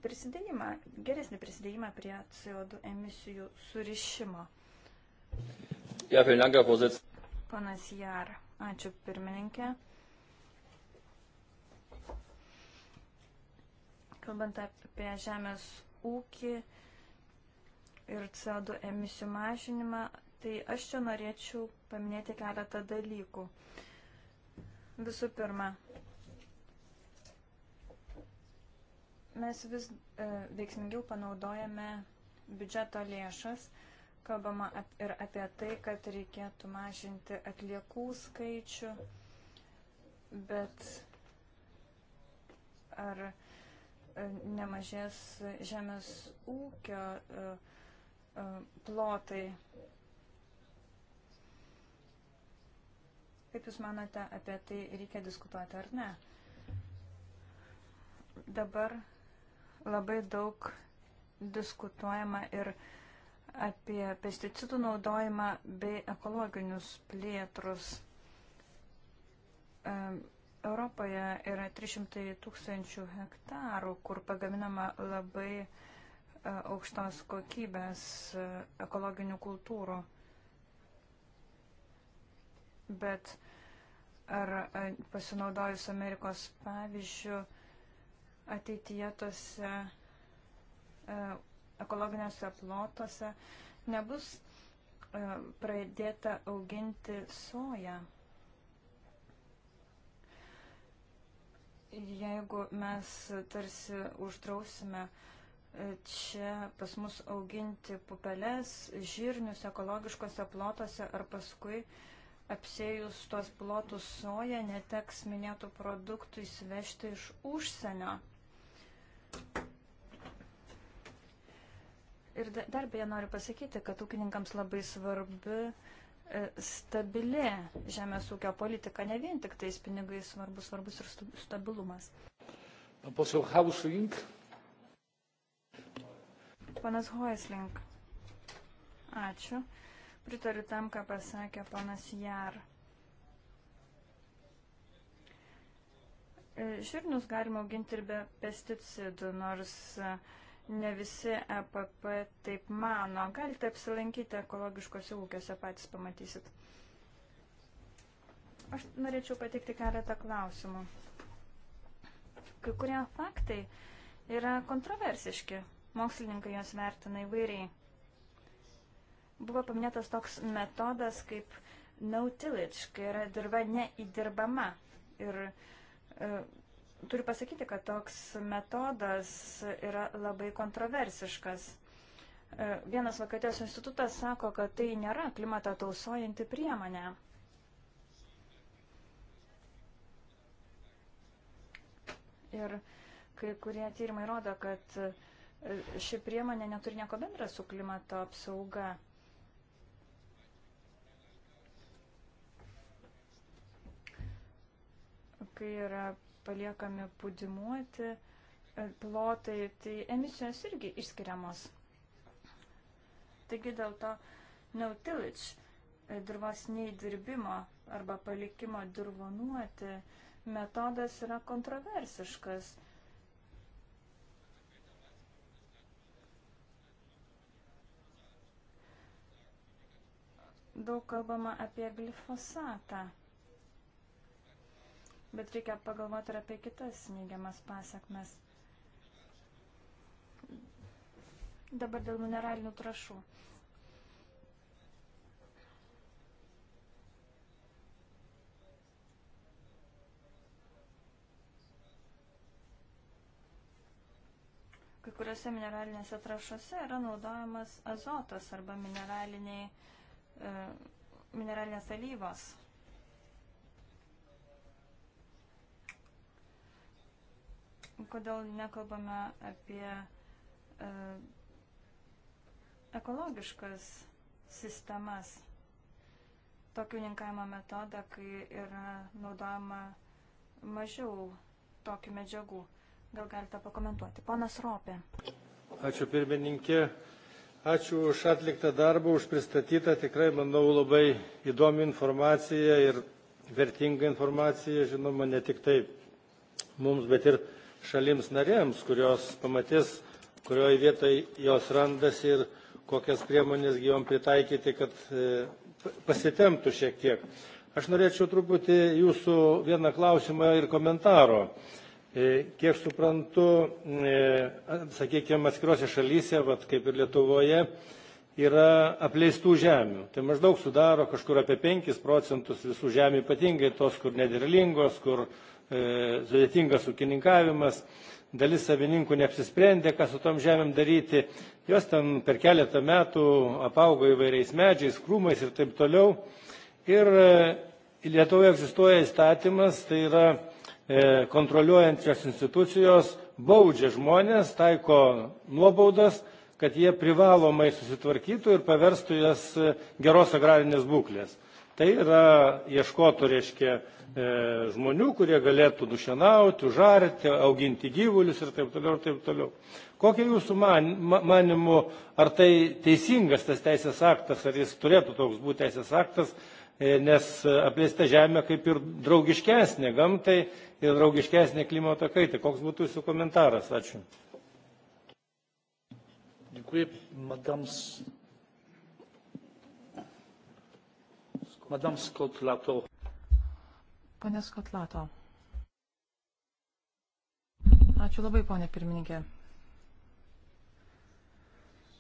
prisidėjimą, geresnį prisidėjimą prie CO2 emisijų surišimo. Ja, Dank, Panas Jar, ačiū pirmininkė. Kalbant apie žemės ūkį, ir CO2 emisijų mažinimą, tai aš čia norėčiau paminėti keletą dalykų. Visų pirma, mes vis e, veiksmingiau panaudojame biudžeto lėšas, kalbama ap, ir apie tai, kad reikėtų mažinti atliekų skaičių, bet ar e, nemažės žemės ūkio e, E, plotai. Kaip Jūs manote, apie tai reikia diskutuoti ar ne? Dabar labai daug diskutuojama ir apie pesticidų naudojimą bei ekologinius plėtrus. E, Europoje yra 300 tūkstančių hektarų, kur pagaminama labai uh, E, aukštos kokybės e, ekologinių kultūrų. Bet ar e, pasinaudojus Amerikos pavyzdžių ateityje tose ekologinėse plotuose nebus pradėta auginti soją. Jeigu mes tarsi uždrausime uh, čia pas mus auginti pupeles, žirnius ekologiškose plotuose ar paskui apsėjus tuos plotus soja neteks minėtų produktų įsivežti iš užsienio. Ir dar beje noriu pasakyti, kad ūkininkams labai svarbi e, stabili žemės ūkio politika, ne vien tik tais pinigai svarbus, svarbus ir stabilumas. Pan poseł Hauslink. Panas Hoeslink. Ačiū. Pritariu tam, ką pasakė panas Jar. Širnius e, galima auginti ir be pesticidų, nors e, ne visi EPP taip mano. Galite apsilankyti ekologiškose ūkiuose, patys pamatysit. Aš norėčiau pateikti keletą klausimų. Kai kurie faktai yra kontroversiški mokslininkai jos vertina įvairiai. Buvo paminėtas toks metodas kaip no tillage, kai yra dirba neįdirbama. Ir e, turiu pasakyti, kad toks metodas yra labai kontroversiškas. E, vienas Vokietijos institutas sako, kad tai nėra klimatą tausojanti priemonė. Ir kai kurie tyrimai rodo, kad ši priemonė neturi nieko bendra su klimato apsauga. Kai yra paliekami pudimuoti e, plotai, tai emisijos irgi išskiriamos. Taigi dėl to no-tillage e, dirvos neįdirbimo arba palikimo dirvonuoti metodas yra kontroversiškas – Daug kalbama apie glifosatą, bet reikia pagalvoti ir apie kitas neigiamas pasiekmes. Dabar dėl mineralinių trašų. kai kuriuose mineralinėse trašose yra naudojamas azotas arba mineraliniai E, mineralinės alyvos. Kodėl nekalbame apie e, ekologiškas sistemas, tokį uninkavimo metodą, kai yra naudojama mažiau tokių medžiagų. Gal galite pakomentuoti. Ponas Ropė. Ačiū pirmininkė. Ačiū už atliktą darbą, už pristatytą tikrai, manau, labai įdomią informaciją ir vertingą informaciją, žinoma, ne tik tai mums, bet ir šalims narėms, kurios pamatys, kurioje vietoje jos randasi ir kokias priemonės jom pritaikyti, kad e, pasitemptų šiek tiek. Aš norėčiau truputį jūsų vieną klausimą ir komentaro. E, kiek suprantu, e, sakykime, atskiruose šalyse, vat, kaip ir Lietuvoje, yra apleistų žemių. Tai maždaug sudaro kažkur apie 5 procentus visų žemių, ypatingai tos, kur nederlingos, kur e, sudėtingas ūkininkavimas. Dalis savininkų neapsisprendė, ką su tom žemėm daryti. Jos ten per keletą metų apaugo įvairiais medžiais, krūmais ir taip toliau. Ir e, Lietuvoje egzistuoja įstatymas, tai yra E, kontroliuojančios institucijos baudžia žmonės, taiko nuobaudas, kad jie privalomai susitvarkytų ir paverstų jas e, geros agrarinės būklės. Tai yra ieškotų, reiškia, e, žmonių, kurie galėtų dušienauti, užarti, auginti gyvulius ir taip toliau, ir taip toliau. Kokia jūsų man, manimų, ar tai teisingas tas teisės aktas, ar jis turėtų toks būti teisės aktas, E, nes e, apleista žemė kaip ir draugiškesnė gamtai ir draugiškesnė klimato kaitai. Koks būtų jūsų komentaras? Ačiū. Dziękuję. Madame, Madame Scott Lato. Pane Skotlato. Ačiū labai, ponė pirmininkė.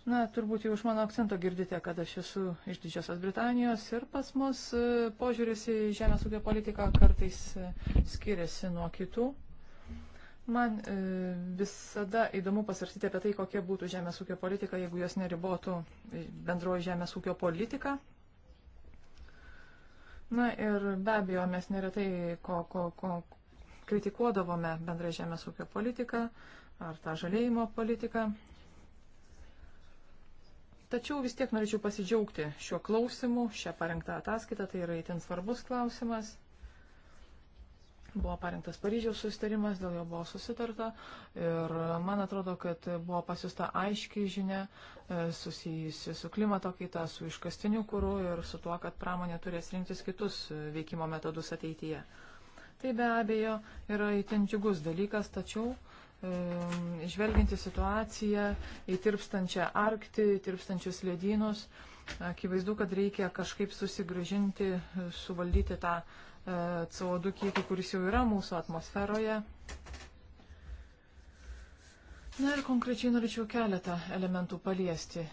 Na, turbūt jau iš mano akcento girdite, kad aš esu iš Didžiosios Britanijos ir pas mus e, požiūris į žemės ūkio politiką kartais e, skiriasi nuo kitų. Man e, visada įdomu pasvarstyti apie tai, kokia būtų žemės ūkio politika, jeigu jos neribotų bendroji žemės ūkio politika. Na ir be abejo, mes neretai ko, ko, ko kritikuodavome bendrą žemės ūkio politiką ar tą žalėjimo politiką. Tačiau vis tiek norėčiau pasidžiaugti šiuo klausimu, šią parengtą ataskaitą, tai yra itin svarbus klausimas. Buvo parengtas Paryžiaus susitarimas, dėl jo buvo susitarta ir man atrodo, kad buvo pasiusta aiškiai žinia e, susijusi su klimato kaita, su iškastiniu kūru ir su tuo, kad pramonė turės rinktis kitus e, veikimo metodus ateityje. Tai be abejo yra įtin džiugus dalykas, tačiau žvelginti situaciją į tirpstančią Arktį, tirpstančius ledynus, akivaizdu, kad reikia kažkaip susigražinti, suvaldyti tą e, CO2 kiekį, kuris jau yra mūsų atmosferoje. Na ir konkrečiai norėčiau keletą elementų paliesti.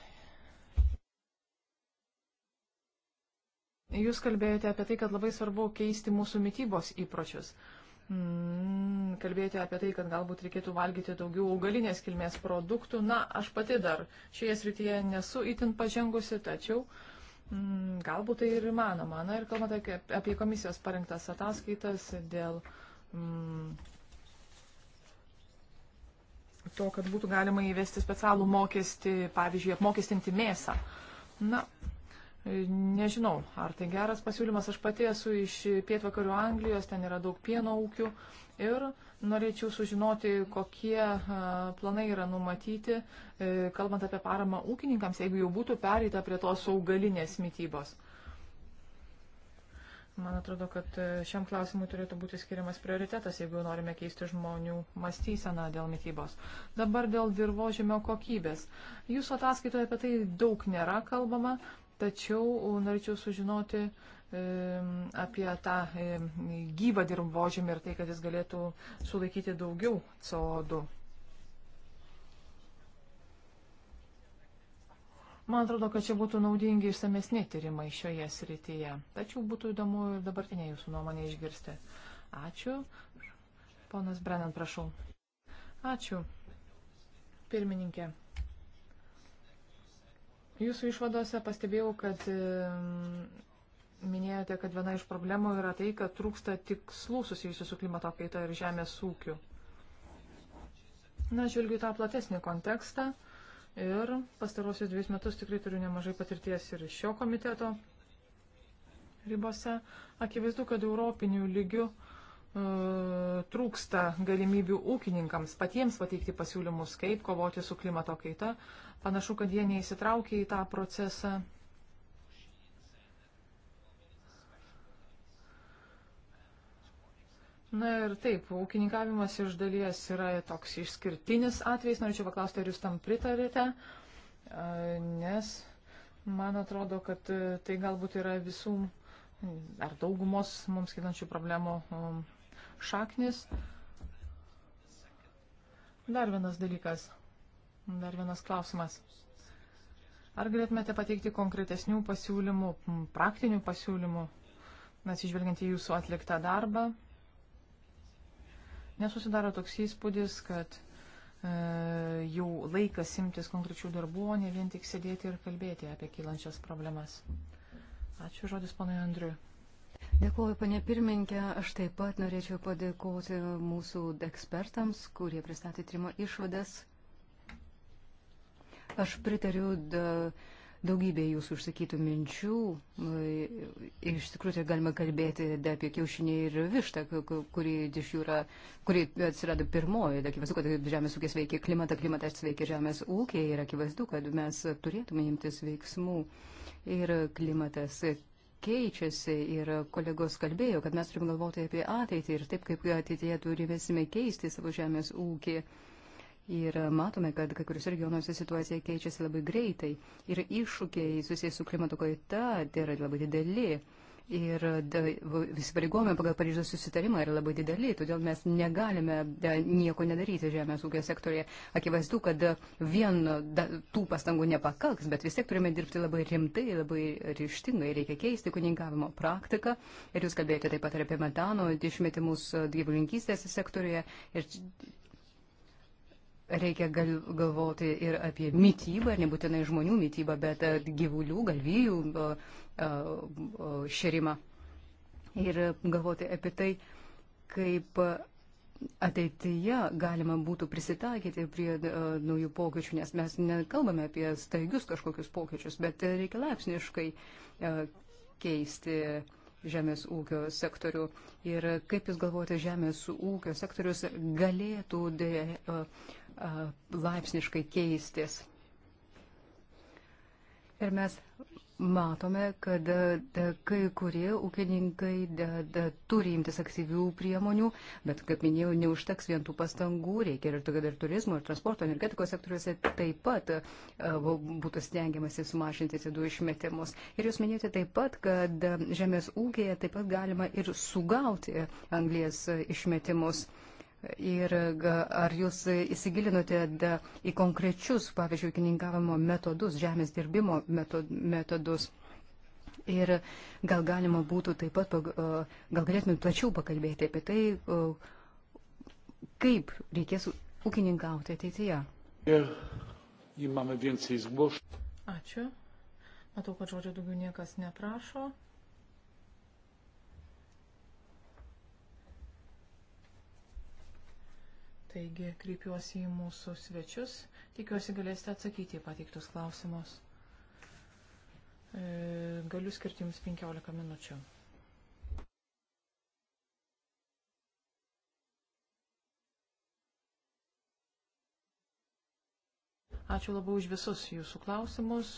Jūs kalbėjote apie tai, kad labai svarbu keisti mūsų mytybos įpročius. Uh, mm, kalbėjote apie tai, kad galbūt reikėtų valgyti daugiau augalinės kilmės produktų. Na, aš pati dar šioje srityje nesu itin pažengusi, tačiau mm, galbūt tai ir įmanoma. Na ir kalbant apie, apie komisijos parengtas ataskaitas dėl. Mm, to, kad būtų galima įvesti specialų mokestį, pavyzdžiui, apmokestinti mėsą. Na, Nežinau, ar tai geras pasiūlymas. Aš pati esu iš pietvakarių Anglijos, ten yra daug pieno ūkių ir norėčiau sužinoti, kokie planai yra numatyti, e, kalbant apie paramą ūkininkams, jeigu jau būtų pereita prie tos augalinės mytybos. Man atrodo, kad e, šiam klausimui turėtų būti skiriamas prioritetas, jeigu norime keisti žmonių mąstyseną dėl mytybos. Dabar dėl dirbožėmio kokybės. Jūsų ataskaitoje apie tai daug nėra kalbama, Tačiau norėčiau sužinoti apie tą gyvą dirbožėmį ir tai, kad jis galėtų sulaikyti daugiau CO2. Man atrodo, kad čia būtų naudingi išsamesni tyrimai šioje srityje. Tačiau būtų įdomu ir dabartinė jūsų nuomonė išgirsti. Ačiū. Ponas Brennan, prašau. Ačiū. Pirmininkė. Jūsų išvadose pastebėjau, kad minėjote, kad viena iš problemų yra tai, kad trūksta tikslų susijusių su klimato kaita ir žemės ūkiu. Na, žvelgiu tą platesnį kontekstą ir pastarosius dviejus metus tikrai turiu nemažai patirties ir šio komiteto ribose. Akivaizdu, kad europinių lygių uh, E, trūksta galimybių ūkininkams patiems pateikti pasiūlymus, kaip kovoti su klimato kaita. Panašu, kad jie neįsitraukia į tą procesą. Na ir taip, ūkininkavimas iš dalies yra toks išskirtinis atvejs. Norėčiau paklausti, ar jūs tam pritarite, e, nes man atrodo, kad e, tai galbūt yra visų ar daugumos mums kilančių problemų šaknis. Dar vienas dalykas, dar vienas klausimas. Ar galėtumėte pateikti konkretesnių pasiūlymų, praktinių pasiūlymų, atsižvelgiant į jūsų atliktą darbą? Nesusidaro toks įspūdis, kad e, jau laikas imtis konkrečių darbų, o ne vien tik sėdėti ir kalbėti apie kylančias problemas. Ačiū žodis, ponai Andriui. Dėkuoju, panė pirmininkė. Aš taip pat norėčiau padėkoti mūsų ekspertams, kurie pristatė trimo išvadas. Aš pritariu daugybė jūsų užsakytų minčių. Ir iš tikrųjų tai galima kalbėti apie kiaušinį ir vištą, kuri iš jų yra, kuri atsirado pirmoji. Akivaizdu, kad žemės ūkis veikia klimatą, klimatas veikia žemės ūkį ir akivaizdu, kad mes turėtume imtis veiksmų. Ir klimatas keičiasi ir kolegos kalbėjo, kad mes turim galvoti apie ateitį ir taip, kaip ateityje turėsime keisti savo žemės ūkį. Ir matome, kad kai kuriuose regionuose situacija keičiasi labai greitai ir iššūkiai susijęs su klimato kaita tai yra labai dideli ir įsipareigojimai pagal Paryžiaus susitarimą yra labai dideli, todėl mes negalime nieko nedaryti žemės ūkio sektorėje. Akivaizdu, kad vien tų pastangų nepakaks, bet vis tiek turime dirbti labai rimtai, labai ryštingai, reikia keisti kuningavimo praktiką. Ir jūs kalbėjote taip pat ir apie metano išmetimus gyvulinkystės sektorėje. Ir reikia gal, galvoti ir apie mytybą, nebūtinai žmonių mytybą, bet e, gyvulių, galvijų e, e, šerimą. Ir galvoti apie tai, kaip ateityje galima būtų prisitaikyti prie naujų pokyčių, nes mes nekalbame apie staigius kažkokius pokyčius, bet reikia laipsniškai keisti žemės ūkio sektorių. Ir kaip Jūs galvojate, žemės ūkio sektorius galėtų de, uh, laipsniškai keistis. Ir mes matome, kad kai kurie ūkininkai turi imtis aktyvių priemonių, bet, kaip minėjau, neužteks vien tų pastangų, reikia ir tokio dar turizmo, ir transporto, energetikos sektoriuose taip pat būtų stengiamasi sumažinti CO2 išmetimus. Ir jūs minėjote taip pat, kad žemės ūkėje taip pat galima ir sugauti anglės išmetimus. Uh, Ir ar jūs įsigilinote į konkrečius, pavyzdžiui, ūkininkavimo metodus, žemės dirbimo metodus? Ir gal galima būtų taip pat, gal galėtumėm plačiau pakalbėti apie tai, kaip reikės ūkininkauti ateityje. Ačiū. Matau, kad žodžio daugiau niekas neprašo. Taigi kreipiuosi į mūsų svečius. Tikiuosi galėsite atsakyti į pateiktus klausimus. E, galiu skirti jums 15 minučių. Ačiū labai už visus jūsų klausimus.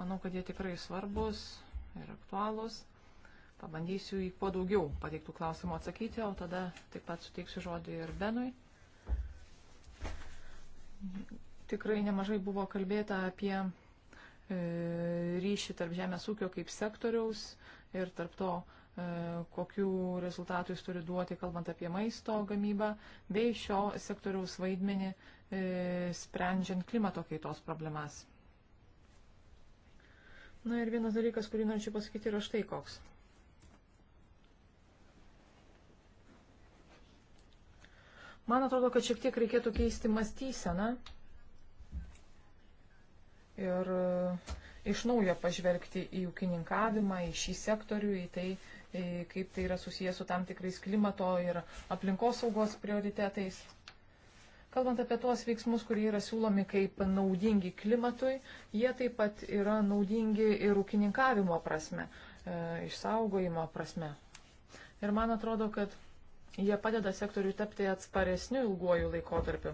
Manau, kad jie tikrai svarbus ir aktualūs. Pabandysiu į kuo daugiau pateiktų klausimų atsakyti, o tada taip pat suteiksiu žodį ir Benui. Tikrai nemažai buvo kalbėta apie e, ryšį tarp žemės ūkio kaip sektoriaus ir tarp to, e, kokių rezultatų jis turi duoti, kalbant apie maisto gamybą, bei šio sektoriaus vaidmenį e, sprendžiant klimato kaitos problemas. Na ir vienas dalykas, kurį norėčiau pasakyti, yra štai koks. Man atrodo, kad šiek tiek reikėtų keisti mąstyseną ir e, iš naujo pažvelgti į ūkininkavimą, į šį sektorių, į tai, kaip tai yra susijęs su tam tikrais klimato ir aplinkosaugos prioritetais. Kalbant apie tuos veiksmus, kurie yra siūlomi kaip naudingi klimatui, jie taip pat yra naudingi ir ūkininkavimo prasme, e, išsaugojimo prasme. Ir man atrodo, kad Jie padeda sektoriui tapti atsparesniu ilguoju laikotarpiu,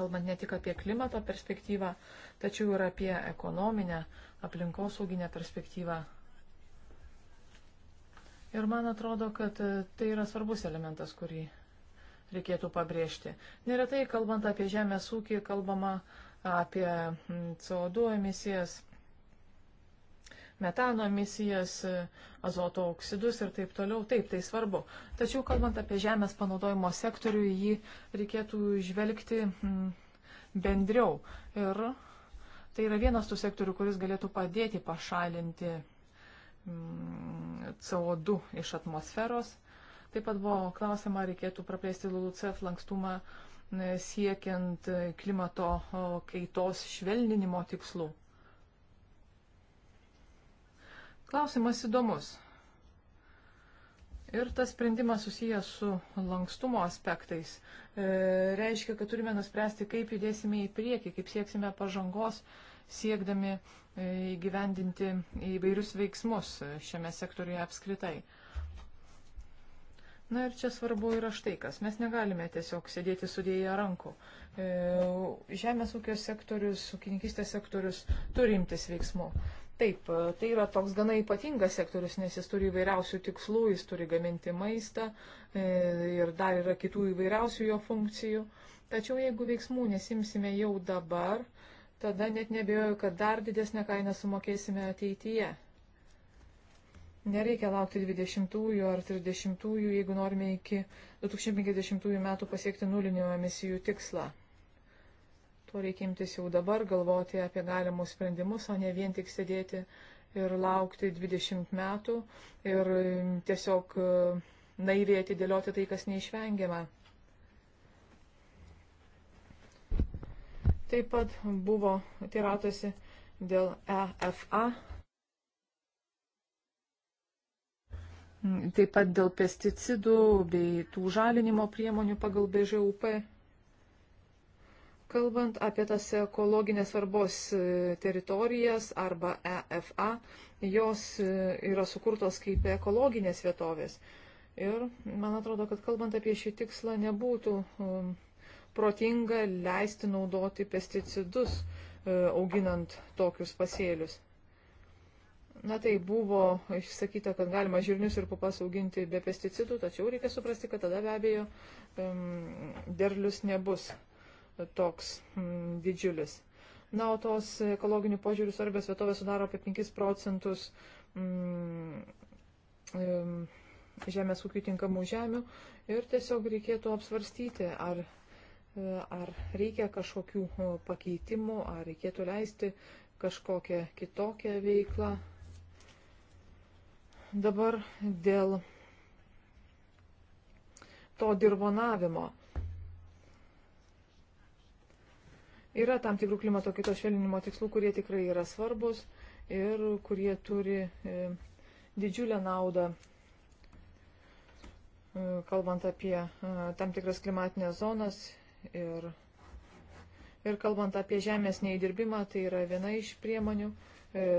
kalbant ne tik apie klimato perspektyvą, tačiau ir apie ekonominę, aplinkosauginę perspektyvą. Ir man atrodo, kad tai yra svarbus elementas, kurį reikėtų pabrėžti. Neretai, kalbant apie žemės ūkį, kalbama apie mm, CO2 emisijas metano emisijas, azoto oksidus ir taip toliau. Taip, tai svarbu. Tačiau kalbant apie žemės panaudojimo sektorių, jį reikėtų žvelgti mm, bendriau. Ir tai yra vienas tų sektorių, kuris galėtų padėti pašalinti mm, CO2 iš atmosferos. Taip pat buvo klausima, reikėtų praplėsti LULUCF lankstumą mm, siekiant e, klimato kaitos švelninimo tikslų. Klausimas įdomus. Ir tas sprendimas susijęs su lankstumo aspektais. E, reiškia, kad turime nuspręsti, kaip judėsime į priekį, kaip sieksime pažangos, siekdami e, įgyvendinti įvairius veiksmus e, šiame sektoriuje apskritai. Na ir čia svarbu yra štai kas. Mes negalime tiesiog sėdėti sudėję rankų. E, žemės ūkio sektorius, ūkininkistės sektorius turi imtis veiksmų. Taip, tai yra toks gana ypatingas sektorius, nes jis turi įvairiausių tikslų, jis turi gaminti maistą e, ir dar yra kitų įvairiausių jo funkcijų. Tačiau jeigu veiksmų nesimsime jau dabar, tada net nebejoju, kad dar didesnę kainą sumokėsime ateityje. Nereikia laukti 20-ųjų ar 30-ųjų, jeigu norime iki 2050 metų pasiekti nulinio emisijų tikslą. To reikia imtis jau dabar, galvoti apie galimus sprendimus, o ne vien tik sėdėti ir laukti 20 metų ir tiesiog e, naiviai atidėlioti tai, kas neišvengiama. Taip pat buvo tiratosi dėl EFA. Taip pat dėl pesticidų bei tų žalinimo priemonių pagal BŽUP Kalbant apie tas ekologinės svarbos e, teritorijas arba EFA, jos e, yra sukurtos kaip ekologinės vietovės. Ir man atrodo, kad kalbant apie šį tikslą nebūtų um, protinga leisti naudoti pesticidus e, auginant tokius pasėlius. Na tai buvo išsakyta, kad galima žirnius ir pupas auginti be pesticidų, tačiau reikia suprasti, kad tada be abejo derlius nebus toks mm, didžiulis. Na, o tos ekologinių požiūrių svarbios vietovės sudaro apie 5 procentus mm, mm, žemės ūkių tinkamų žemių ir tiesiog reikėtų apsvarstyti, ar, e, ar reikia kažkokių pakeitimų, ar reikėtų leisti kažkokią kitokią veiklą. Dabar dėl to dirbonavimo. Yra tam tikrų klimato kitos švelninimo tikslų, kurie tikrai yra svarbus ir kurie turi e, didžiulę naudą, e, kalbant apie e, tam tikras klimatinės zonas ir, ir kalbant apie žemės neįdirbimą, tai yra viena iš priemonių.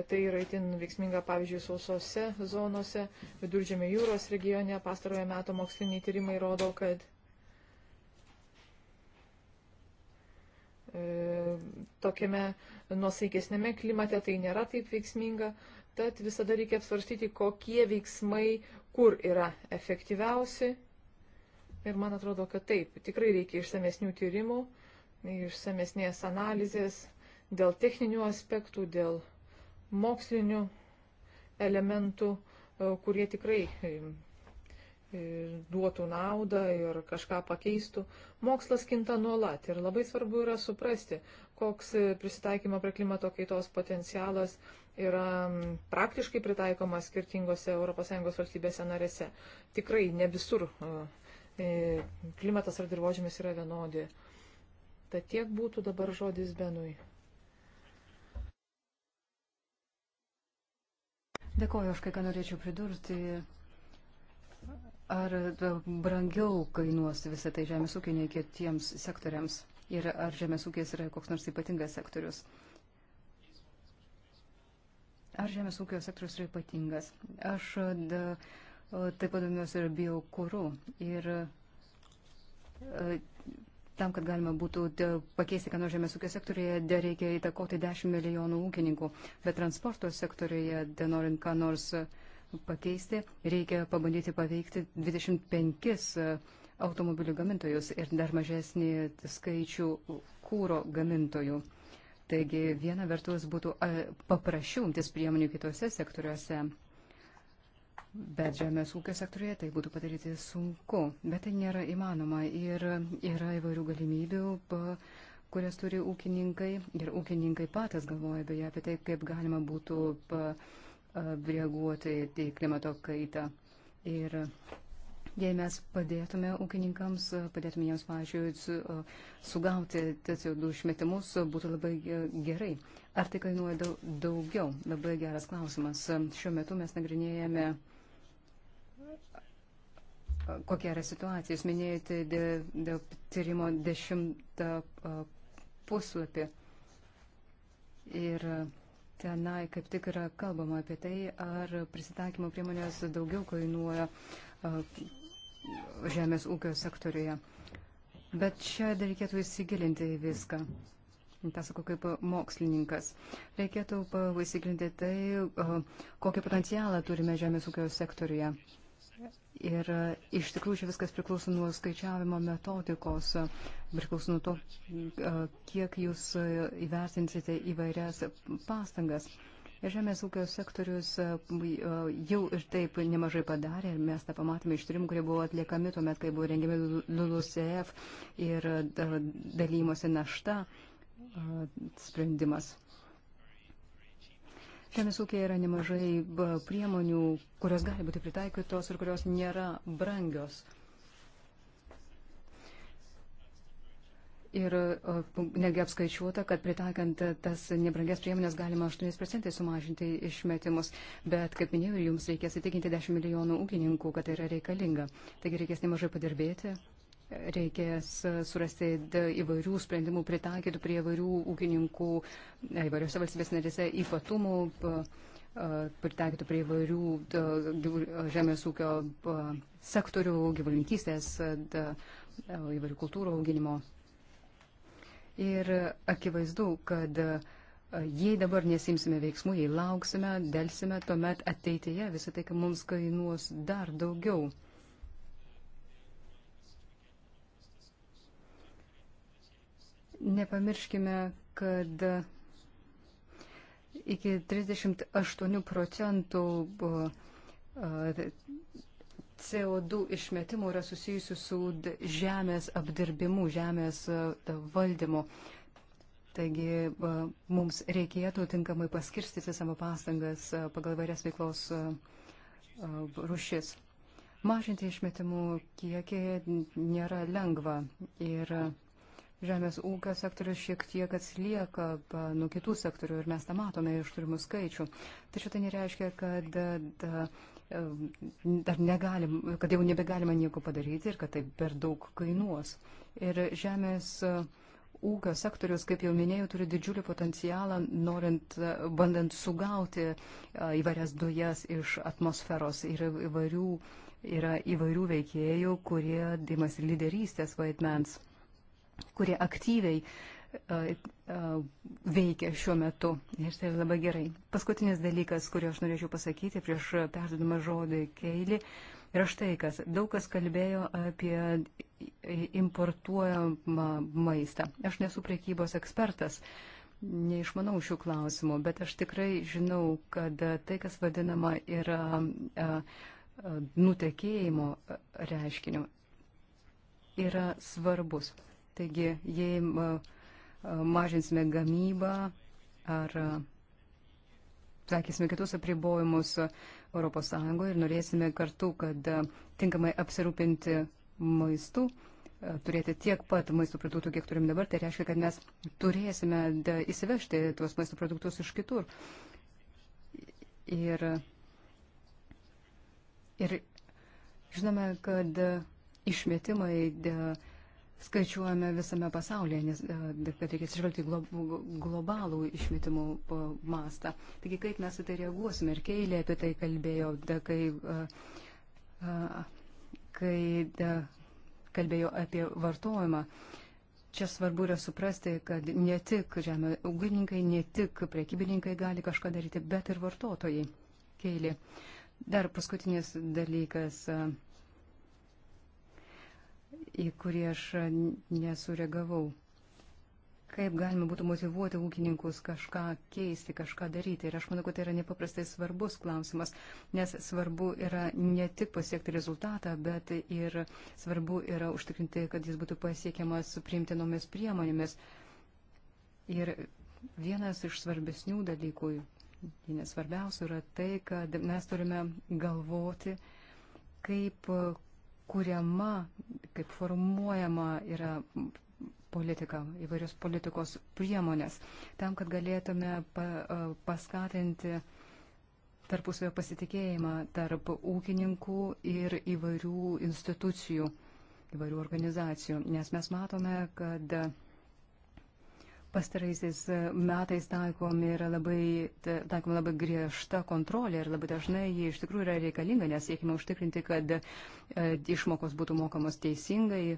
Tai yra itin veiksminga, pavyzdžiui, sausose zonose, viduržėmio jūros regione. Pastarojo meto moksliniai tyrimai rodo, kad E, tokiame nuosaikesnėme klimate tai nėra taip veiksminga, tad visada reikia apsvarstyti, kokie veiksmai kur yra efektyviausi. Ir man atrodo, kad taip, tikrai reikia išsamesnių tyrimų, išsamesnės analizės dėl techninių aspektų, dėl mokslinių elementų, e, kurie tikrai duotų naudą ir kažką pakeistų. Mokslas kinta nuolat ir labai svarbu yra suprasti, koks prisitaikymo prie klimato kaitos potencialas yra praktiškai pritaikomas skirtingose ES valstybėse narėse. Tikrai ne visur e, klimatas ar dirbožėmis yra vienodi. Tad tiek būtų dabar žodis Benui. Dėkoju, aš kai ką norėčiau pridurti Ar e, brangiau kainuos visą tai žemės ūkio nei kitiems sektoriams? Ir ar žemės ūkis yra koks nors ypatingas sektorius? Ar žemės ūkio sektorius yra ypatingas? Aš e, da, e, taip pat domiuosi ir biokūrų. Ir tam, kad galima būtų pakeisti, ką nors žemės ūkio sektorėje, dėl reikia įtakoti 10 milijonų ūkininkų, bet transporto sektorėje, dėl norint ką nors uh, pakeisti, reikia pabandyti paveikti 25 e, automobilių gamintojus ir dar mažesnį skaičių kūro gamintojų. Taigi viena vertus būtų e, paprašiau imtis priemonių kitose sektoriuose, bet žemės ūkio sektoriuje tai būtų padaryti sunku, bet tai nėra įmanoma ir yra įvairių galimybių. Pa, kurias turi ūkininkai ir ūkininkai patys galvoja beje apie tai, kaip galima būtų pa, uh, reaguoti į klimato kaitą. Ir jei mes padėtume ūkininkams, padėtume jiems, pavyzdžiui, sugauti CO2 išmetimus, būtų labai gerai. Ar tai kainuoja daugiau? Labai geras klausimas. Šiuo metu mes nagrinėjame, kokia yra situacija. Jūs minėjote dėl, dėl tyrimo dešimtą puslapį. Ir uh, Tenai kaip tik yra kalbama apie tai, ar prisitaikymo priemonės daugiau kainuoja žemės ūkio sektoriuje. Bet čia dar reikėtų įsigilinti į viską. Ta sakau kaip mokslininkas. Reikėtų įsigilinti tai, kokį potencialą turime žemės ūkio sektoriuje. Ir Iš tikrųjų, čia viskas priklauso nuo skaičiavimo metodikos, priklauso nuo to, kiek jūs įvertinsite įvairias pastangas. Žemės ūkio sektorius jau ir taip nemažai padarė ir mes tą pamatėme iš tyrimų, kurie buvo atliekami tuomet, kai buvo rengiami LULUCF ir dalymosi našta sprendimas. Žemės ūkėje yra nemažai priemonių, kurios gali būti pritaikytos ir kurios nėra brangios. Ir netgi apskaičiuota, kad pritaikant tas nebrangias priemonės galima 8 procentai sumažinti išmetimus, bet, kaip minėjau, jums reikės įtikinti 10 milijonų ūkininkų, kad tai yra reikalinga. Taigi reikės nemažai padirbėti reikės e, surasti įvairių sprendimų pritaikytų prie įvairių ūkininkų, e, įvairiose valstybės narėse ypatumų, e, pritaikytų prie įvairių žemės ūkio sektorių, gyvulinkystės, įvairių kultūrų auginimo. Ir akivaizdu, kad jei dabar nesimsime veiksmų, jei lauksime, dėlsime, tuomet ateityje visą tai, kad mums kainuos dar daugiau. Nepamirškime, kad iki 38 procentų CO2 išmetimų yra susijusių su žemės apdirbimu, žemės valdymu. Taigi mums reikėtų tinkamai paskirstyti savo pastangas pagal vairias veiklos rušis. Mažinti išmetimų kiekį nėra lengva ir Žemės ūkio sektorius šiek tiek atsilieka nuo kitų sektorių ir mes tą matome iš turimų skaičių. Tačiau tai nereiškia, kad dar negalim, kad jau nebegalima nieko padaryti ir kad tai per daug kainuos. Ir žemės e, ūkio sektorius, kaip jau minėjau, turi didžiulį potencialą, norint, e, bandant sugauti e, įvairias dujas iš atmosferos ir įvairių, yra įvairių veikėjų, kurie dimas lyderystės vaidmens kurie aktyviai e, e, veikia šiuo metu. Ir tai labai gerai. Paskutinis dalykas, kurį aš norėčiau pasakyti prieš perdodamą žodį Keilį, yra štai kas. Daug kas kalbėjo apie importuojamą maistą. Aš nesu priekybos ekspertas. Neišmanau šių klausimų, bet aš tikrai žinau, kad tai, kas vadinama yra e, nutekėjimo reiškiniu, yra svarbus. Taigi, jei e, e, mažinsime gamybą ar taikysime e, kitus apribojimus ES ir norėsime kartu, kad tinkamai apsirūpinti maistu, turėti tiek pat maisto produktų, kiek turim dabar, tai reiškia, kad mes turėsime įsivežti tuos maisto produktus iš kitur. Ir, ir žinome, kad išmetimai. De, skaičiuojame visame pasaulyje, nes kad e, reikia atsižvelgti glo, globalų išmetimų mastą. Taigi kaip mes į tai reaguosime? Ir Keilė apie tai kalbėjo, da, kai, a, e, e, kai da, kalbėjo apie vartojimą. Čia svarbu yra suprasti, kad ne tik žemė ūkininkai, ne tik prekybininkai gali kažką daryti, bet ir vartotojai. Keilė. Dar paskutinis dalykas. A, į kurį aš nesureagavau. Kaip galima būtų motivuoti ūkininkus kažką keisti, kažką daryti. Ir aš manau, kad tai yra nepaprastai svarbus klausimas, nes svarbu yra ne tik pasiekti rezultatą, bet ir svarbu yra užtikrinti, kad jis būtų pasiekiamas priimtinomis priemonėmis. Ir vienas iš svarbesnių dalykų, nesvarbiausia yra tai, kad mes turime galvoti, kaip kuriama, kaip formuojama yra politika, įvairios politikos priemonės, tam, kad galėtume pa, paskatinti tarpusavio pasitikėjimą tarp ūkininkų ir įvairių institucijų, įvairių organizacijų. Nes mes matome, kad pastaraisiais e, metais taikomi yra labai, taikoma labai griežta kontrolė ir labai dažnai ji iš tikrųjų yra reikalinga, nes siekime užtikrinti, kad e, išmokos būtų mokamos teisingai,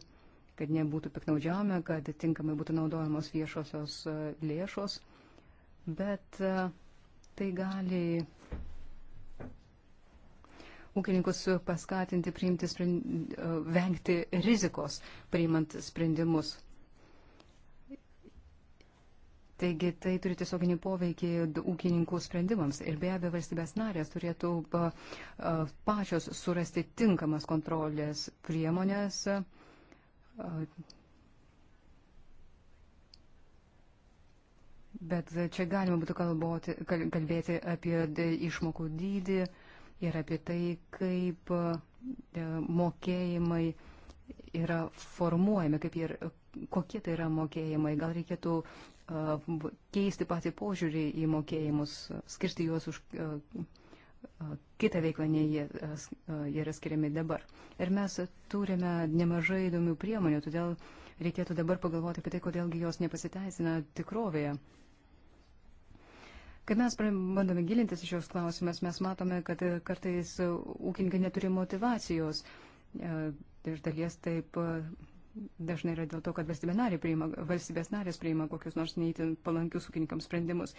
kad nebūtų piknaudžiavime, kad tinkamai būtų naudojamos viešosios e, lėšos. Bet tai gali ūkininkus paskatinti priimti, sprend... vengti rizikos priimant sprendimus. Taigi tai turi tiesioginį poveikį ūkininkų sprendimams ir be abejo valstybės narės turėtų pačios surasti tinkamas kontrolės priemonės. Bet čia galima būtų kalboti, kalbėti apie išmokų dydį ir apie tai, kaip mokėjimai yra formuojami, kaip ir kokie tai yra mokėjimai. Gal reikėtų keisti patį požiūrį į mokėjimus, skirti juos už kitą veiklą, nei jie, jie yra skiriami dabar. Ir mes turime nemažai įdomių priemonių, todėl reikėtų dabar pagalvoti apie tai, kodėlgi jos nepasiteisina tikrovėje. Kai mes bandome gilintis į šios klausimas, mes matome, kad e, kartais e, ūkininkai neturi motivacijos. E, iš dalies taip dažnai yra dėl to, kad valstybė narė priima, valstybės narės priima kokius nors neįtin palankius ūkininkams sprendimus.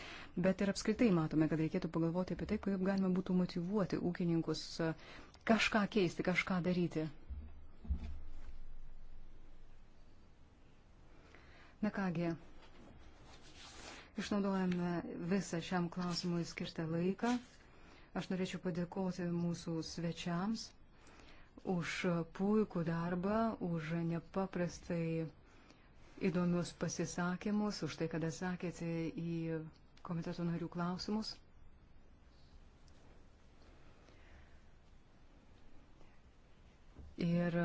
Bet ir apskritai matome, kad reikėtų pagalvoti apie tai, kaip galima būtų motivuoti ūkininkus e, kažką keisti, kažką daryti. Na kągi, išnaudojame visą šiam klausimui skirtą laiką. Aš norėčiau padėkoti mūsų svečiams už puikų darbą, už nepaprastai įdomius pasisakymus, už tai, kada sakėte į komiteto narių klausimus. Ir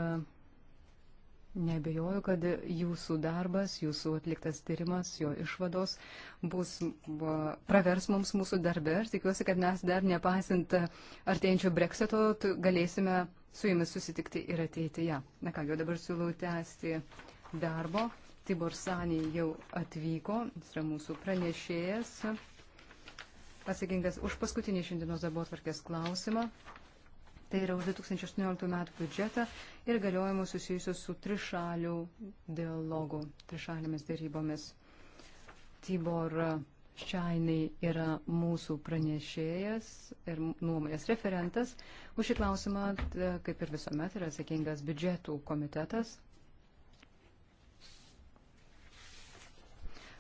nebejoju, kad jūsų darbas, jūsų atliktas tyrimas, jo išvados bus pravers mums mūsų darbe. Aš tikiuosi, kad mes dar nepaisant artėjančio breksito galėsime su jumis susitikti ir ateityje. Na ką, jau dabar siūlau tęsti darbo. Tibor Sanį jau atvyko, jis yra mūsų pranešėjas, atsakingas už paskutinį šiandienos darbo atvarkės klausimą. Tai yra už 2018 metų biudžetą ir galiojimus susijusius su trišalių dialogu, trišalėmis darybomis. Tibor Šainai yra mūsų pranešėjas ir nuomonės referentas. Už šį klausimą, kaip ir visuomet, yra atsakingas biudžetų komitetas.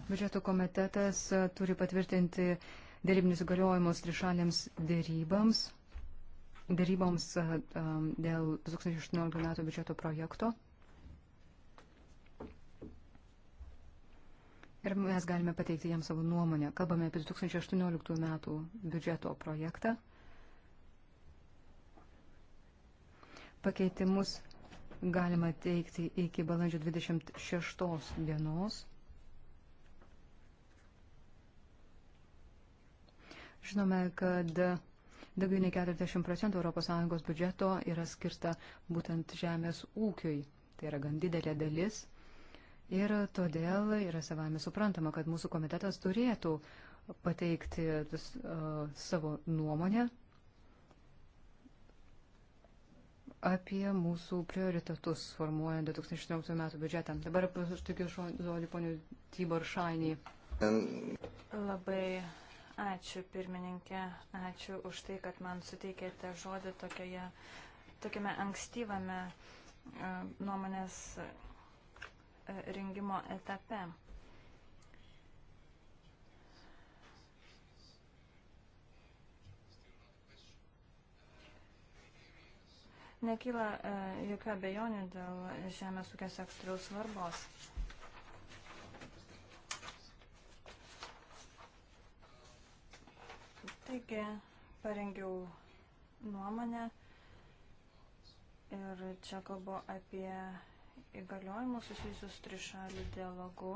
Biudžetų komitetas e, turi patvirtinti dėrybinius įgaliojimus trišalėms dėrybams, dėryboms e, e, dėl 2018 metų biudžeto projekto. Ir mes galime pateikti jam savo nuomonę. Kalbame apie 2018 metų biudžeto projektą. Pakeitimus galima teikti iki balandžio 26 dienos. Žinome, kad daugiau nei 40 procentų ES biudžeto yra skirta būtent žemės ūkiui. Tai yra gan didelė dalis. Ir todėl yra savame suprantama, kad mūsų komitetas turėtų pateikti vis, uh, savo nuomonę apie mūsų prioritetus formuojant 2016 metų biudžetą. Dabar aš tikiu žodį poniu Tibor Šainį. Labai ačiū pirmininkė, ačiū už tai, kad man suteikėte žodį tokioje, tokiame ankstyvame nuomonės rengimo etape. Nekyla e, jokių abejonių dėl žemės ūkio sektoriaus svarbos. Taigi, parengiau nuomonę ir čia kalbu apie įgaliojimus susijusius trišalių dialogų.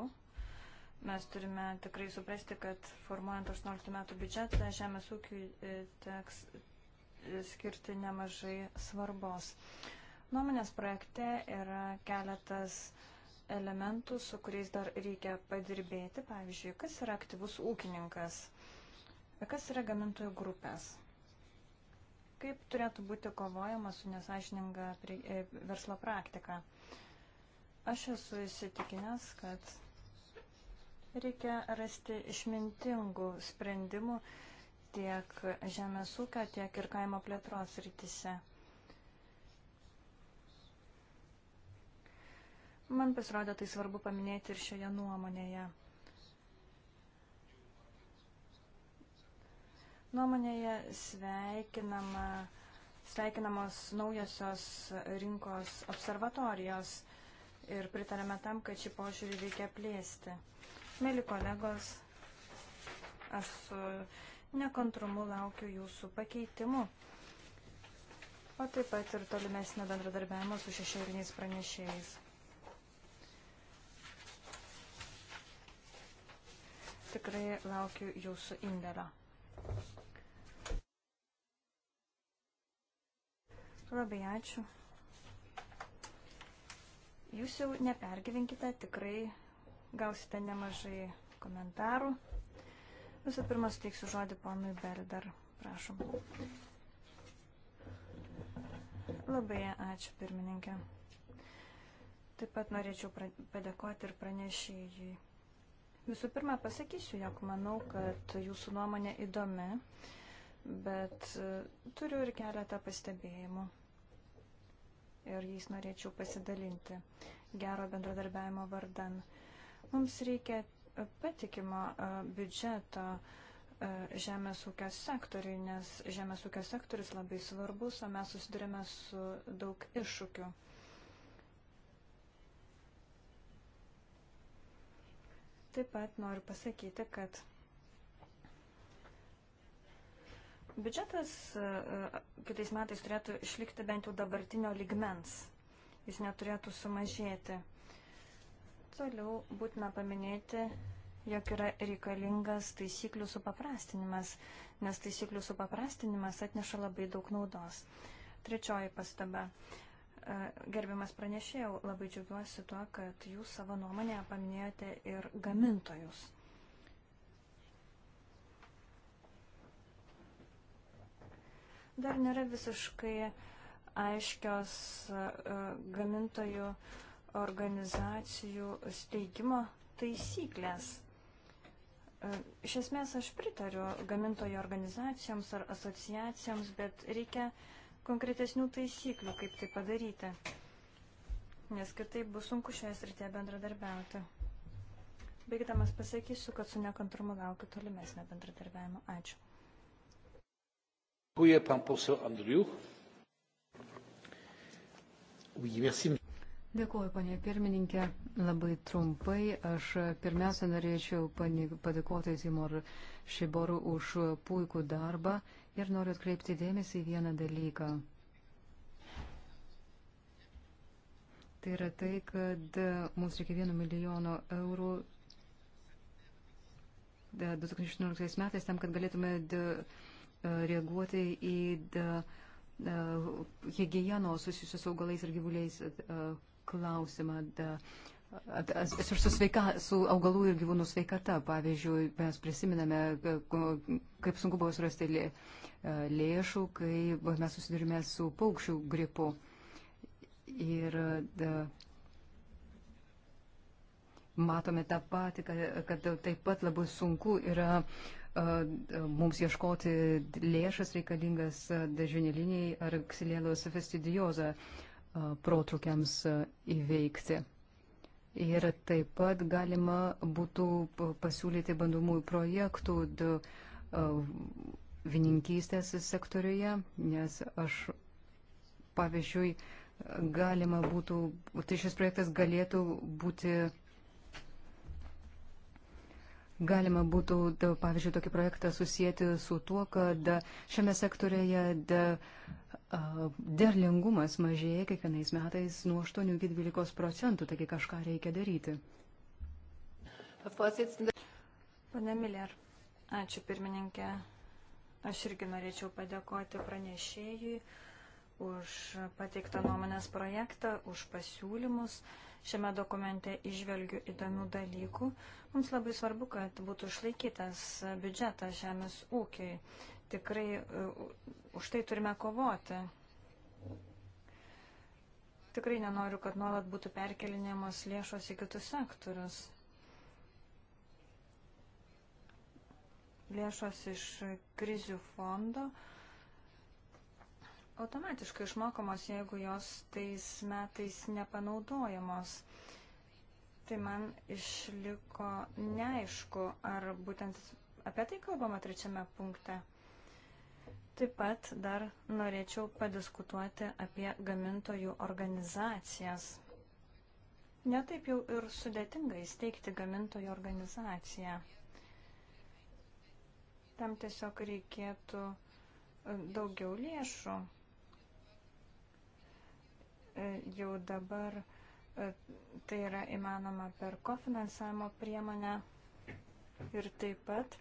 Mes turime tikrai suprasti, kad formuojant 18 metų biudžetą žemės ūkiui e, teks e, skirti nemažai svarbos. Nuomonės projekte yra keletas elementų, su kuriais dar reikia padirbėti. Pavyzdžiui, kas yra aktyvus ūkininkas, kas yra gamintojų grupės, kaip turėtų būti kovojama su nesažininga e, verslo praktika. Aš esu įsitikinęs, kad reikia rasti išmintingų sprendimų tiek žemės ūkio, tiek ir kaimo plėtros rytise. Man pasirodė tai svarbu paminėti ir šioje nuomonėje. Nuomonėje sveikinama, sveikinamos naujosios rinkos observatorijos – ir pritarėme tam, kad šį požiūrį reikia plėsti. Mėly kolegos, aš su nekantrumu laukiu jūsų pakeitimu, o taip pat ir tolimesnio bendradarbiavimo su šešėliniais pranešėjais. Tikrai laukiu jūsų indėlio. Labai ačiū. Jūs jau nepergyvenkite, tikrai gausite nemažai komentarų. Visų pirma, suteiksiu žodį ponui Beldar. Prašom. Labai ačiū, pirmininkė. Taip pat norėčiau padėkoti ir pranešėjai. Visų pirma, pasakysiu, jog manau, kad jūsų nuomonė įdomi, bet turiu ir keletą pastebėjimų ir jais norėčiau pasidalinti gero bendradarbiavimo vardan. Mums reikia e, patikimo e, biudžeto e, žemės ūkio sektoriui, nes žemės ūkio sektorius labai svarbus, o mes susidurime su daug iššūkių. Taip pat noriu pasakyti, kad Biudžetas e, e, kitais metais turėtų išlikti bent jau dabartinio ligmens. Jis neturėtų sumažėti. Toliau būtina paminėti, jog yra reikalingas taisyklių supaprastinimas, nes taisyklių supaprastinimas atneša labai daug naudos. Trečioji pastaba. E, gerbiamas pranešėjau, labai džiaugiuosi tuo, kad jūs savo nuomonėje paminėjote ir gamintojus. dar nėra visiškai aiškios e, gamintojų organizacijų steigimo taisyklės. E, iš esmės aš pritariu gamintojų organizacijoms ar asociacijoms, bet reikia konkretesnių taisyklių, kaip tai padaryti, nes kitaip bus sunku šioje srityje bendradarbiauti. Baigdamas pasakysiu, kad su nekantrumu laukiu tolimesnio bendradarbiavimo. Ačiū. Dėkuoju, pan posel Andriu. Dėkuoju, panė pirmininkė. Labai trumpai, aš pirmiausia norėčiau padėkoti Timor Šiboru už puikų darbą ir noriu atkreipti dėmesį į vieną dalyką. Tai yra tai, kad mums reikia vieno milijono eurų 2018 e, metais tam, kad galėtume. De, reaguoti į hygienos susijusios augalais ir gyvuliais klausimą. Atsiprašau, su, sveika, su augalų ir gyvūnų sveikata, pavyzdžiui, mes prisiminame, kaip sunku buvo surasti lė, lėšų, kai mes susidurime su paukščių gripu. Ir da, matome tą patį, kad, kad taip pat labai sunku yra uh, mums ieškoti lėšas reikalingas dažinėliniai ar ksilėlos fastidioza protrukiams įveikti. Ir taip pat galima būtų pasiūlyti bandomųjų projektų vininkystės sektoriuje, nes aš, pavyzdžiui, galima būtų, tai šis projektas galėtų būti Galima būtų, pavyzdžiui, tokį projektą susijęti su tuo, kad šiame sektorėje derlingumas mažėja kiekvienais metais nuo 8 iki 12 procentų, taigi kažką reikia daryti. Pane Miller, ačiū pirmininkė. Aš irgi norėčiau padėkoti pranešėjui už pateiktą nuomonės projektą, už pasiūlymus. Uh, Šiame dokumente išvelgiu įdomių dalykų. Mums labai svarbu, kad būtų išlaikytas biudžetas žemės ūkiai. Tikrai e, už tai turime kovoti. Tikrai nenoriu, kad nuolat būtų perkelinėjamos lėšos į kitus sektorius. Lėšos iš krizių fondo automatiškai išmokamos, jeigu jos tais metais nepanaudojamos. Tai man išliko neaišku, ar būtent apie tai kalbama trečiame punkte. Taip pat dar norėčiau padiskutuoti apie gamintojų organizacijas. Netaip jau ir sudėtinga įsteigti gamintojų organizaciją. Tam tiesiog reikėtų daugiau lėšų jau dabar e, tai yra įmanoma per kofinansavimo priemonę ir taip pat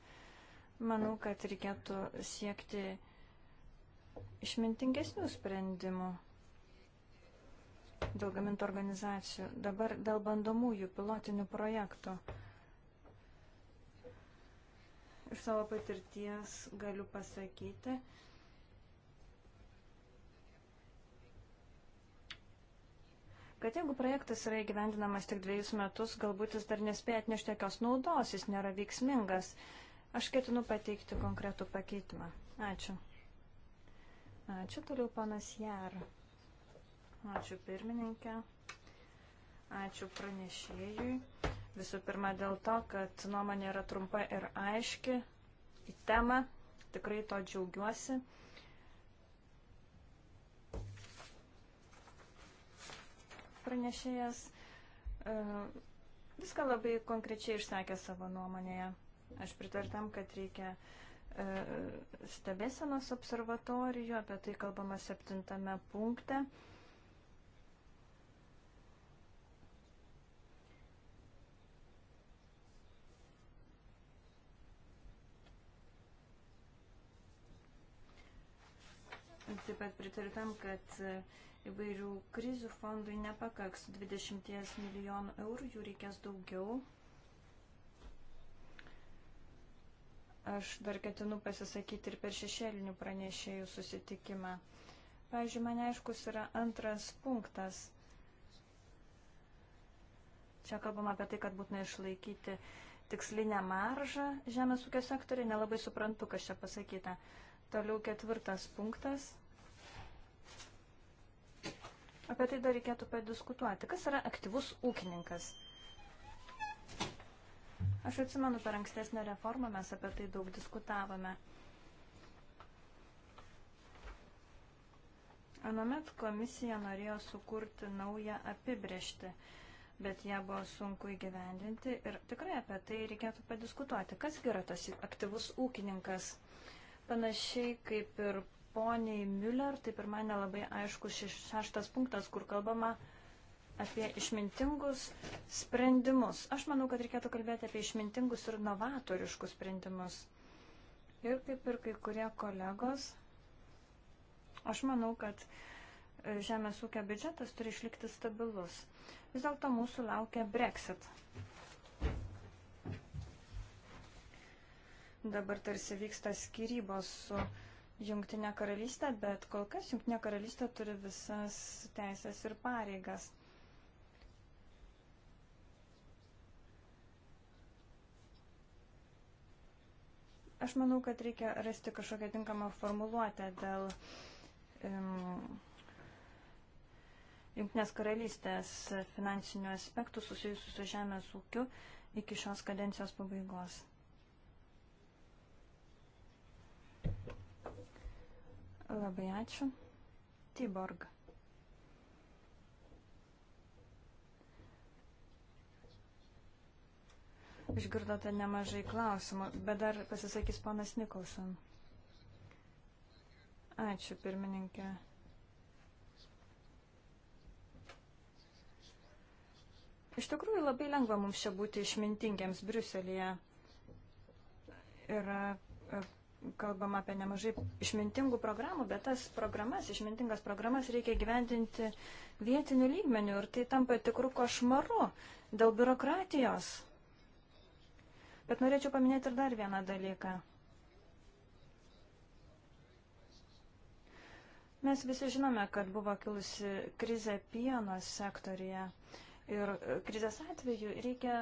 manau, kad reikėtų siekti išmintingesnių sprendimų dėl gamintų organizacijų. Dabar dėl bandomųjų pilotinių projektų. Iš savo patirties galiu pasakyti, kad jeigu projektas yra įgyvendinamas tik dviejus metus, galbūt jis dar nespėja atnešti jokios naudos, jis nėra veiksmingas. Aš ketinu pateikti konkretų pakeitimą. Ačiū. Ačiū toliau, panas Jar. Ačiū pirmininkė. Ačiū pranešėjui. Visų pirma dėl to, kad nuomonė yra trumpa ir aiški į temą. Tikrai to džiaugiuosi. pranešėjas e, viską labai konkrečiai išsakė savo nuomonėje. Aš pritartam, kad reikia e, stebėsenos observatorijų, apie tai kalbama septintame punkte. Taip pat pritariu tam, kad įvairių krizių fondui nepakaks 20 milijonų eurų, jų reikės daugiau. Aš dar ketinu pasisakyti ir per šešėlinių pranešėjų susitikimą. Pavyzdžiui, man aiškus yra antras punktas. Čia kalbam apie tai, kad būtina išlaikyti tikslinę maržą žemės ūkio sektoriai. Nelabai suprantu, kas čia pasakyta. Toliau ketvirtas punktas – Apie tai dar reikėtų padiskutuoti. Kas yra aktyvus ūkininkas? Aš atsimenu, per ankstesnę reformą mes apie tai daug diskutavome. Anomet komisija norėjo sukurti naują apibrėžtį, bet ją buvo sunku įgyvendinti ir tikrai apie tai reikėtų padiskutuoti. Kas yra tas aktyvus ūkininkas? Panašiai kaip ir poniai Müller, tai ir man nelabai aišku šeštas punktas, kur kalbama apie išmintingus sprendimus. Aš manau, kad reikėtų kalbėti apie išmintingus ir novatoriškus sprendimus. Ir kaip ir kai kurie kolegos, aš manau, kad e, žemės ūkio biudžetas turi išlikti stabilus. Vis dėlto mūsų laukia Brexit. Dabar tarsi vyksta skirybos su Jungtinę karalystę, bet kol kas Jungtinė karalystė turi visas teisės ir pareigas. Aš manau, kad reikia rasti kažkokią tinkamą formuluotę dėl um, Jungtinės karalystės finansinių aspektų susijusių su žemės ūkiu iki šios kadencijos pabaigos. Labai ačiū. Tiborg. Išgirdote nemažai klausimų, bet dar pasisakys ponas Nikolson. Ačiū, pirmininkė. Iš tikrųjų labai lengva mums čia būti išmintingiams Briuselėje. Yra e, kalbama apie nemažai išmintingų programų, bet tas programas, išmintingas programas reikia gyventinti vietinių lygmenių ir tai tampa tikrų košmaru dėl biurokratijos. Bet norėčiau paminėti ir dar vieną dalyką. Mes visi žinome, kad buvo kilusi krizė pieno sektorija ir krizės atveju reikia,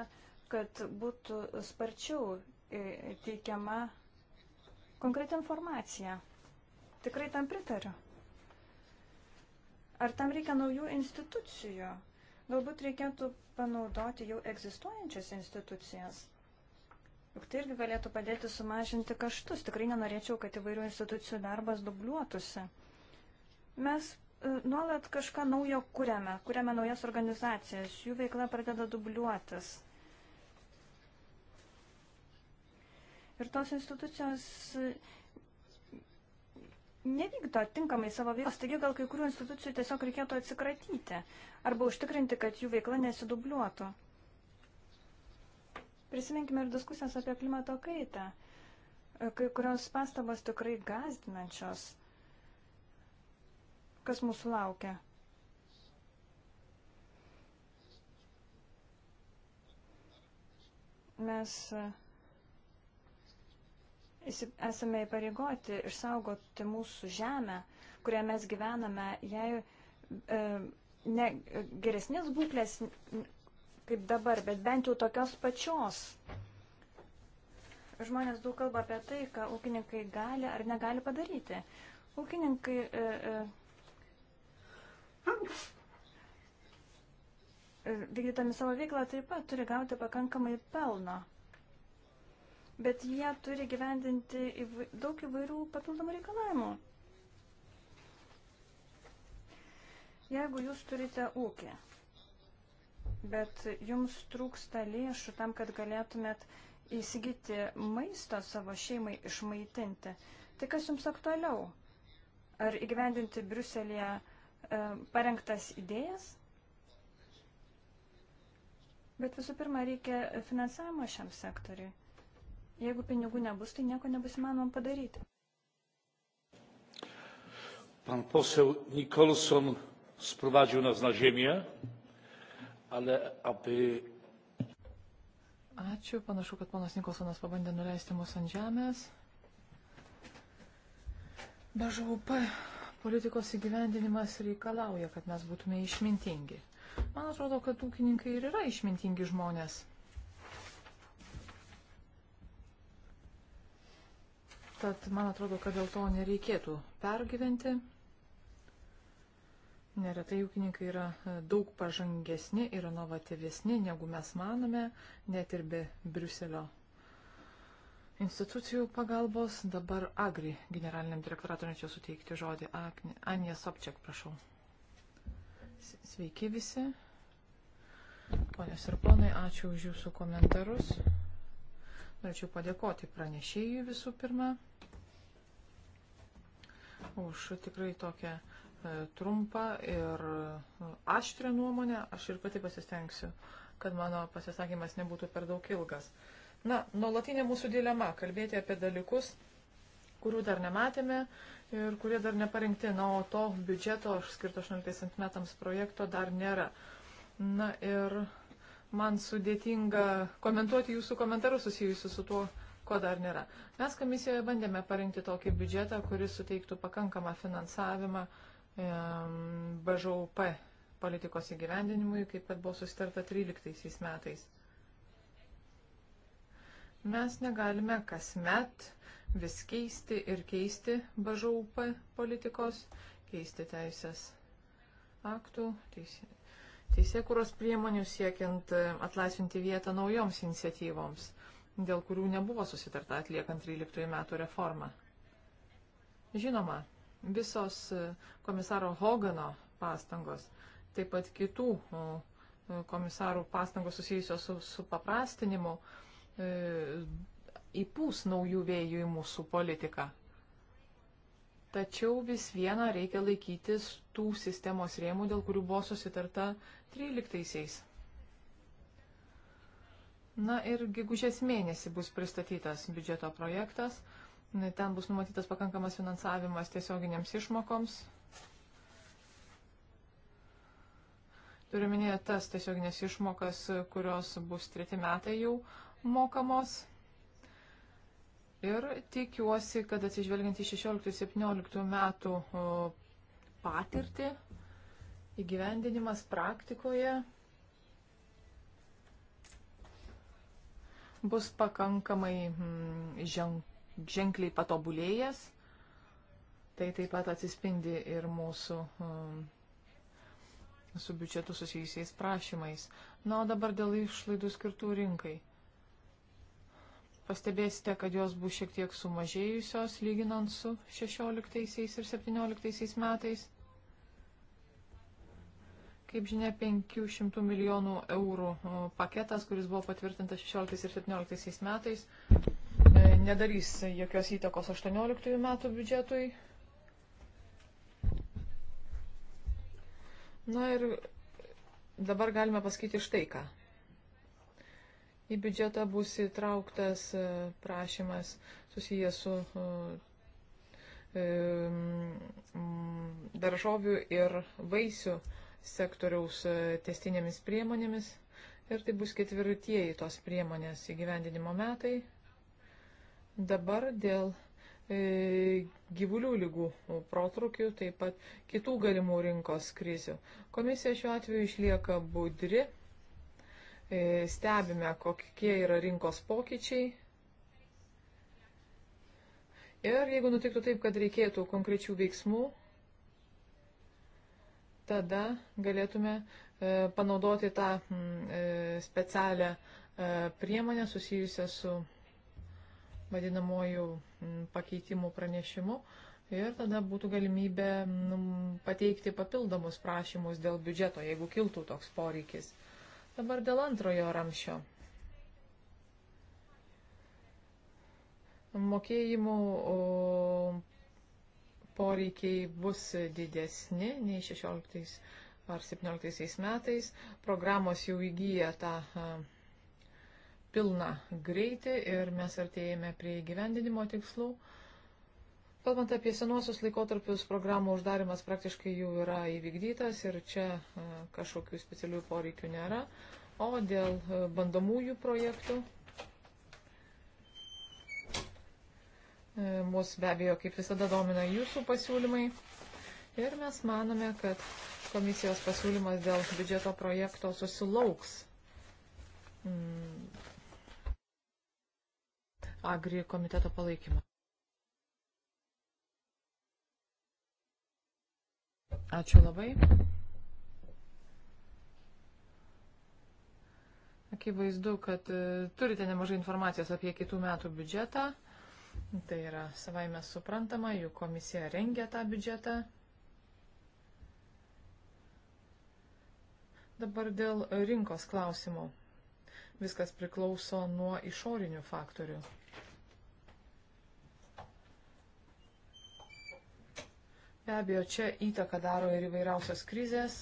kad būtų sparčiau e, teikiama konkretį informaciją. Tikrai tam pritariu. Ar tam reikia naujų institucijų? Galbūt reikėtų panaudoti jau egzistuojančias institucijas. Juk tai irgi galėtų padėti sumažinti kaštus. Tikrai nenorėčiau, kad įvairių institucijų darbas dubliuotųsi. Mes e, nuolat kažką naujo kuriame, kuriame naujas organizacijas, jų veikla pradeda dubliuotis. Ir tos institucijos e, nevykdo tinkamai savo veiklos, taigi gal kai kurių institucijų tiesiog reikėtų atsikratyti arba užtikrinti, kad jų veikla nesidubliuotų. Prisiminkime ir diskusijas apie klimato kaitą, e, kai kurios pastabos tikrai gazdinančios, kas mūsų laukia. Mes uh, esame įpareigoti išsaugoti mūsų žemę, kurioje mes gyvename, jei e, ne geresnės būklės kaip dabar, bet bent jau tokios pačios. Žmonės daug kalba apie tai, ką ūkininkai gali ar negali padaryti. Ūkininkai. E, e, Vykdytami savo veiklą taip pat turi gauti pakankamai pelno bet jie turi gyvendinti įvai, daug įvairių papildomų reikalavimų. Jeigu jūs turite ūkį, bet jums trūksta lėšų tam, kad galėtumėt įsigyti maisto savo šeimai išmaitinti, tai kas jums aktualiau? Ar įgyvendinti Briuselėje e, parengtas idėjas? Bet visų pirma, reikia finansavimo šiam sektoriui. Jeigu pinigų nebus, tai nieko nebus įmanoma padaryti. Pan poseł Nicholson sprowadził nas na ziemię, ale aby. Ačiū, panašu, kad ponas Nikolsonas pabandė nuleisti mus ant žemės. Be ŽUP politikos įgyvendinimas reikalauja, kad mes būtume išmintingi. Man atrodo, kad ūkininkai ir yra išmintingi žmonės. Tad man atrodo, kad dėl to nereikėtų pergyventi. Neretai ūkininkai yra e, daug pažangesni ir inovatyvesni, negu mes manome, net ir be Briuselio institucijų pagalbos. Dabar Agri generaliniam direktoratui norėčiau suteikti žodį. Anija Sopčiak, prašau. Sveiki visi. Ponios ir ponai, ačiū už jūsų komentarus. Norėčiau padėkoti pranešėjui visų pirma už tikrai tokią e, trumpą ir e, aštrią nuomonę. Aš ir pati pasistengsiu, kad mano pasisakymas nebūtų per daug ilgas. Na, nuolatinė mūsų dilema - kalbėti apie dalykus, kurių dar nematėme ir kurie dar neparengti. Na, o to biudžeto skirto 18 metams projekto dar nėra. Na ir man sudėtinga komentuoti jūsų komentarus susijusius su tuo, ko dar nėra. Mes komisijoje bandėme parinkti tokį biudžetą, kuris suteiktų pakankamą finansavimą e, BŽUP politikos įgyvendinimui, kaip kad buvo susitarta 13 metais. Mes negalime kasmet vis keisti ir keisti BŽUP politikos, keisti teisės aktų, teisė, teisėkuros priemonių siekiant atlaisvinti vietą naujoms iniciatyvoms dėl kurių nebuvo susitarta atliekant 13 metų reformą. Žinoma, visos e, komisaro Hogano pastangos, taip pat kitų e, komisarų pastangos susijusios su, su paprastinimu, e, įpūs naujų vėjų į mūsų politiką. Tačiau vis viena reikia laikytis tų sistemos rėmų, dėl kurių buvo susitarta 13. -aisiais. Na ir gegužės mėnesį bus pristatytas biudžeto projektas. Ten bus numatytas pakankamas finansavimas tiesioginėms išmokoms. Turiu minėję tas tiesioginės išmokas, kurios bus treti metai jau mokamos. Ir tikiuosi, kad atsižvelgiant į 16-17 metų patirtį, įgyvendinimas praktikoje bus pakankamai mm, ženkliai patobulėjęs. Tai taip pat atsispindi ir mūsų mm, su biudžetu susijusiais prašymais. Na, o dabar dėl išlaidų skirtų rinkai. Pastebėsite, kad jos bus šiek tiek sumažėjusios lyginant su 16 ir 17 metais. Kaip žinia, 500 milijonų eurų paketas, kuris buvo patvirtintas 16 ir 17 metais, e, nedarys jokios įtakos 18 metų biudžetui. Na ir dabar galime pasakyti štai ką. Į biudžetą bus įtrauktas e, prašymas susijęs su e, daržovių ir vaisių sektoriaus e, testinėmis priemonėmis ir tai bus ketvirtieji tos priemonės įgyvendinimo metai. Dabar dėl e, gyvulių lygų protrukių, taip pat kitų galimų rinkos krizių. Komisija šiuo atveju išlieka budri, e, stebime, kokie yra rinkos pokyčiai. Ir jeigu nutiktų taip, kad reikėtų konkrečių veiksmų, tada galėtume e, panaudoti tą mm, e, specialią e, priemonę susijusią su vadinamoju mm, pakeitimų pranešimu. Ir tada būtų galimybė mm, pateikti papildomus prašymus dėl biudžeto, jeigu kiltų toks poreikis. Dabar dėl antrojo ramšio. Mokėjimų poreikiai bus didesni nei 16 ar 17 metais. Programos jau įgyja tą pilną greitį ir mes artėjame prie įgyvendinimo tikslų. Kalbant apie senuosius laikotarpius, programų uždarimas praktiškai jau yra įvykdytas ir čia kažkokių specialių poreikių nėra. O dėl bandomųjų projektų E, Mūsų be abejo, kaip visada, domina jūsų pasiūlymai. Ir mes manome, kad komisijos pasiūlymas dėl biudžeto projekto susilauks mm, agri komiteto palaikymą. Ačiū labai. Akivaizdu, kad e, turite nemažai informacijos apie kitų metų biudžetą. Tai yra savaime suprantama, jų komisija rengia tą biudžetą. Dabar dėl rinkos klausimų. Viskas priklauso nuo išorinių faktorių. Be abejo, čia įtaką daro ir įvairiausios krizės.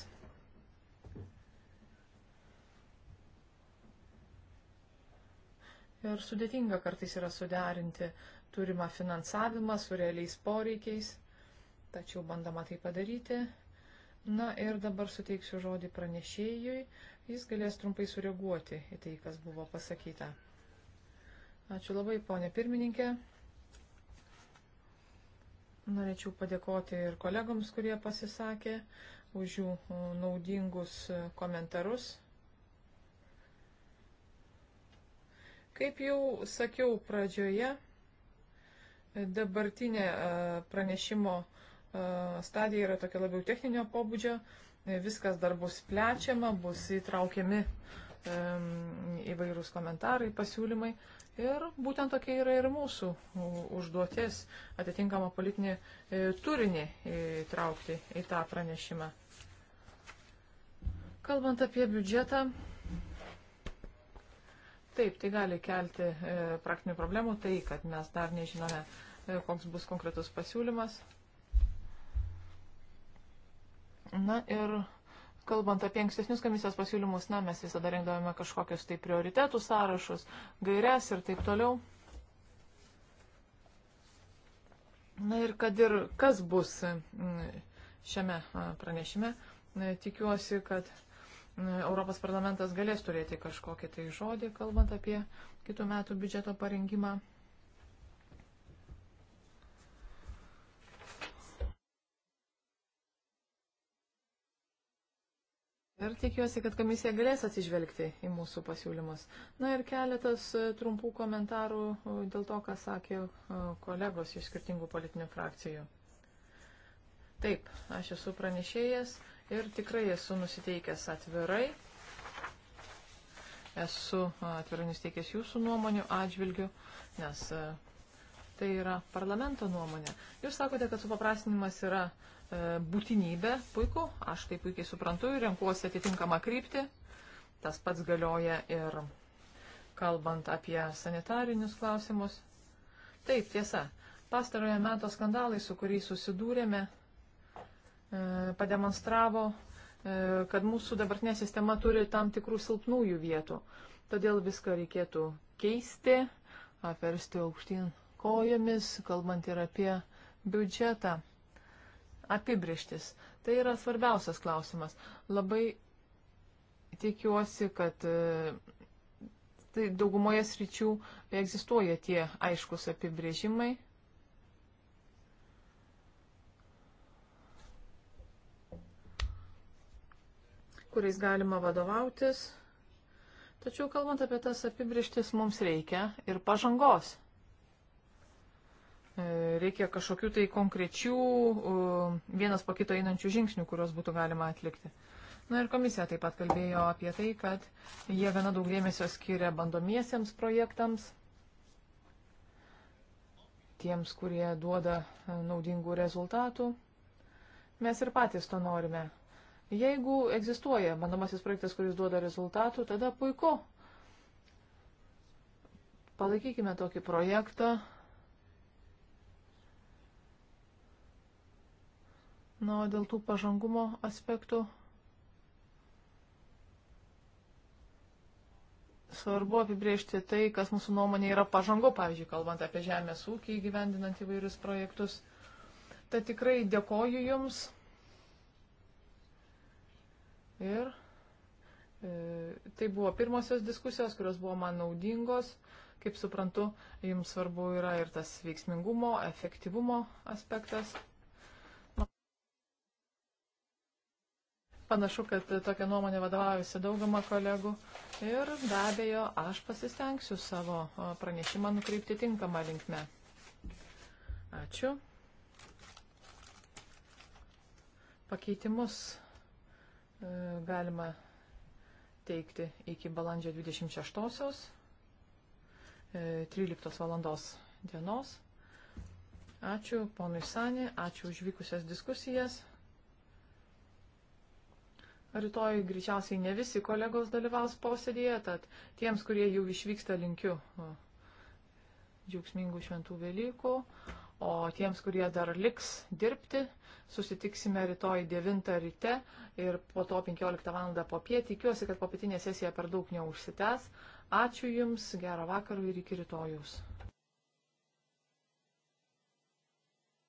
Ir sudėtinga kartais yra suderinti turimą finansavimą su realiais poreikiais, tačiau bandoma tai padaryti. Na ir dabar suteiksiu žodį pranešėjui, jis galės trumpai sureaguoti į tai, kas buvo pasakyta. Ačiū labai, ponė pirmininkė. Norėčiau padėkoti ir kolegoms, kurie pasisakė už jų naudingus e, komentarus. Kaip jau sakiau pradžioje, Dabartinė e, pranešimo e, stadija yra tokia labiau techninio pobūdžio, e, viskas dar bus plečiama, bus įtraukiami įvairūs komentarai, pasiūlymai. Ir būtent tokia yra ir mūsų užduotis atitinkamą politinį turinį įtraukti į tą pranešimą. Kalbant apie biudžetą, Taip, tai gali kelti e, praktinių problemų, tai kad mes dar nežinome, e, koks bus konkretus pasiūlymas. Na ir kalbant apie ankstesnius komisijos pasiūlymus, na, mes visada rengdavome kažkokius tai prioritetų sąrašus, gairias ir taip toliau. Na ir kad ir kas bus šiame pranešime, e, tikiuosi, kad Europos parlamentas galės turėti kažkokį tai žodį, kalbant apie kitų metų biudžeto parengimą. Ir tikiuosi, kad komisija galės atsižvelgti į mūsų pasiūlymus. Na ir keletas e, trumpų komentarų e, dėl to, ką sakė e, kolegos iš skirtingų politinių frakcijų. Taip, aš esu pranešėjas ir tikrai esu nusiteikęs atvirai, esu atvirai nusiteikęs jūsų nuomonių atžvilgių, nes tai yra parlamento nuomonė. Jūs sakote, kad supaprastinimas yra e, būtinybė, puiku, aš tai puikiai suprantu ir renkuosi atitinkamą kryptį. Tas pats galioja ir kalbant apie sanitarinius klausimus. Taip, tiesa, pastarojo meto skandalai, su kuriais susidūrėme, E, pademonstravo, e, kad mūsų dabartinė sistema turi tam tikrų silpnųjų vietų. Todėl viską reikėtų keisti, apversti aukštyn kojomis, kalbant ir apie biudžetą. Apibrištis. Tai yra svarbiausias klausimas. Labai tikiuosi, kad e, tai daugumoje sričių egzistuoja tie aiškus apibrėžimai. kuriais galima vadovautis. Tačiau kalbant apie tas apibrištis, mums reikia ir pažangos. E, reikia kažkokių tai konkrečių e, vienas po kito einančių žingsnių, kuriuos būtų galima atlikti. Na ir komisija taip pat kalbėjo apie tai, kad jie gana daug dėmesio skiria bandomiesiems projektams, tiems, kurie duoda e, naudingų rezultatų. Mes ir patys to norime. Jeigu egzistuoja bandomasis projektas, kuris duoda rezultatų, tada puiku. Palaikykime tokį projektą. Na, o dėl tų pažangumo aspektų svarbu apibriežti tai, kas mūsų nuomonė yra pažangu, pavyzdžiui, kalbant apie žemės ūkį įgyvendinant įvairius projektus. Tad tikrai dėkoju Jums. Ir e, Tai buvo pirmosios diskusijos, kurios buvo man naudingos. Kaip suprantu, jums svarbu yra ir tas veiksmingumo, efektyvumo aspektas. Panašu, kad tokia nuomonė vadovaujasi daugama kolegų. Ir be abejo, aš pasistengsiu savo pranešimą nukreipti tinkamą linkmę. Ačiū. Pakeitimus E, galima teikti iki balandžio 26-osios, 13 e, valandos dienos. Ačiū ponui Sanė, ačiū už vykusias diskusijas. Rytoj greičiausiai ne visi kolegos dalyvaus posėdėje, tad tiems, kurie jau išvyksta, linkiu džiaugsmingų šventų Velykų, o tiems, kurie dar liks dirbti, susitiksime rytoj 9 ryte ir po to 15 val. po pietį. Tikiuosi, kad popietinė sesija per daug neužsitęs. Ačiū Jums, gero vakaro ir iki rytojus.